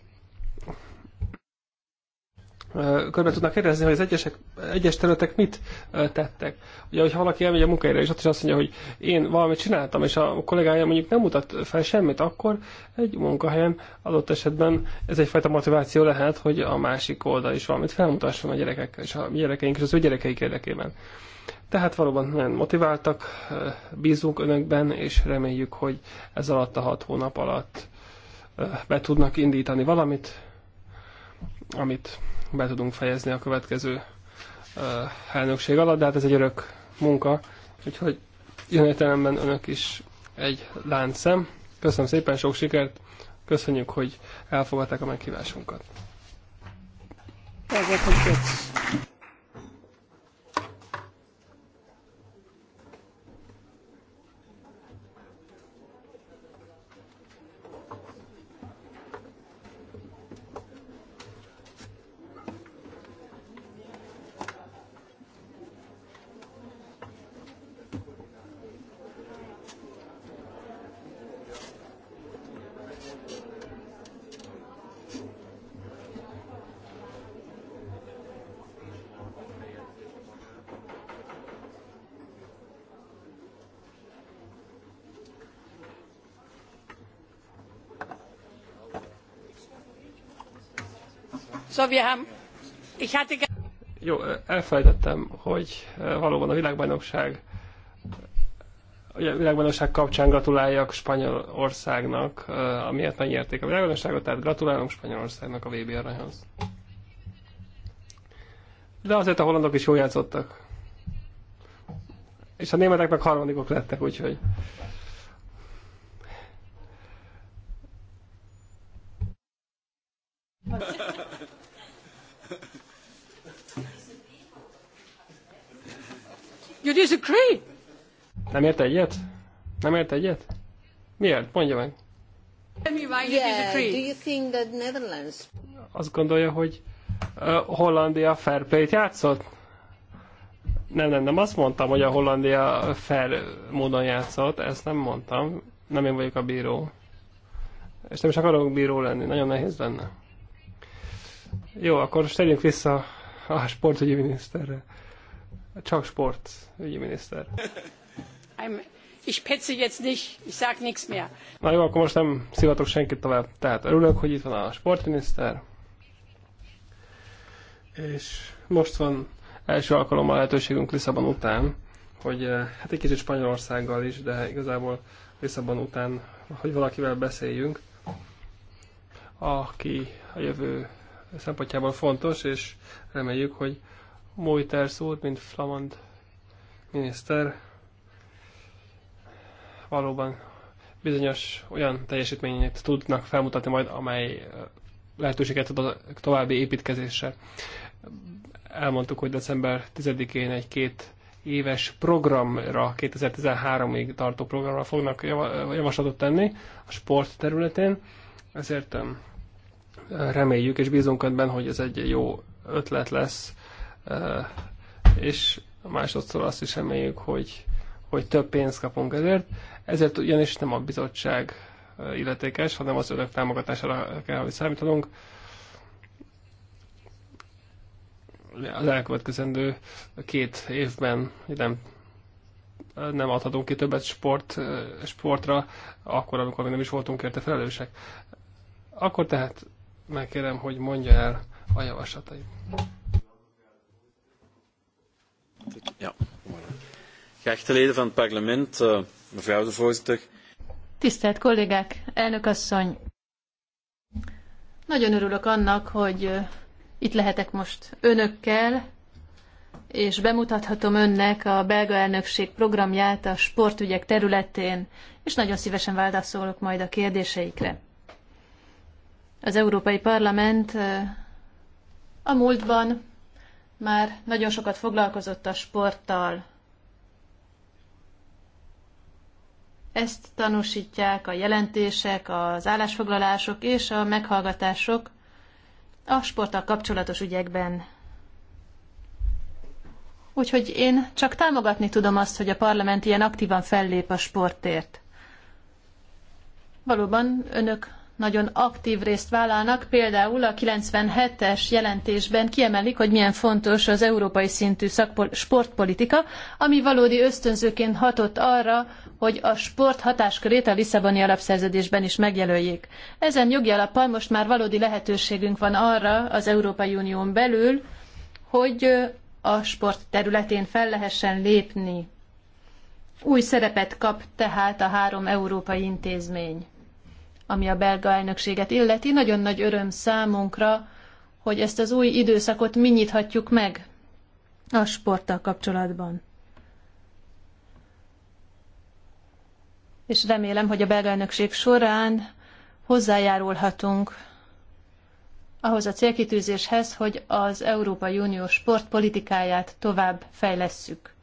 körbe tudnak kérdezni, hogy az egyesek, egyes területek mit tettek. Ugye, hogyha valaki elmegy a munkahelyre, és ott is azt mondja, hogy én valamit csináltam, és a kollégája mondjuk nem mutat fel semmit, akkor egy munkahelyen adott esetben ez egyfajta motiváció lehet, hogy a másik oldal is valamit felmutasson a gyerekekkel, és a gyerekeink és az ő gyerekeik érdekében. Tehát valóban nagyon motiváltak, bízunk önökben, és reméljük, hogy ez alatt a hat hónap alatt be tudnak indítani valamit, amit be tudunk fejezni a következő uh, elnökség alatt, de hát ez egy örök munka, úgyhogy jön értelemben önök is egy láncszem. Köszönöm szépen, sok sikert, köszönjük, hogy elfogadták a meghívásunkat. Köszönöm. Jó, elfelejtettem, hogy valóban a világbajnokság a világbajnokság kapcsán gratuláljak Spanyolországnak, amiért megnyerték a világbajnokságot, tehát gratulálunk Spanyolországnak a VB aranyhoz. De azért a hollandok is jól játszottak. És a németek meg harmadikok lettek, úgyhogy... disagree. Nem ért egyet? Nem ért egyet? Miért? Mondja meg. Yeah, do you think that Netherlands... Azt gondolja, hogy uh, Hollandia fair play-t játszott? Nem, nem, nem. Azt mondtam, hogy a Hollandia fair módon játszott. Ezt nem mondtam. Nem én vagyok a bíró. És nem is akarok bíró lenni. Nagyon nehéz lenne. Jó, akkor most vissza a sportügyi miniszterre. Csak sport, ügyi miniszter. I'm, ich petze jetzt nicht, ich sag nichts mehr. Na jó, akkor most nem szivatok senkit tovább. Tehát örülök, hogy itt van a sportminiszter. És most van első alkalommal lehetőségünk Lisszabon után, hogy eh, hát egy kicsit Spanyolországgal is, de igazából Lisszabon után, hogy valakivel beszéljünk, aki a jövő szempontjából fontos, és reméljük, hogy Moiters úr, mint flamand miniszter valóban bizonyos olyan teljesítményét tudnak felmutatni majd, amely lehetőséget ad a további építkezésre. Elmondtuk, hogy december 10-én egy két éves programra, 2013-ig tartó programra fognak javaslatot tenni a sport területén, ezért reméljük és bízunk ebben, hogy ez egy jó ötlet lesz és másodszor azt is reméljük, hogy, hogy több pénzt kapunk ezért. Ezért ugyanis nem a bizottság illetékes, hanem az önök támogatására kell, hogy számítanunk. Az elkövetkezendő két évben nem, nem adhatunk ki többet sport, sportra, akkor, amikor még nem is voltunk érte felelősek. Akkor tehát megkérem, hogy mondja el a javaslatait. Ja. Geachte leden van het parlement, eh, mevrouw de voorzitter. Tisztelt kollégák, elnök asszony! Nagyon örülök annak, hogy eh, itt lehetek most önökkel, és bemutathatom önnek a belga elnökség programját a sportügyek területén, és nagyon szívesen válaszolok majd a kérdéseikre. Az Európai Parlament eh, a múltban már nagyon sokat foglalkozott a sporttal. Ezt tanúsítják a jelentések, az állásfoglalások és a meghallgatások a sporttal kapcsolatos ügyekben. Úgyhogy én csak támogatni tudom azt, hogy a parlament ilyen aktívan fellép a sportért. Valóban önök nagyon aktív részt vállalnak. Például a 97-es jelentésben kiemelik, hogy milyen fontos az európai szintű sportpolitika, ami valódi ösztönzőként hatott arra, hogy a sport hatáskörét a Lisszaboni alapszerződésben is megjelöljék. Ezen jogi alappal most már valódi lehetőségünk van arra az Európai Unión belül, hogy a sport területén fel lehessen lépni. Új szerepet kap tehát a három európai intézmény ami a belga elnökséget illeti. Nagyon nagy öröm számunkra, hogy ezt az új időszakot mi nyithatjuk meg a sporttal kapcsolatban. És remélem, hogy a belga elnökség során hozzájárulhatunk ahhoz a célkitűzéshez, hogy az Európai Unió sportpolitikáját tovább fejlesszük.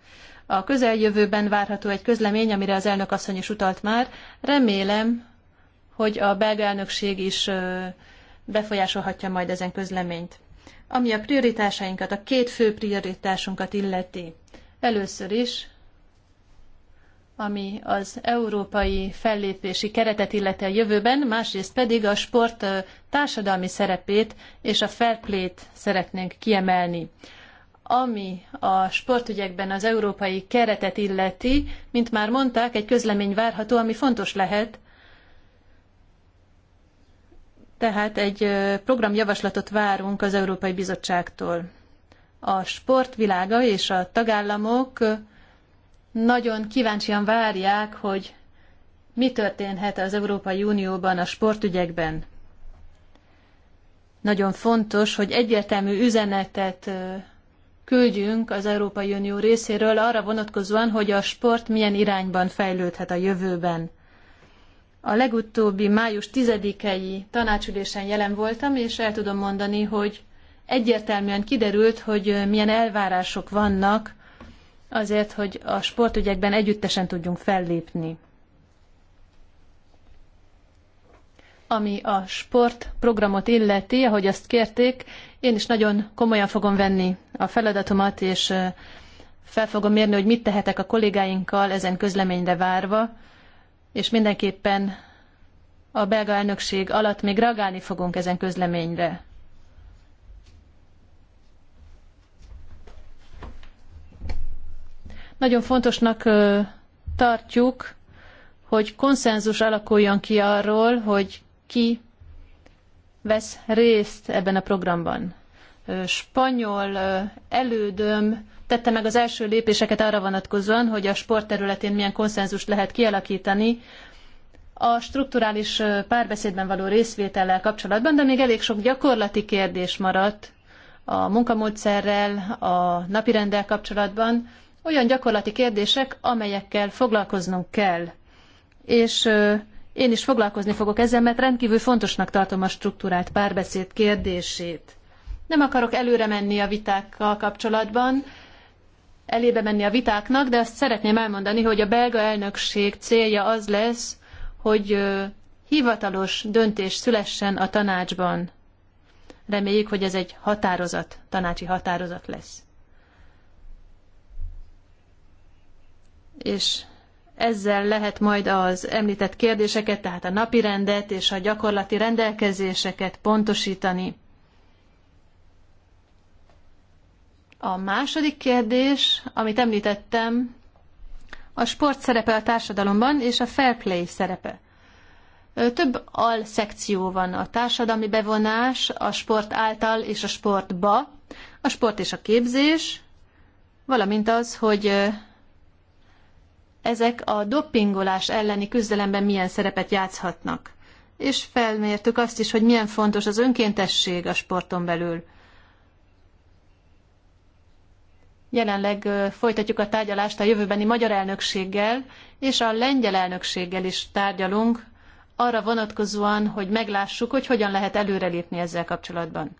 A közeljövőben várható egy közlemény, amire az elnök asszony is utalt már. Remélem, hogy a belga elnökség is befolyásolhatja majd ezen közleményt. Ami a prioritásainkat, a két fő prioritásunkat illeti. Először is, ami az európai fellépési keretet illeti a jövőben, másrészt pedig a sport társadalmi szerepét és a fair play-t szeretnénk kiemelni ami a sportügyekben az európai keretet illeti, mint már mondták, egy közlemény várható, ami fontos lehet tehát egy programjavaslatot várunk az Európai Bizottságtól. A sportvilága és a tagállamok nagyon kíváncsian várják, hogy mi történhet az Európai Unióban a sportügyekben. Nagyon fontos, hogy egyértelmű üzenetet küldjünk az Európai Unió részéről arra vonatkozóan, hogy a sport milyen irányban fejlődhet a jövőben. A legutóbbi május 10-i tanácsülésen jelen voltam, és el tudom mondani, hogy egyértelműen kiderült, hogy milyen elvárások vannak azért, hogy a sportügyekben együttesen tudjunk fellépni. Ami a sportprogramot illeti, ahogy azt kérték, én is nagyon komolyan fogom venni a feladatomat, és fel fogom mérni, hogy mit tehetek a kollégáinkkal ezen közleményre várva, és mindenképpen a belga elnökség alatt még reagálni fogunk ezen közleményre. Nagyon fontosnak tartjuk, hogy konszenzus alakuljon ki arról, hogy ki vesz részt ebben a programban spanyol elődöm tette meg az első lépéseket arra vonatkozóan, hogy a sport területén milyen konszenzust lehet kialakítani a strukturális párbeszédben való részvétellel kapcsolatban, de még elég sok gyakorlati kérdés maradt a munkamódszerrel, a napirenddel kapcsolatban, olyan gyakorlati kérdések, amelyekkel foglalkoznunk kell. És én is foglalkozni fogok ezzel, mert rendkívül fontosnak tartom a struktúrált párbeszéd kérdését. Nem akarok előre menni a vitákkal kapcsolatban, elébe menni a vitáknak, de azt szeretném elmondani, hogy a belga elnökség célja az lesz, hogy hivatalos döntés szülessen a tanácsban. Reméljük, hogy ez egy határozat, tanácsi határozat lesz. És ezzel lehet majd az említett kérdéseket, tehát a napi rendet és a gyakorlati rendelkezéseket pontosítani A második kérdés, amit említettem, a sport szerepe a társadalomban, és a fair play szerepe. Több alszekció van a társadalmi bevonás, a sport által és a sportba, a sport és a képzés, valamint az, hogy ezek a dopingolás elleni küzdelemben milyen szerepet játszhatnak. És felmértük azt is, hogy milyen fontos az önkéntesség a sporton belül. Jelenleg folytatjuk a tárgyalást a jövőbeni magyar elnökséggel, és a lengyel elnökséggel is tárgyalunk, arra vonatkozóan, hogy meglássuk, hogy hogyan lehet előrelépni ezzel kapcsolatban.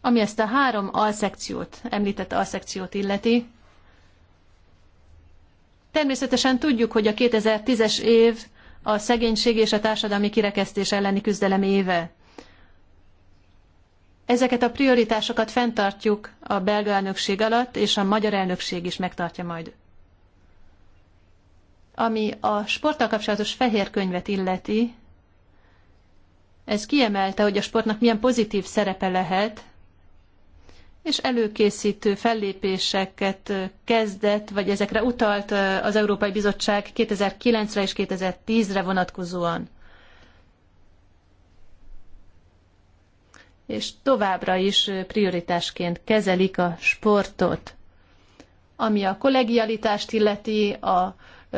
Ami ezt a három alszekciót, említett alszekciót illeti, természetesen tudjuk, hogy a 2010-es év a szegénység és a társadalmi kirekesztés elleni küzdelem éve. Ezeket a prioritásokat fenntartjuk a belga elnökség alatt, és a magyar elnökség is megtartja majd. Ami a sporttal kapcsolatos fehér könyvet illeti, ez kiemelte, hogy a sportnak milyen pozitív szerepe lehet, és előkészítő fellépéseket kezdett, vagy ezekre utalt az Európai Bizottság 2009-re és 2010-re vonatkozóan. és továbbra is prioritásként kezelik a sportot. Ami a kollegialitást illeti, a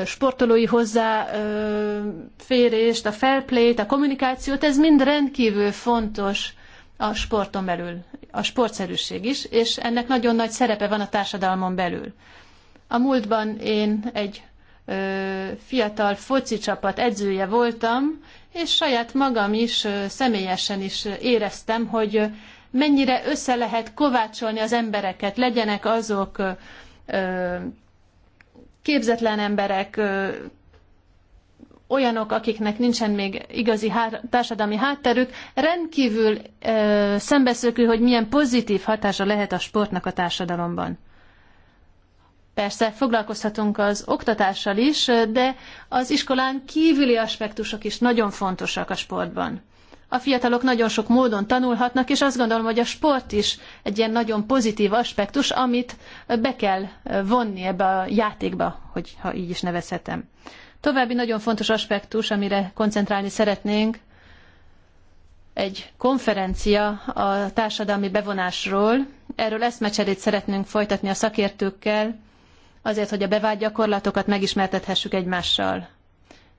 sportolói hozzáférést, a fair play-t, a kommunikációt, ez mind rendkívül fontos a sporton belül, a sportszerűség is, és ennek nagyon nagy szerepe van a társadalmon belül. A múltban én egy ö, fiatal foci csapat edzője voltam, és saját magam is személyesen is éreztem, hogy mennyire össze lehet kovácsolni az embereket, legyenek azok képzetlen emberek, olyanok, akiknek nincsen még igazi társadalmi hátterük, rendkívül szembeszökő, hogy milyen pozitív hatása lehet a sportnak a társadalomban. Persze foglalkozhatunk az oktatással is, de az iskolán kívüli aspektusok is nagyon fontosak a sportban. A fiatalok nagyon sok módon tanulhatnak, és azt gondolom, hogy a sport is egy ilyen nagyon pozitív aspektus, amit be kell vonni ebbe a játékba, hogy ha így is nevezhetem. További nagyon fontos aspektus, amire koncentrálni szeretnénk, egy konferencia a társadalmi bevonásról. Erről eszmecserét szeretnénk folytatni a szakértőkkel, azért, hogy a bevált gyakorlatokat megismertethessük egymással.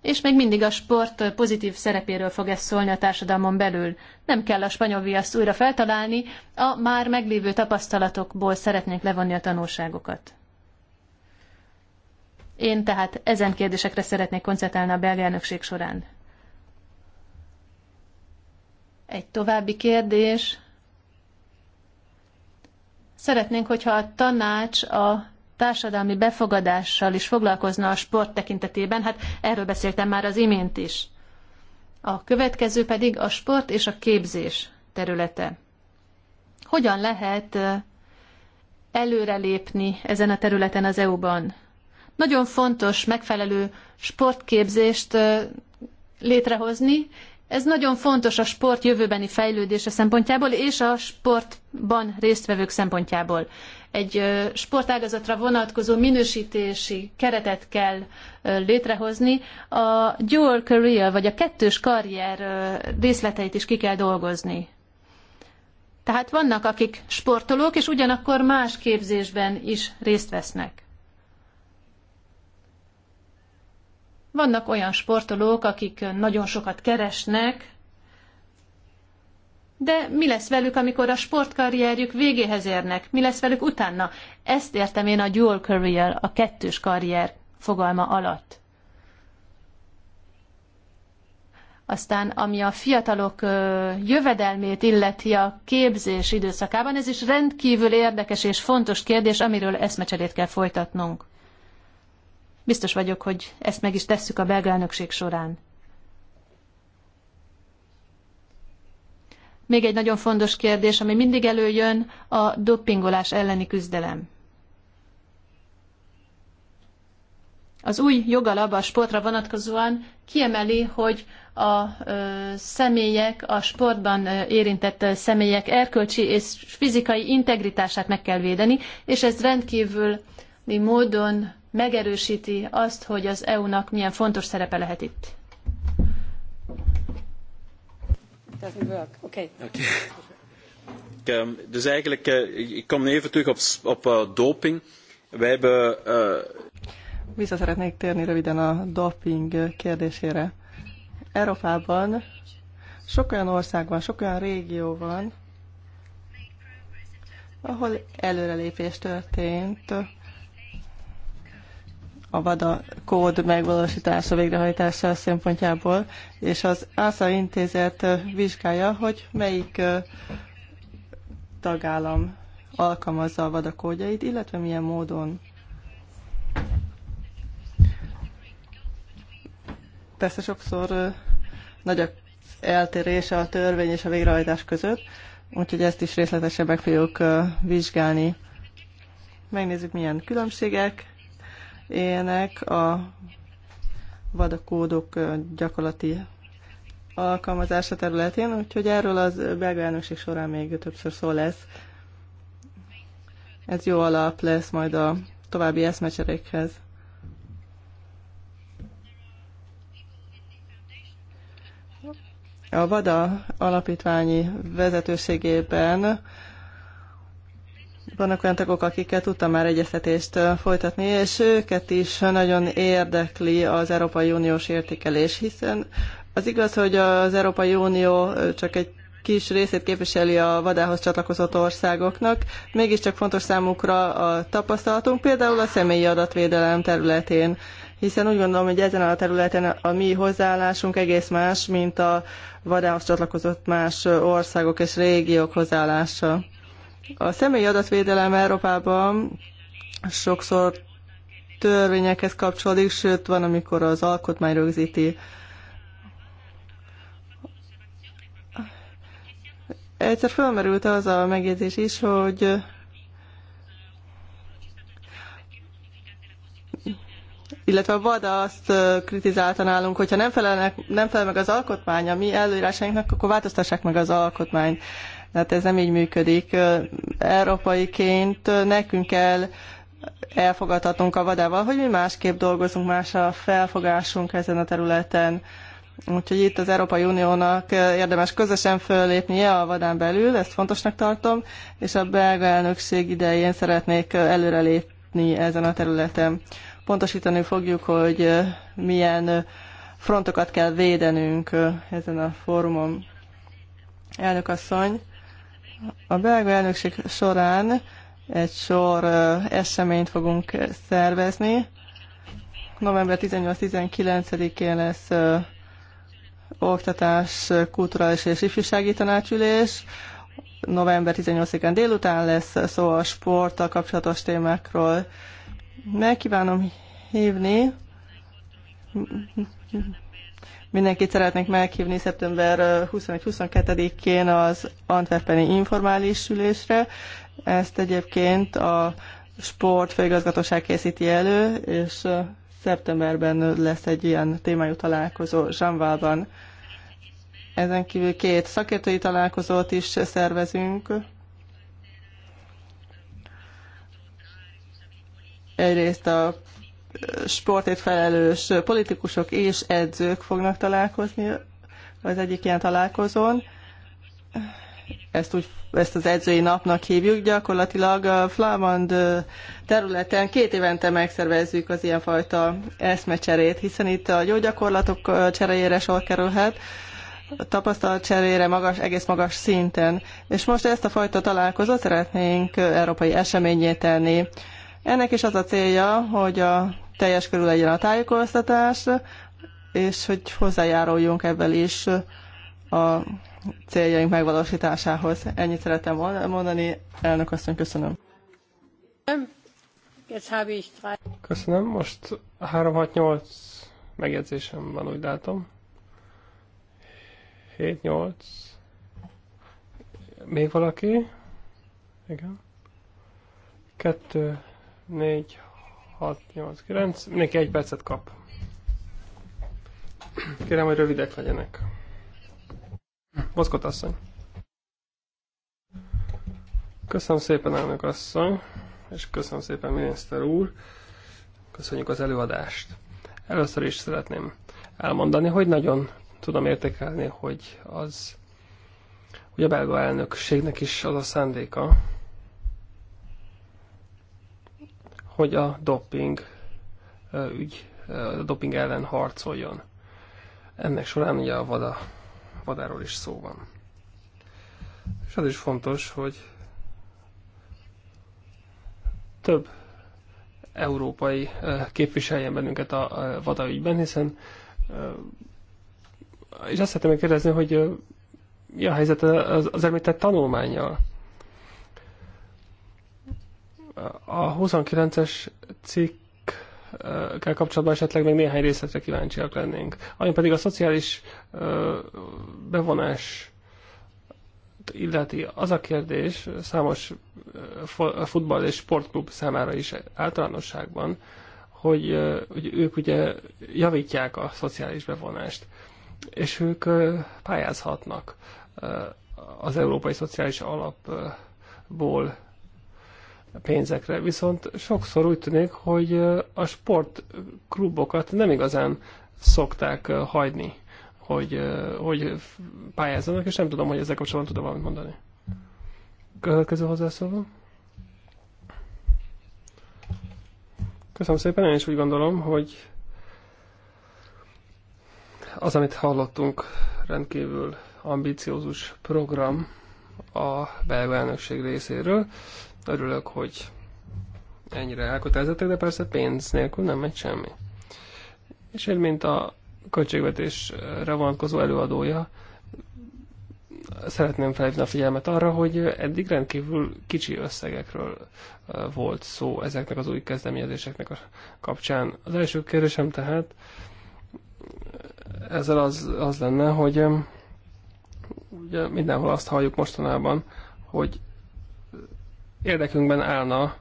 És még mindig a sport pozitív szerepéről fog ez szólni a társadalmon belül. Nem kell a spanyol viaszt újra feltalálni, a már meglévő tapasztalatokból szeretnénk levonni a tanulságokat. Én tehát ezen kérdésekre szeretnék koncentrálni a belga elnökség során. Egy további kérdés. Szeretnénk, hogyha a tanács a társadalmi befogadással is foglalkozna a sport tekintetében, hát erről beszéltem már az imént is. A következő pedig a sport és a képzés területe. Hogyan lehet előrelépni ezen a területen az EU-ban? Nagyon fontos megfelelő sportképzést létrehozni, ez nagyon fontos a sport jövőbeni fejlődése szempontjából és a sportban résztvevők szempontjából egy sportágazatra vonatkozó minősítési keretet kell létrehozni. A dual career, vagy a kettős karrier részleteit is ki kell dolgozni. Tehát vannak, akik sportolók, és ugyanakkor más képzésben is részt vesznek. Vannak olyan sportolók, akik nagyon sokat keresnek, de mi lesz velük, amikor a sportkarrierjük végéhez érnek? Mi lesz velük utána? Ezt értem én a dual career, a kettős karrier fogalma alatt. Aztán, ami a fiatalok jövedelmét illeti a képzés időszakában, ez is rendkívül érdekes és fontos kérdés, amiről eszmecserét kell folytatnunk. Biztos vagyok, hogy ezt meg is tesszük a belga során. Még egy nagyon fontos kérdés, ami mindig előjön, a doppingolás elleni küzdelem. Az új jogalap a sportra vonatkozóan kiemeli, hogy a személyek, a sportban érintett személyek erkölcsi és fizikai integritását meg kell védeni, és ez rendkívül módon megerősíti azt, hogy az EU-nak milyen fontos szerepe lehet itt. doesn't work. Okay. okay. Ik, ehm, dus eigenlijk, eh, ik kom even terug op, op eh, doping. Wij hebben... Uh... Vissza szeretnék térni röviden a doping kérdésére. Európában sok olyan ország van, sok olyan régió van, ahol előrelépés történt a VADA kód megvalósítása, végrehajtása szempontjából, és az ASA intézet vizsgálja, hogy melyik tagállam alkalmazza a VADA kódjait, illetve milyen módon. Persze sokszor nagy a eltérése a törvény és a végrehajtás között, úgyhogy ezt is részletesen meg fogjuk vizsgálni. Megnézzük, milyen különbségek ének a vadakódok gyakorlati alkalmazása területén, úgyhogy erről az belga elnökség során még többször szó lesz. Ez jó alap lesz majd a további eszmecserékhez. A VADA alapítványi vezetőségében vannak olyan tagok, akikkel tudtam már egyeztetést folytatni, és őket is nagyon érdekli az Európai Uniós értékelés, hiszen az igaz, hogy az Európai Unió csak egy kis részét képviseli a vadához csatlakozott országoknak, mégiscsak fontos számukra a tapasztalatunk, például a személyi adatvédelem területén, hiszen úgy gondolom, hogy ezen a területen a mi hozzáállásunk egész más, mint a vadához csatlakozott más országok és régiók hozzáállása. A személyi adatvédelem Európában sokszor törvényekhez kapcsolódik, sőt van, amikor az alkotmány rögzíti. Egyszer felmerült az a megjegyzés is, hogy illetve a VADA azt kritizálta nálunk, hogyha nem, felelnek, nem felel meg az alkotmány a mi előírásainknak, akkor változtassák meg az alkotmányt. Tehát ez nem így működik. Európaiként nekünk kell elfogadhatunk a vadával, hogy mi másképp dolgozunk, más a felfogásunk ezen a területen. Úgyhogy itt az Európai Uniónak érdemes közösen föllépnie a vadán belül, ezt fontosnak tartom, és a belga elnökség idején szeretnék előrelépni ezen a területen. Pontosítani fogjuk, hogy milyen frontokat kell védenünk ezen a fórumon. Elnök asszony, a belga elnökség során egy sor eseményt fogunk szervezni. November 18-19-én lesz oktatás, kulturális és ifjúsági tanácsülés. November 18-án délután lesz szó a sporttal kapcsolatos témákról. Megkívánom hívni Mindenkit szeretnék meghívni szeptember 21-22-én az Antwerpeni informális ülésre. Ezt egyébként a főigazgatóság készíti elő, és szeptemberben lesz egy ilyen témájú találkozó Zsambában. Ezen kívül két szakértői találkozót is szervezünk. Egyrészt a sportért felelős politikusok és edzők fognak találkozni az egyik ilyen találkozón. Ezt, úgy, ezt az edzői napnak hívjuk. Gyakorlatilag a Flamand területen két évente megszervezzük az ilyenfajta eszmecserét, hiszen itt a jó gyakorlatok cseréjére sor kerülhet, cserére magas, egész magas szinten. És most ezt a fajta találkozót szeretnénk európai eseményét tenni. Ennek is az a célja, hogy a teljes körül legyen a tájékoztatás, és hogy hozzájáruljunk ebben is a céljaink megvalósításához. Ennyit szeretem mondani. Elnök asszony, köszönöm. Köszönöm. Most 368 megjegyzésem van, úgy látom. 7-8. Még valaki? Igen. 2, 4, 6, 8, 9. Mindenki egy percet kap. Kérem, hogy rövidek legyenek. Boszkot asszony. Köszönöm szépen, elnök asszony, és köszönöm szépen, miniszter úr. Köszönjük az előadást. Először is szeretném elmondani, hogy nagyon tudom értékelni, hogy az, hogy a belga elnökségnek is az a szándéka, hogy a doping ügy, a doping ellen harcoljon. Ennek során ugye a vada, vadáról is szó van. És az is fontos, hogy több európai képviseljen bennünket a vada ügyben, hiszen és azt szeretném kérdezni, hogy mi a helyzet az, az említett tanulmányjal? A 29-es cikkkel kapcsolatban esetleg még néhány részletre kíváncsiak lennénk. Ami pedig a szociális bevonás illeti az a kérdés számos futball és sportklub számára is általánosságban, hogy, hogy ők ugye javítják a szociális bevonást, és ők pályázhatnak az Európai Szociális Alapból pénzekre. Viszont sokszor úgy tűnik, hogy a sportklubokat nem igazán szokták hagyni, hogy, hogy pályázzanak, és nem tudom, hogy ezzel kapcsolatban tudom valamit mondani. Következő hozzászóló. Köszönöm szépen, én is úgy gondolom, hogy az, amit hallottunk, rendkívül ambiciózus program a belga elnökség részéről. Örülök, hogy ennyire elkötelezettek, de persze pénz nélkül nem megy semmi. És én, mint a költségvetésre vonatkozó előadója, szeretném felhívni a figyelmet arra, hogy eddig rendkívül kicsi összegekről volt szó ezeknek az új kezdeményezéseknek a kapcsán. Az első kérdésem tehát ezzel az, az lenne, hogy ugye mindenhol azt halljuk mostanában, hogy érdekünkben állna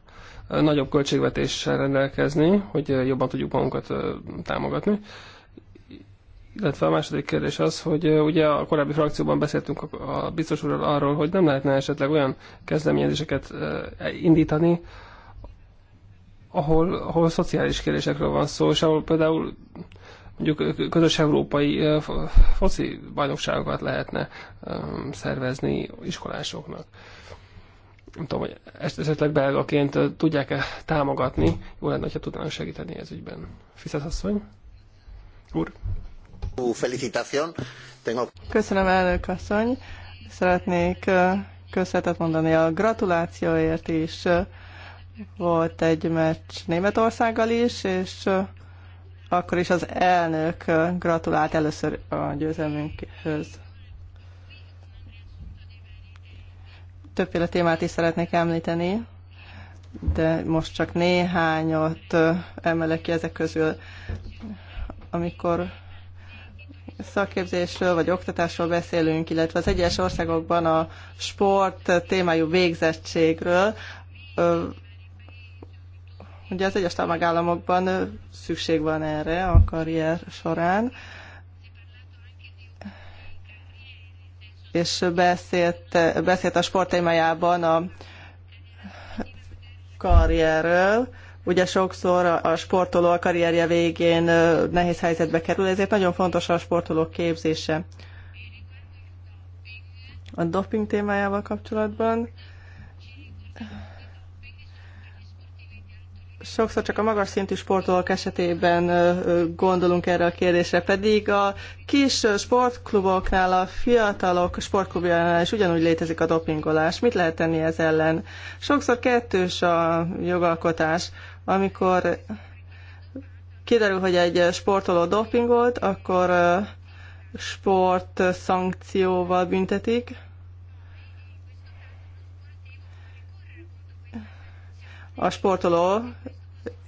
nagyobb költségvetéssel rendelkezni, hogy jobban tudjuk magunkat támogatni. Illetve a második kérdés az, hogy ugye a korábbi frakcióban beszéltünk a biztos úrral arról, hogy nem lehetne esetleg olyan kezdeményezéseket indítani, ahol, ahol szociális kérdésekről van szó, és ahol például mondjuk közös európai foci bajnokságokat lehetne szervezni iskolásoknak nem tudom, hogy ezt esetleg belgaként tudják-e támogatni. Jó lenne, ha tudnának segíteni ez ügyben. Fiszesz asszony? Úr? Köszönöm, elnök asszony. Szeretnék köszönetet mondani a gratulációért is. Volt egy meccs Németországgal is, és akkor is az elnök gratulált először a győzelmünkhöz. Többféle témát is szeretnék említeni, de most csak néhányat emelek ki ezek közül. Amikor szakképzésről vagy oktatásról beszélünk, illetve az egyes országokban a sport témájú végzettségről, ugye az egyes tagállamokban szükség van erre a karrier során, és beszélt, beszélt a sport témájában a karrierről. Ugye sokszor a sportoló a karrierje végén nehéz helyzetbe kerül, ezért nagyon fontos a sportolók képzése. A doping témájával kapcsolatban sokszor csak a magas szintű sportolók esetében gondolunk erre a kérdésre, pedig a kis sportkluboknál, a fiatalok sportklubjánál is ugyanúgy létezik a dopingolás. Mit lehet tenni ez ellen? Sokszor kettős a jogalkotás. Amikor kiderül, hogy egy sportoló dopingolt, akkor sport szankcióval büntetik, a sportoló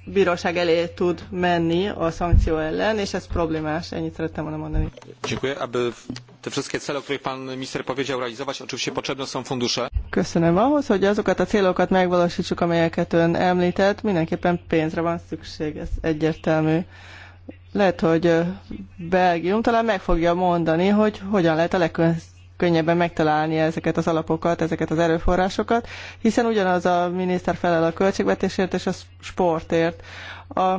bíróság elé tud menni a szankció ellen, és ez problémás. Ennyit szerettem volna mondani. Dziękuję. Aby te wszystkie cele, o pan minister powiedział, realizować, oczywiście potrzebne są fundusze. Köszönöm. Ahhoz, hogy azokat a célokat megvalósítsuk, amelyeket ön említett, mindenképpen pénzre van szükség, ez egyértelmű. Lehet, hogy Belgium talán meg fogja mondani, hogy hogyan lehet a legközelebb könnyebben megtalálni ezeket az alapokat, ezeket az erőforrásokat, hiszen ugyanaz a miniszter felel a költségvetésért és a sportért. A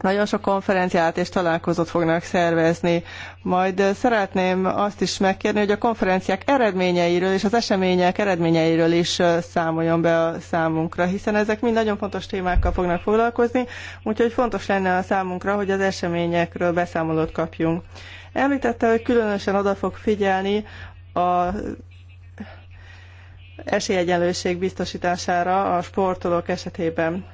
nagyon sok konferenciát és találkozót fognak szervezni. Majd szeretném azt is megkérni, hogy a konferenciák eredményeiről és az események eredményeiről is számoljon be a számunkra, hiszen ezek mind nagyon fontos témákkal fognak foglalkozni, úgyhogy fontos lenne a számunkra, hogy az eseményekről beszámolót kapjunk. Említette, hogy különösen oda fog figyelni a esélyegyenlőség biztosítására a sportolók esetében.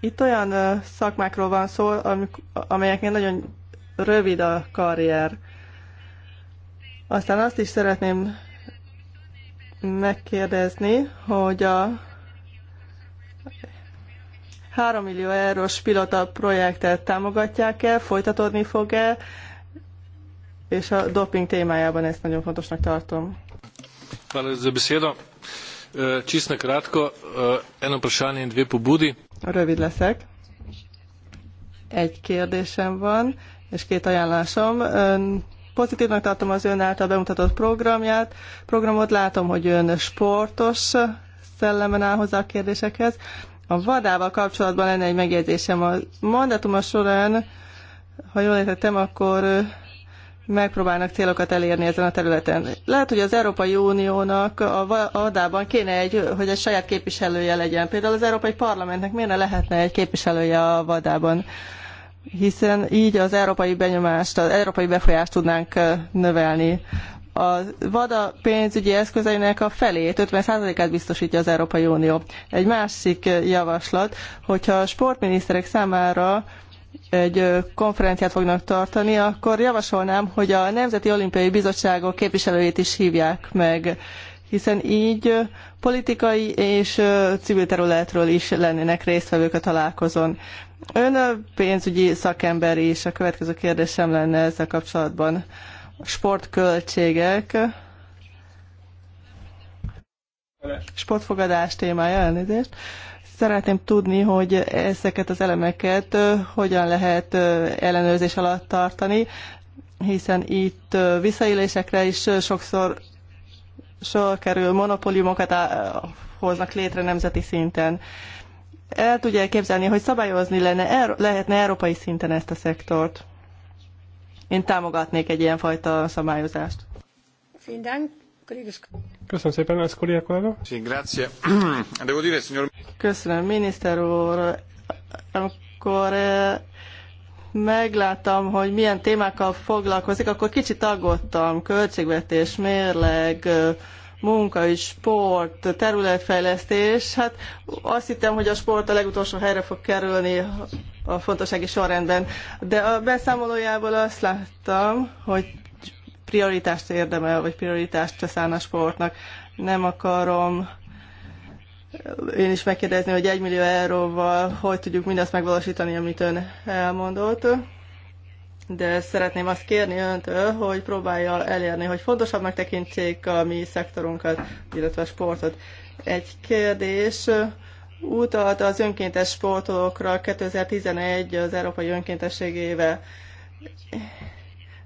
Itt olyan szakmákról van szó, amelyeknél nagyon rövid a karrier. Aztán azt is szeretném megkérdezni, hogy a 3 millió eurós pilota projektet támogatják-e, folytatódni fog-e, és a doping témájában ezt nagyon fontosnak tartom. Hvala za besedo. E, čisto kratko, e, eno vprašanje in dve pobudi. Rövid leszek. Egy kérdésem van, és két ajánlásom. E, pozitívnak tartom az ön által bemutatott programját. Programot látom, hogy ön sportos szellemen áll hozzá a kérdésekhez. A vadával kapcsolatban lenne egy megjegyzésem. A a során, ha jól értettem, akkor megpróbálnak célokat elérni ezen a területen. Lehet, hogy az Európai Uniónak a adában kéne egy, hogy egy saját képviselője legyen. Például az Európai Parlamentnek miért ne lehetne egy képviselője a vadában? Hiszen így az európai benyomást, az európai befolyást tudnánk növelni. A vada pénzügyi eszközeinek a felét, 50%-át biztosítja az Európai Unió. Egy másik javaslat, hogyha a sportminiszterek számára egy konferenciát fognak tartani, akkor javasolnám, hogy a Nemzeti Olimpiai Bizottságok képviselőjét is hívják meg, hiszen így politikai és civil területről is lennének résztvevők a találkozón. Ön a pénzügyi szakember is, a következő kérdésem lenne ezzel kapcsolatban. Sportköltségek. Sportfogadás témája, elnézést. Szeretném tudni, hogy ezeket az elemeket hogyan lehet ellenőrzés alatt tartani, hiszen itt visszaélésekre is sokszor sor kerül, monopóliumokat hoznak létre nemzeti szinten. El tudja képzelni, hogy szabályozni lenne, lehetne európai szinten ezt a szektort? Én támogatnék egy ilyenfajta szabályozást. Köszönöm szépen, ez kolléga kollega. (clears throat) Köszönöm, miniszter úr. Amikor eh, megláttam, hogy milyen témákkal foglalkozik, akkor kicsit aggódtam. Költségvetés, mérleg, eh, munka és sport, területfejlesztés. Hát azt hittem, hogy a sport a legutolsó helyre fog kerülni a fontossági sorrendben. De a beszámolójából azt láttam, hogy prioritást érdemel, vagy prioritást tesz a sportnak. Nem akarom én is megkérdezni, hogy egy millió euróval hogy tudjuk mindazt megvalósítani, amit ön elmondott. De szeretném azt kérni öntől, hogy próbálja elérni, hogy fontosabbnak tekintsék a mi szektorunkat, illetve a sportot. Egy kérdés utalt az önkéntes sportolókra 2011 az Európai Önkéntesség éve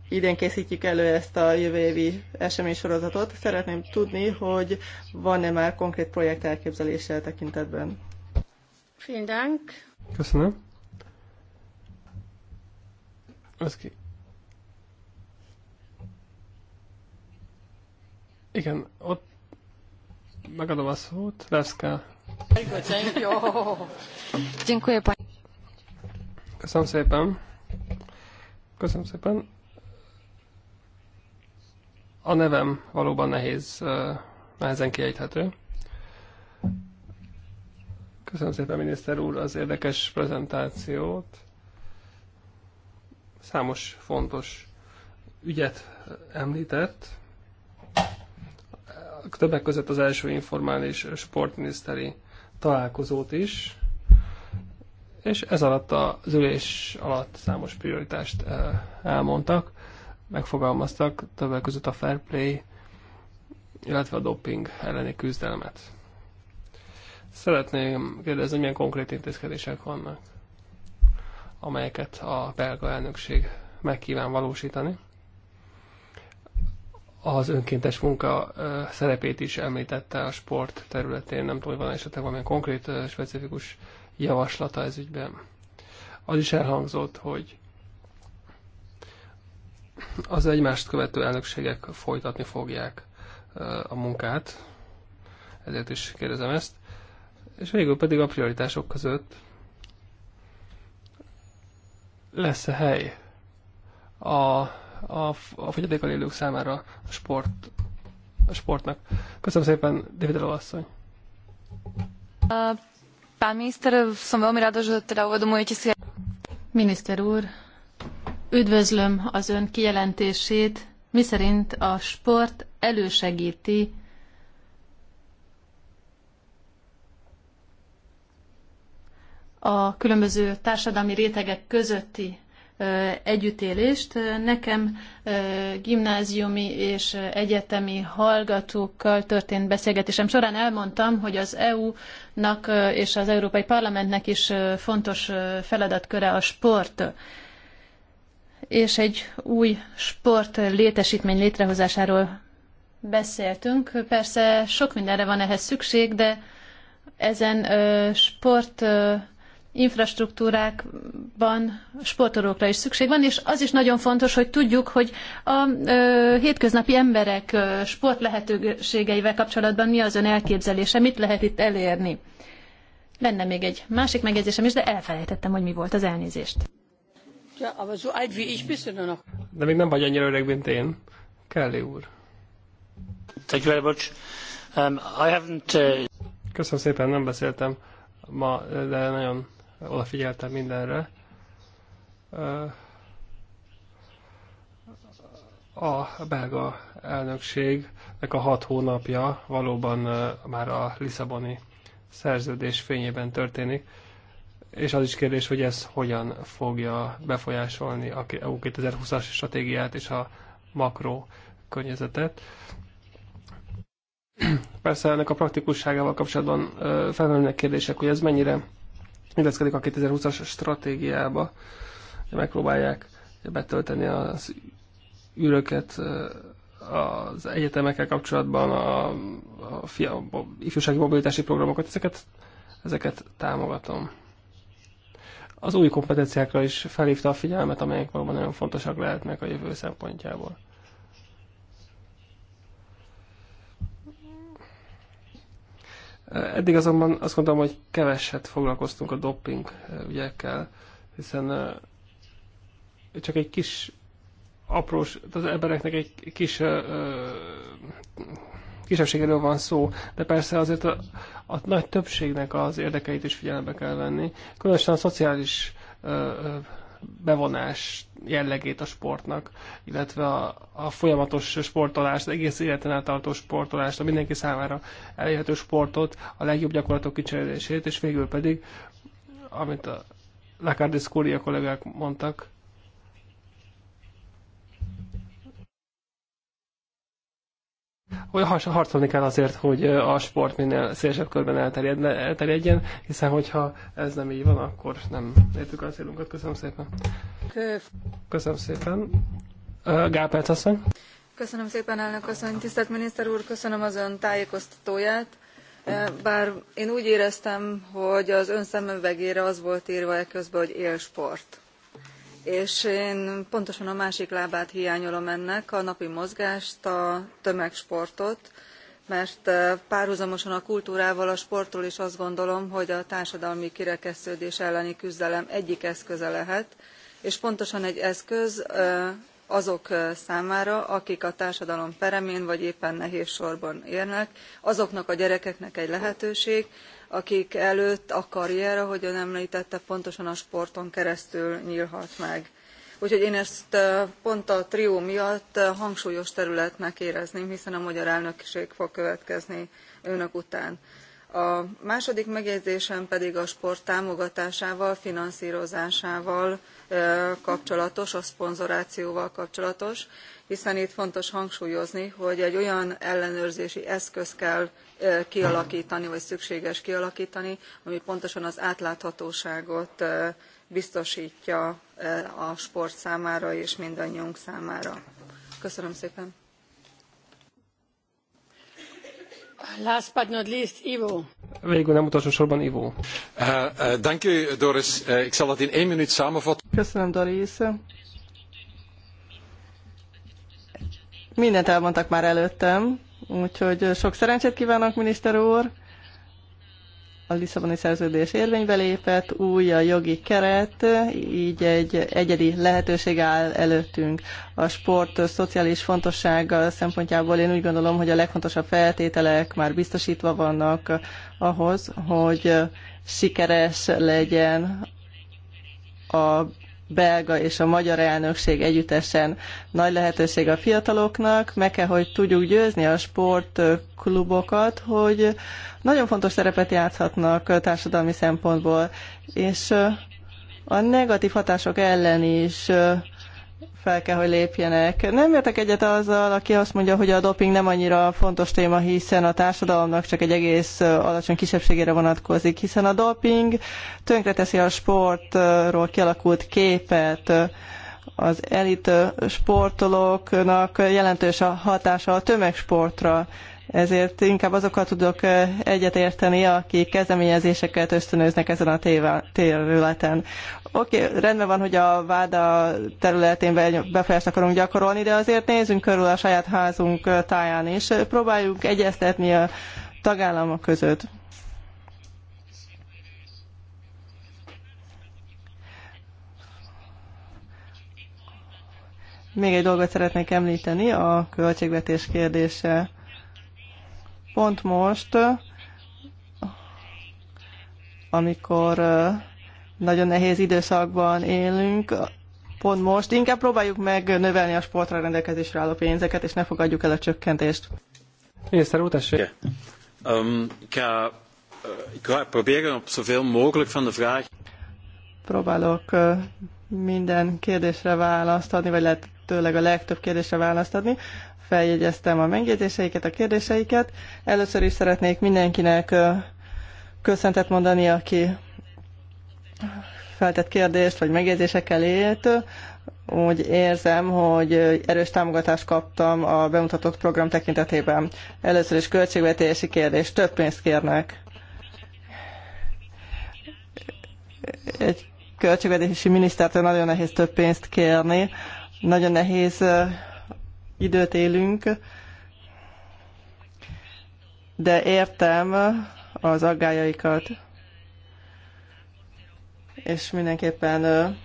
idén készítjük elő ezt a jövő évi eseménysorozatot. Szeretném tudni, hogy van-e már konkrét projekt elképzeléssel tekintetben. Vielen Köszönöm. Az ki. Igen, ott megadom a szót, Leszka. Köszönöm szépen. Köszönöm szépen. A nevem valóban nehéz, nehezen kiejthető. Köszönöm szépen, miniszter úr, az érdekes prezentációt. Számos fontos ügyet említett. Többek között az első informális sportminiszteri találkozót is, és ez alatt az ülés alatt számos prioritást elmondtak megfogalmaztak, többek között a fair play, illetve a doping elleni küzdelmet. Szeretném kérdezni, milyen konkrét intézkedések vannak, amelyeket a belga elnökség megkíván valósítani. Az önkéntes munka szerepét is említette a sport területén. Nem tudom, hogy van esetleg valamilyen konkrét, specifikus javaslata ez ügyben. Az is elhangzott, hogy az egymást követő elnökségek folytatni fogják eh, a munkát, ezért is kérdezem ezt. És végül pedig a prioritások között lesz-e hely a, a, a fogyatékkal élők számára a, sport, a sportnak. Köszönöm szépen, David Rolasszony. Pán miniszter, szóval veľmi rada, že teda uvedomujete si... Miniszter úr, Üdvözlöm az ön kijelentését, miszerint a sport elősegíti a különböző társadalmi rétegek közötti együttélést. Nekem gimnáziumi és egyetemi hallgatókkal történt beszélgetésem során elmondtam, hogy az EU-nak és az Európai Parlamentnek is fontos feladatköre a sport és egy új sport létesítmény létrehozásáról beszéltünk. Persze sok mindenre van ehhez szükség, de ezen ö, sport ö, infrastruktúrákban sportolókra is szükség van, és az is nagyon fontos, hogy tudjuk, hogy a ö, hétköznapi emberek ö, lehetőségeivel kapcsolatban mi az ön elképzelése, mit lehet itt elérni. Lenne még egy másik megjegyzésem is, de elfelejtettem, hogy mi volt az elnézést. Ja, aber so alt wie ich bist du noch. De még nem vagy annyira öreg, mint én. Kelly úr. Thank you very much. Um, I haven't, uh... Köszönöm szépen, nem beszéltem ma, de nagyon odafigyeltem mindenre. Uh, a belga elnökségnek a hat hónapja valóban uh, már a Lisszaboni szerződés fényében történik és az is kérdés, hogy ez hogyan fogja befolyásolni a EU 2020-as stratégiát és a makro környezetet. Persze ennek a praktikusságával kapcsolatban felmerülnek kérdések, hogy ez mennyire illeszkedik a 2020-as stratégiába. Megpróbálják betölteni az űröket az egyetemekkel kapcsolatban, a, a, fia, a ifjúsági mobilitási programokat, ezeket, ezeket támogatom az új kompetenciákra is felhívta a figyelmet, amelyek valóban nagyon fontosak lehetnek a jövő szempontjából. Eddig azonban azt gondolom, hogy keveset foglalkoztunk a dopping eh, ügyekkel, hiszen eh, csak egy kis aprós, az embereknek egy kis eh, kisebbségről van szó, de persze azért a, a nagy többségnek az érdekeit is figyelembe kell venni. Különösen a szociális ö, bevonás jellegét a sportnak, illetve a, a folyamatos sportolást, egész életen át tartó sportolást, a mindenki számára elérhető sportot, a legjobb gyakorlatok kicserélését, és végül pedig, amit a Lacardis Curia kollégák mondtak, hogy harcolni kell azért, hogy a sport minél szélesebb körben elterjedjen, hiszen hogyha ez nem így van, akkor nem értük a célunkat. Köszönöm szépen. Köszönöm szépen. Gálperc asszony. Köszönöm szépen, elnök asszony. Tisztelt miniszter úr, köszönöm az ön tájékoztatóját. Bár én úgy éreztem, hogy az ön szemüvegére az volt írva eközben, hogy élsport és én pontosan a másik lábát hiányolom ennek a napi mozgást a tömegsportot mert eh, párhuzamosan a kultúrával a sportról is azt gondolom hogy a társadalmi kirekesztődés elleni küzdelem egyik eszköze lehet és pontosan egy eszköz eh, azok számára akik a társadalom peremén vagy éppen nehézsorban élnek azoknak a gyerekeknek egy lehetőség akik előtt a karrier ahogy ön emltette pontosan a sporton keresztül nylhat meg. úgyhogy én ezt pont a trió miatt hangsúlyos területnek érezném hiszen a magyar elnökség fog következni önök után a második megjegyzésem pedig a sport támogatásával finanszrozásával kapcsolatos a szponzorációval kapcsolatos hiszen itt fontos hangsúlyozni hogy egy olyan ellenőrzési eszköz kell kialaktani vagy szükséges kialaktani ami pontosan az átláthatóságot biztostja a sport számára és mindannyiunk számára. köszönöm szépen! Last but not least, Ivo. Végül nem utolsó sorban Ivo. Dank eh, eh, u, Doris. Eh, ik zal dat in één minuut samenvatten. Köszönöm, Doris. Mindent elmondtak már előttem, úgyhogy sok szerencsét kívánok, miniszter úr a Lisszaboni szerződés érvénybe lépett, új a jogi keret, így egy egyedi lehetőség áll előttünk. A sport szociális fontossága szempontjából én úgy gondolom, hogy a legfontosabb feltételek már biztosítva vannak ahhoz, hogy sikeres legyen a belga és a magyar elnökség együttesen nagy lehetőség a fiataloknak. Meg kell, hogy tudjuk győzni a sportklubokat, hogy nagyon fontos szerepet játszhatnak társadalmi szempontból, és a negatív hatások ellen is fel kell, hogy lépjenek. Nem értek egyet azzal, aki azt mondja, hogy a doping nem annyira fontos téma, hiszen a társadalomnak csak egy egész alacsony kisebbségére vonatkozik, hiszen a doping tönkreteszi a sportról kialakult képet, az elit sportolóknak jelentős a hatása a tömegsportra. Ezért inkább azokkal tudok egyetérteni, akik kezdeményezéseket ösztönöznek ezen a területen. Oké, okay, rendben van, hogy a váda területén befolyást akarunk gyakorolni, de azért nézzünk körül a saját házunk táján és Próbáljunk egyeztetni a tagállamok között. Még egy dolgot szeretnék említeni, a költségvetés kérdése. Pont most, amikor nagyon nehéz időszakban élünk, pont most inkább próbáljuk meg növelni a sportra rendelkezésre álló pénzeket, és ne fogadjuk el a csökkentést. Miniszter úr, tessék! Ehm, eh, Próbálok minden kérdésre választ adni, vagy lehet tőleg a legtöbb kérdésre választ adni feljegyeztem a megjegyzéseiket, a kérdéseiket. Először is szeretnék mindenkinek köszöntet mondani, aki feltett kérdést, vagy megjegyzésekkel élt. Úgy érzem, hogy erős támogatást kaptam a bemutatott program tekintetében. Először is költségvetési kérdés, több pénzt kérnek. Egy költségvetési minisztertől nagyon nehéz több pénzt kérni, nagyon nehéz időt élünk, de értem az aggájaikat, és mindenképpen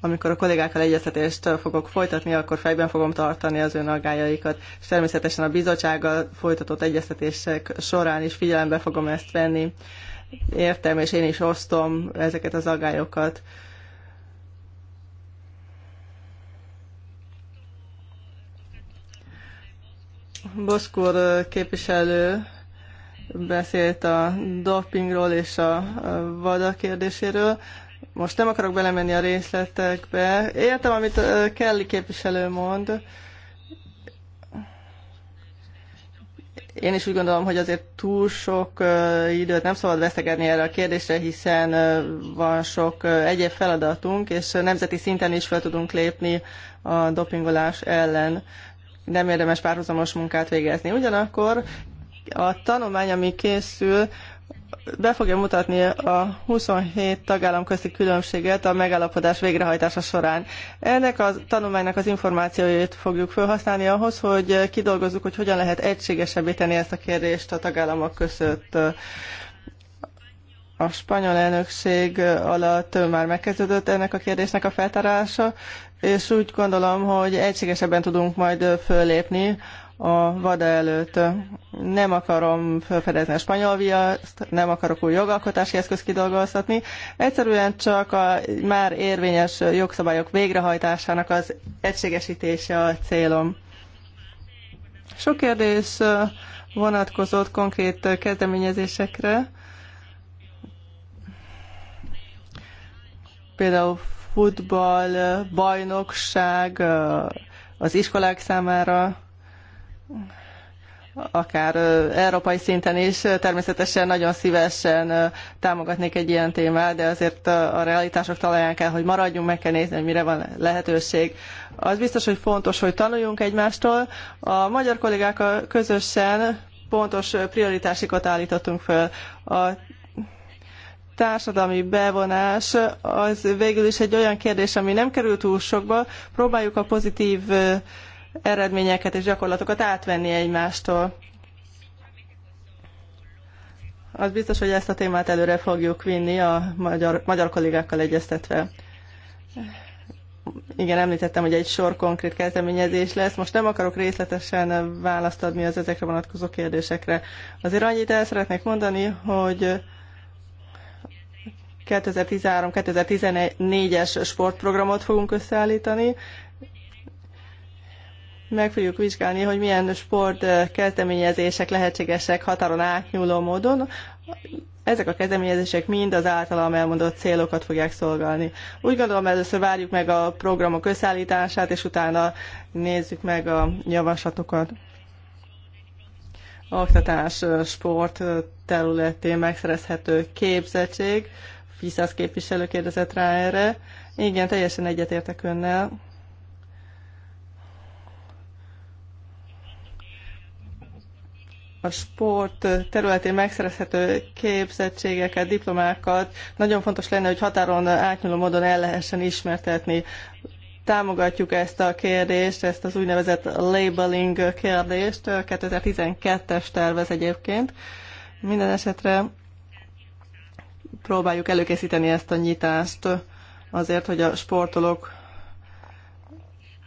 amikor a kollégákkal egyeztetést fogok folytatni, akkor fejben fogom tartani az ön aggájaikat, és természetesen a bizottsággal folytatott egyeztetések során is figyelembe fogom ezt venni. Értem, és én is osztom ezeket az aggályokat. Boszkor képviselő beszélt a dopingról és a vada kérdéséről. Most nem akarok belemenni a részletekbe. Értem, amit Kelly képviselő mond. Én is úgy gondolom, hogy azért túl sok időt nem szabad veszekedni erre a kérdésre, hiszen van sok egyéb feladatunk, és nemzeti szinten is fel tudunk lépni a dopingolás ellen nem érdemes párhuzamos munkát végezni. Ugyanakkor a tanulmány, ami készül, be fogja mutatni a 27 tagállam közti különbséget a megállapodás végrehajtása során. Ennek a tanulmánynak az információit fogjuk felhasználni ahhoz, hogy kidolgozzuk, hogy hogyan lehet egységesebbíteni ezt a kérdést a tagállamok között a spanyol elnökség alatt már megkezdődött ennek a kérdésnek a feltárása, és úgy gondolom, hogy egységesebben tudunk majd föllépni a vada előtt. Nem akarom felfedezni a spanyol viaszt, nem akarok új jogalkotási eszközt kidolgoztatni. Egyszerűen csak a már érvényes jogszabályok végrehajtásának az egységesítése a célom. Sok kérdés vonatkozott konkrét kezdeményezésekre például futball, bajnokság az iskolák számára, akár európai szinten is. Természetesen nagyon szívesen támogatnék egy ilyen témát, de azért a realitások talaján kell, hogy maradjunk, meg kell nézni, hogy mire van lehetőség. Az biztos, hogy fontos, hogy tanuljunk egymástól. A magyar kollégák közösen pontos prioritásikat állítottunk föl. A társadalmi bevonás az végül is egy olyan kérdés, ami nem kerül túl sokba. Próbáljuk a pozitív eredményeket és gyakorlatokat átvenni egymástól. Az biztos, hogy ezt a témát előre fogjuk vinni a magyar, magyar kollégákkal egyeztetve. Igen, említettem, hogy egy sor konkrét kezdeményezés lesz. Most nem akarok részletesen választ adni az ezekre vonatkozó kérdésekre. Azért annyit el szeretnék mondani, hogy 2013-2014-es sportprogramot fogunk összeállítani. Meg fogjuk vizsgálni, hogy milyen sport kezdeményezések lehetségesek határon átnyúló módon. Ezek a kezdeményezések mind az általam elmondott célokat fogják szolgálni. Úgy gondolom, először várjuk meg a programok összeállítását, és utána nézzük meg a javaslatokat oktatás, sport területén megszerezhető képzettség Piszász képviselő kérdezett rá erre. Igen, teljesen egyetértek önnel. a sport területén megszerezhető képzettségeket, diplomákat nagyon fontos lenne, hogy határon átnyúló módon el lehessen ismertetni. Támogatjuk ezt a kérdést, ezt az úgynevezett labeling kérdést, 2012-es tervez egyébként. Minden esetre próbáljuk előkészíteni ezt a nyitást azért, hogy a sportolók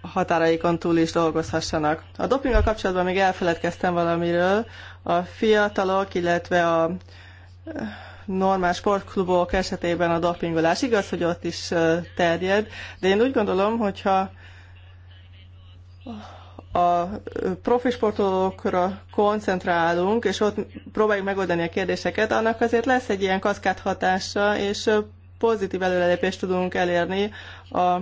határaikon túl is dolgozhassanak. A dopinggal kapcsolatban még elfeledkeztem valamiről. A fiatalok, illetve a eh, normál sportklubok esetében a dopingolás igaz, hogy ott is eh, terjed, de én úgy gondolom, hogyha a profi sportolókra koncentrálunk, és ott próbáljuk megoldani a kérdéseket, annak azért lesz egy ilyen kaszkád hatása, és pozitív előrelépést tudunk elérni a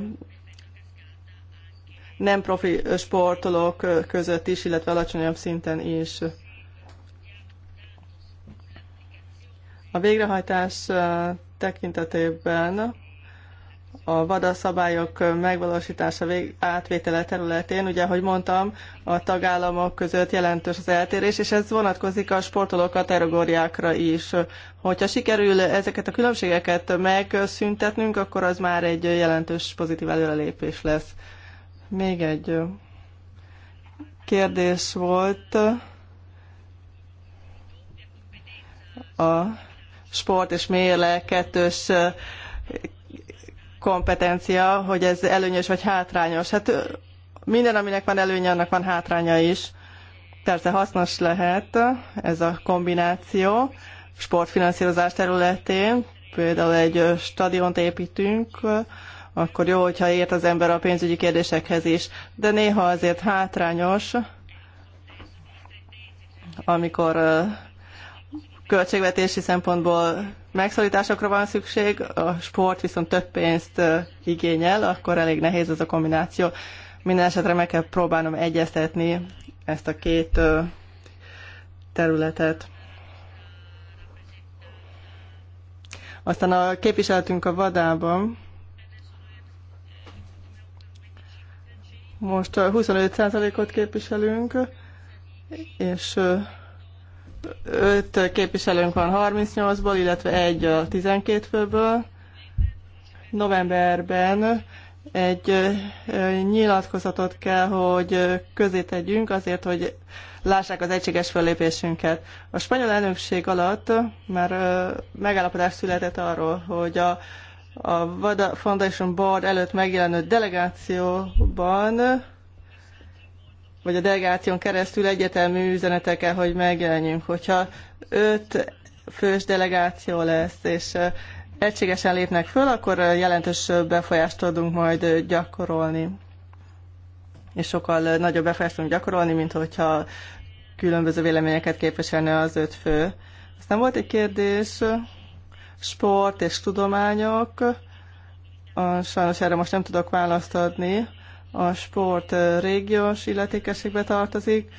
nem profi sportolók között is, illetve alacsonyabb szinten is. A végrehajtás tekintetében a vadaszabályok megvalósítása vég, átvétele területén, ugye, ahogy mondtam, a tagállamok között jelentős az eltérés, és ez vonatkozik a sportoló kategóriákra is. Hogyha sikerül ezeket a különbségeket megszüntetnünk, akkor az már egy jelentős pozitív előrelépés lesz. Még egy kérdés volt a sport és mérle kettős kompetencia, hogy ez előnyös vagy hátrányos. Hát minden, aminek van előnye, annak van hátránya is. Persze hasznos lehet ez a kombináció sportfinanszírozás területén. Például egy stadiont építünk, akkor jó, hogyha ért az ember a pénzügyi kérdésekhez is. De néha azért hátrányos, amikor költségvetési szempontból megszorításokra van szükség, a sport viszont több pénzt igényel, akkor elég nehéz ez a kombináció. Minden esetre meg kell próbálnom egyeztetni ezt a két területet. Aztán a képviseletünk a vadában. Most 25%-ot képviselünk, és öt képviselőnk van 38-ból, illetve egy a 12 főből. Novemberben egy nyilatkozatot kell, hogy közé tegyünk azért, hogy lássák az egységes fölépésünket. A spanyol elnökség alatt már megállapodás született arról, hogy a, a Vada Foundation Board előtt megjelenő delegációban vagy a delegáción keresztül egyetemű üzenetek kell, hogy megjelenjünk. Hogyha öt fős delegáció lesz, és egységesen lépnek föl, akkor jelentős befolyást tudunk majd gyakorolni. És sokkal nagyobb befolyást tudunk gyakorolni, mint hogyha különböző véleményeket képviselne az öt fő. Aztán volt egy kérdés, sport és tudományok. Sajnos erre most nem tudok választ adni a sport régiós illetékességbe tartozik,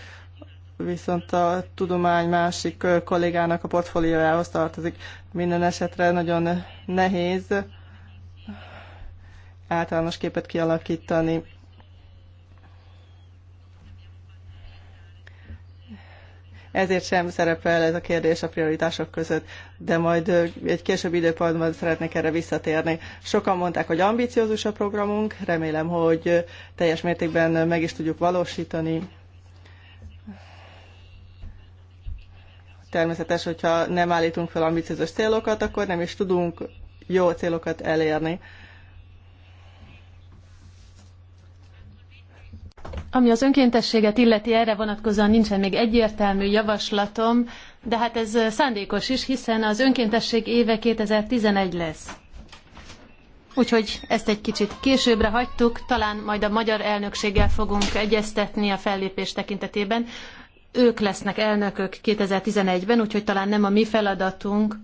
viszont a tudomány másik kollégának a portfóliójához tartozik. Minden esetre nagyon nehéz általános képet kialakítani. ezért sem szerepel ez a kérdés a prioritások között, de majd egy később időpontban szeretnék erre visszatérni. Sokan mondták, hogy ambiciózus a programunk, remélem, hogy teljes mértékben meg is tudjuk valósítani. Természetes, hogyha nem állítunk fel ambiciózus célokat, akkor nem is tudunk jó célokat elérni. Ami az önkéntességet illeti, erre vonatkozóan nincsen még egyértelmű javaslatom, de hát ez szándékos is, hiszen az önkéntesség éve 2011 lesz. Úgyhogy ezt egy kicsit későbbre hagytuk, talán majd a magyar elnökséggel fogunk egyeztetni a fellépés tekintetében. Ők lesznek elnökök 2011-ben, úgyhogy talán nem a mi feladatunk,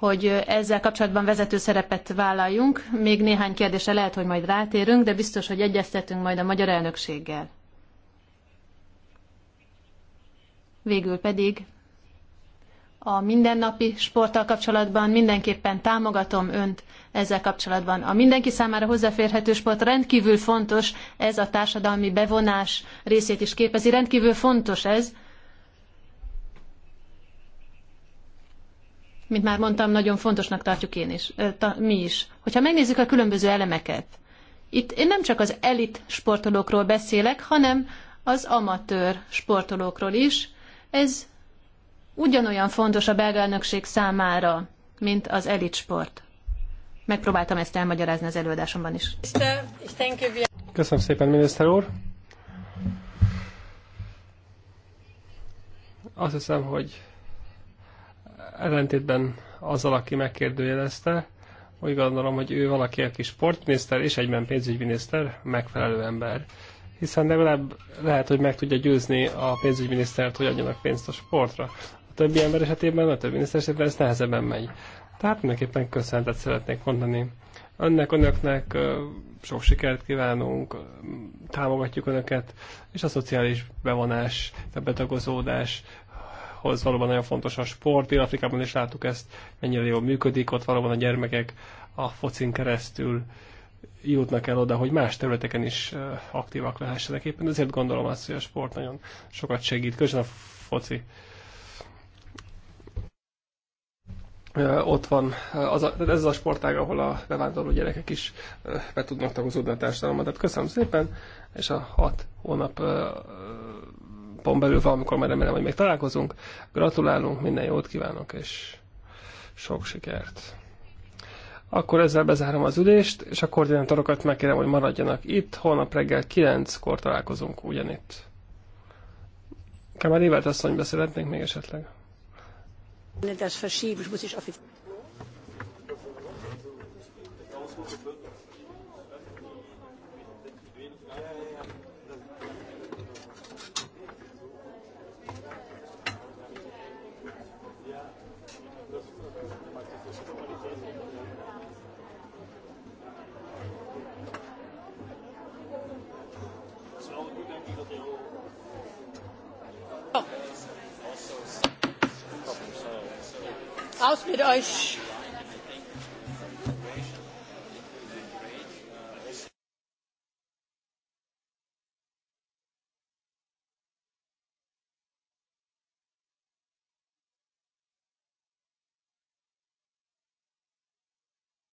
hogy ezzel kapcsolatban vezető szerepet vállaljunk. Még néhány kérdésre lehet, hogy majd rátérünk, de biztos, hogy egyeztetünk majd a magyar elnökséggel. Végül pedig a mindennapi sporttal kapcsolatban mindenképpen támogatom önt ezzel kapcsolatban. A mindenki számára hozzáférhető sport rendkívül fontos, ez a társadalmi bevonás részét is képezi, rendkívül fontos ez, mint már mondtam, nagyon fontosnak tartjuk én is, mi is. Hogyha megnézzük a különböző elemeket, itt én nem csak az elit sportolókról beszélek, hanem az amatőr sportolókról is. Ez ugyanolyan fontos a belga elnökség számára, mint az elit sport. Megpróbáltam ezt elmagyarázni az előadásomban is. Köszönöm szépen, miniszter úr! Azt hiszem, hogy ellentétben azzal, aki megkérdőjelezte, úgy gondolom, hogy ő valaki, aki sportminiszter és egyben pénzügyminiszter, megfelelő ember. Hiszen legalább lehet, hogy meg tudja győzni a pénzügyminisztert, hogy adjanak pénzt a sportra. A többi ember esetében, a többi miniszter esetében ez nehezebben megy. Tehát mindenképpen köszönetet szeretnék mondani. Önnek, önöknek sok sikert kívánunk, támogatjuk önöket, és a szociális bevonás, a betagozódás Afrikához valóban nagyon fontos a sport. Dél-Afrikában is láttuk ezt, mennyire jól működik, ott valóban a gyermekek a focin keresztül jutnak el oda, hogy más területeken is aktívak lehessenek. Éppen ezért gondolom azt, hogy a sport nagyon sokat segít, Köszönöm a foci. Ott van, az a, ez a sportág, ahol a bevándorló gyerekek is be tudnak tagozódni a társadalomba. Tehát köszönöm szépen, és a hat hónap hónapon belül valamikor már remélem, hogy még találkozunk. Gratulálunk, minden jót kívánok, és sok sikert! Akkor ezzel bezárom az ülést, és a koordinátorokat megkérem, hogy maradjanak itt. Holnap reggel 9-kor találkozunk ugyanitt. Kamer Évert asszony, beszélhetnénk még esetleg? Das verschieben, ich muss ich mit euch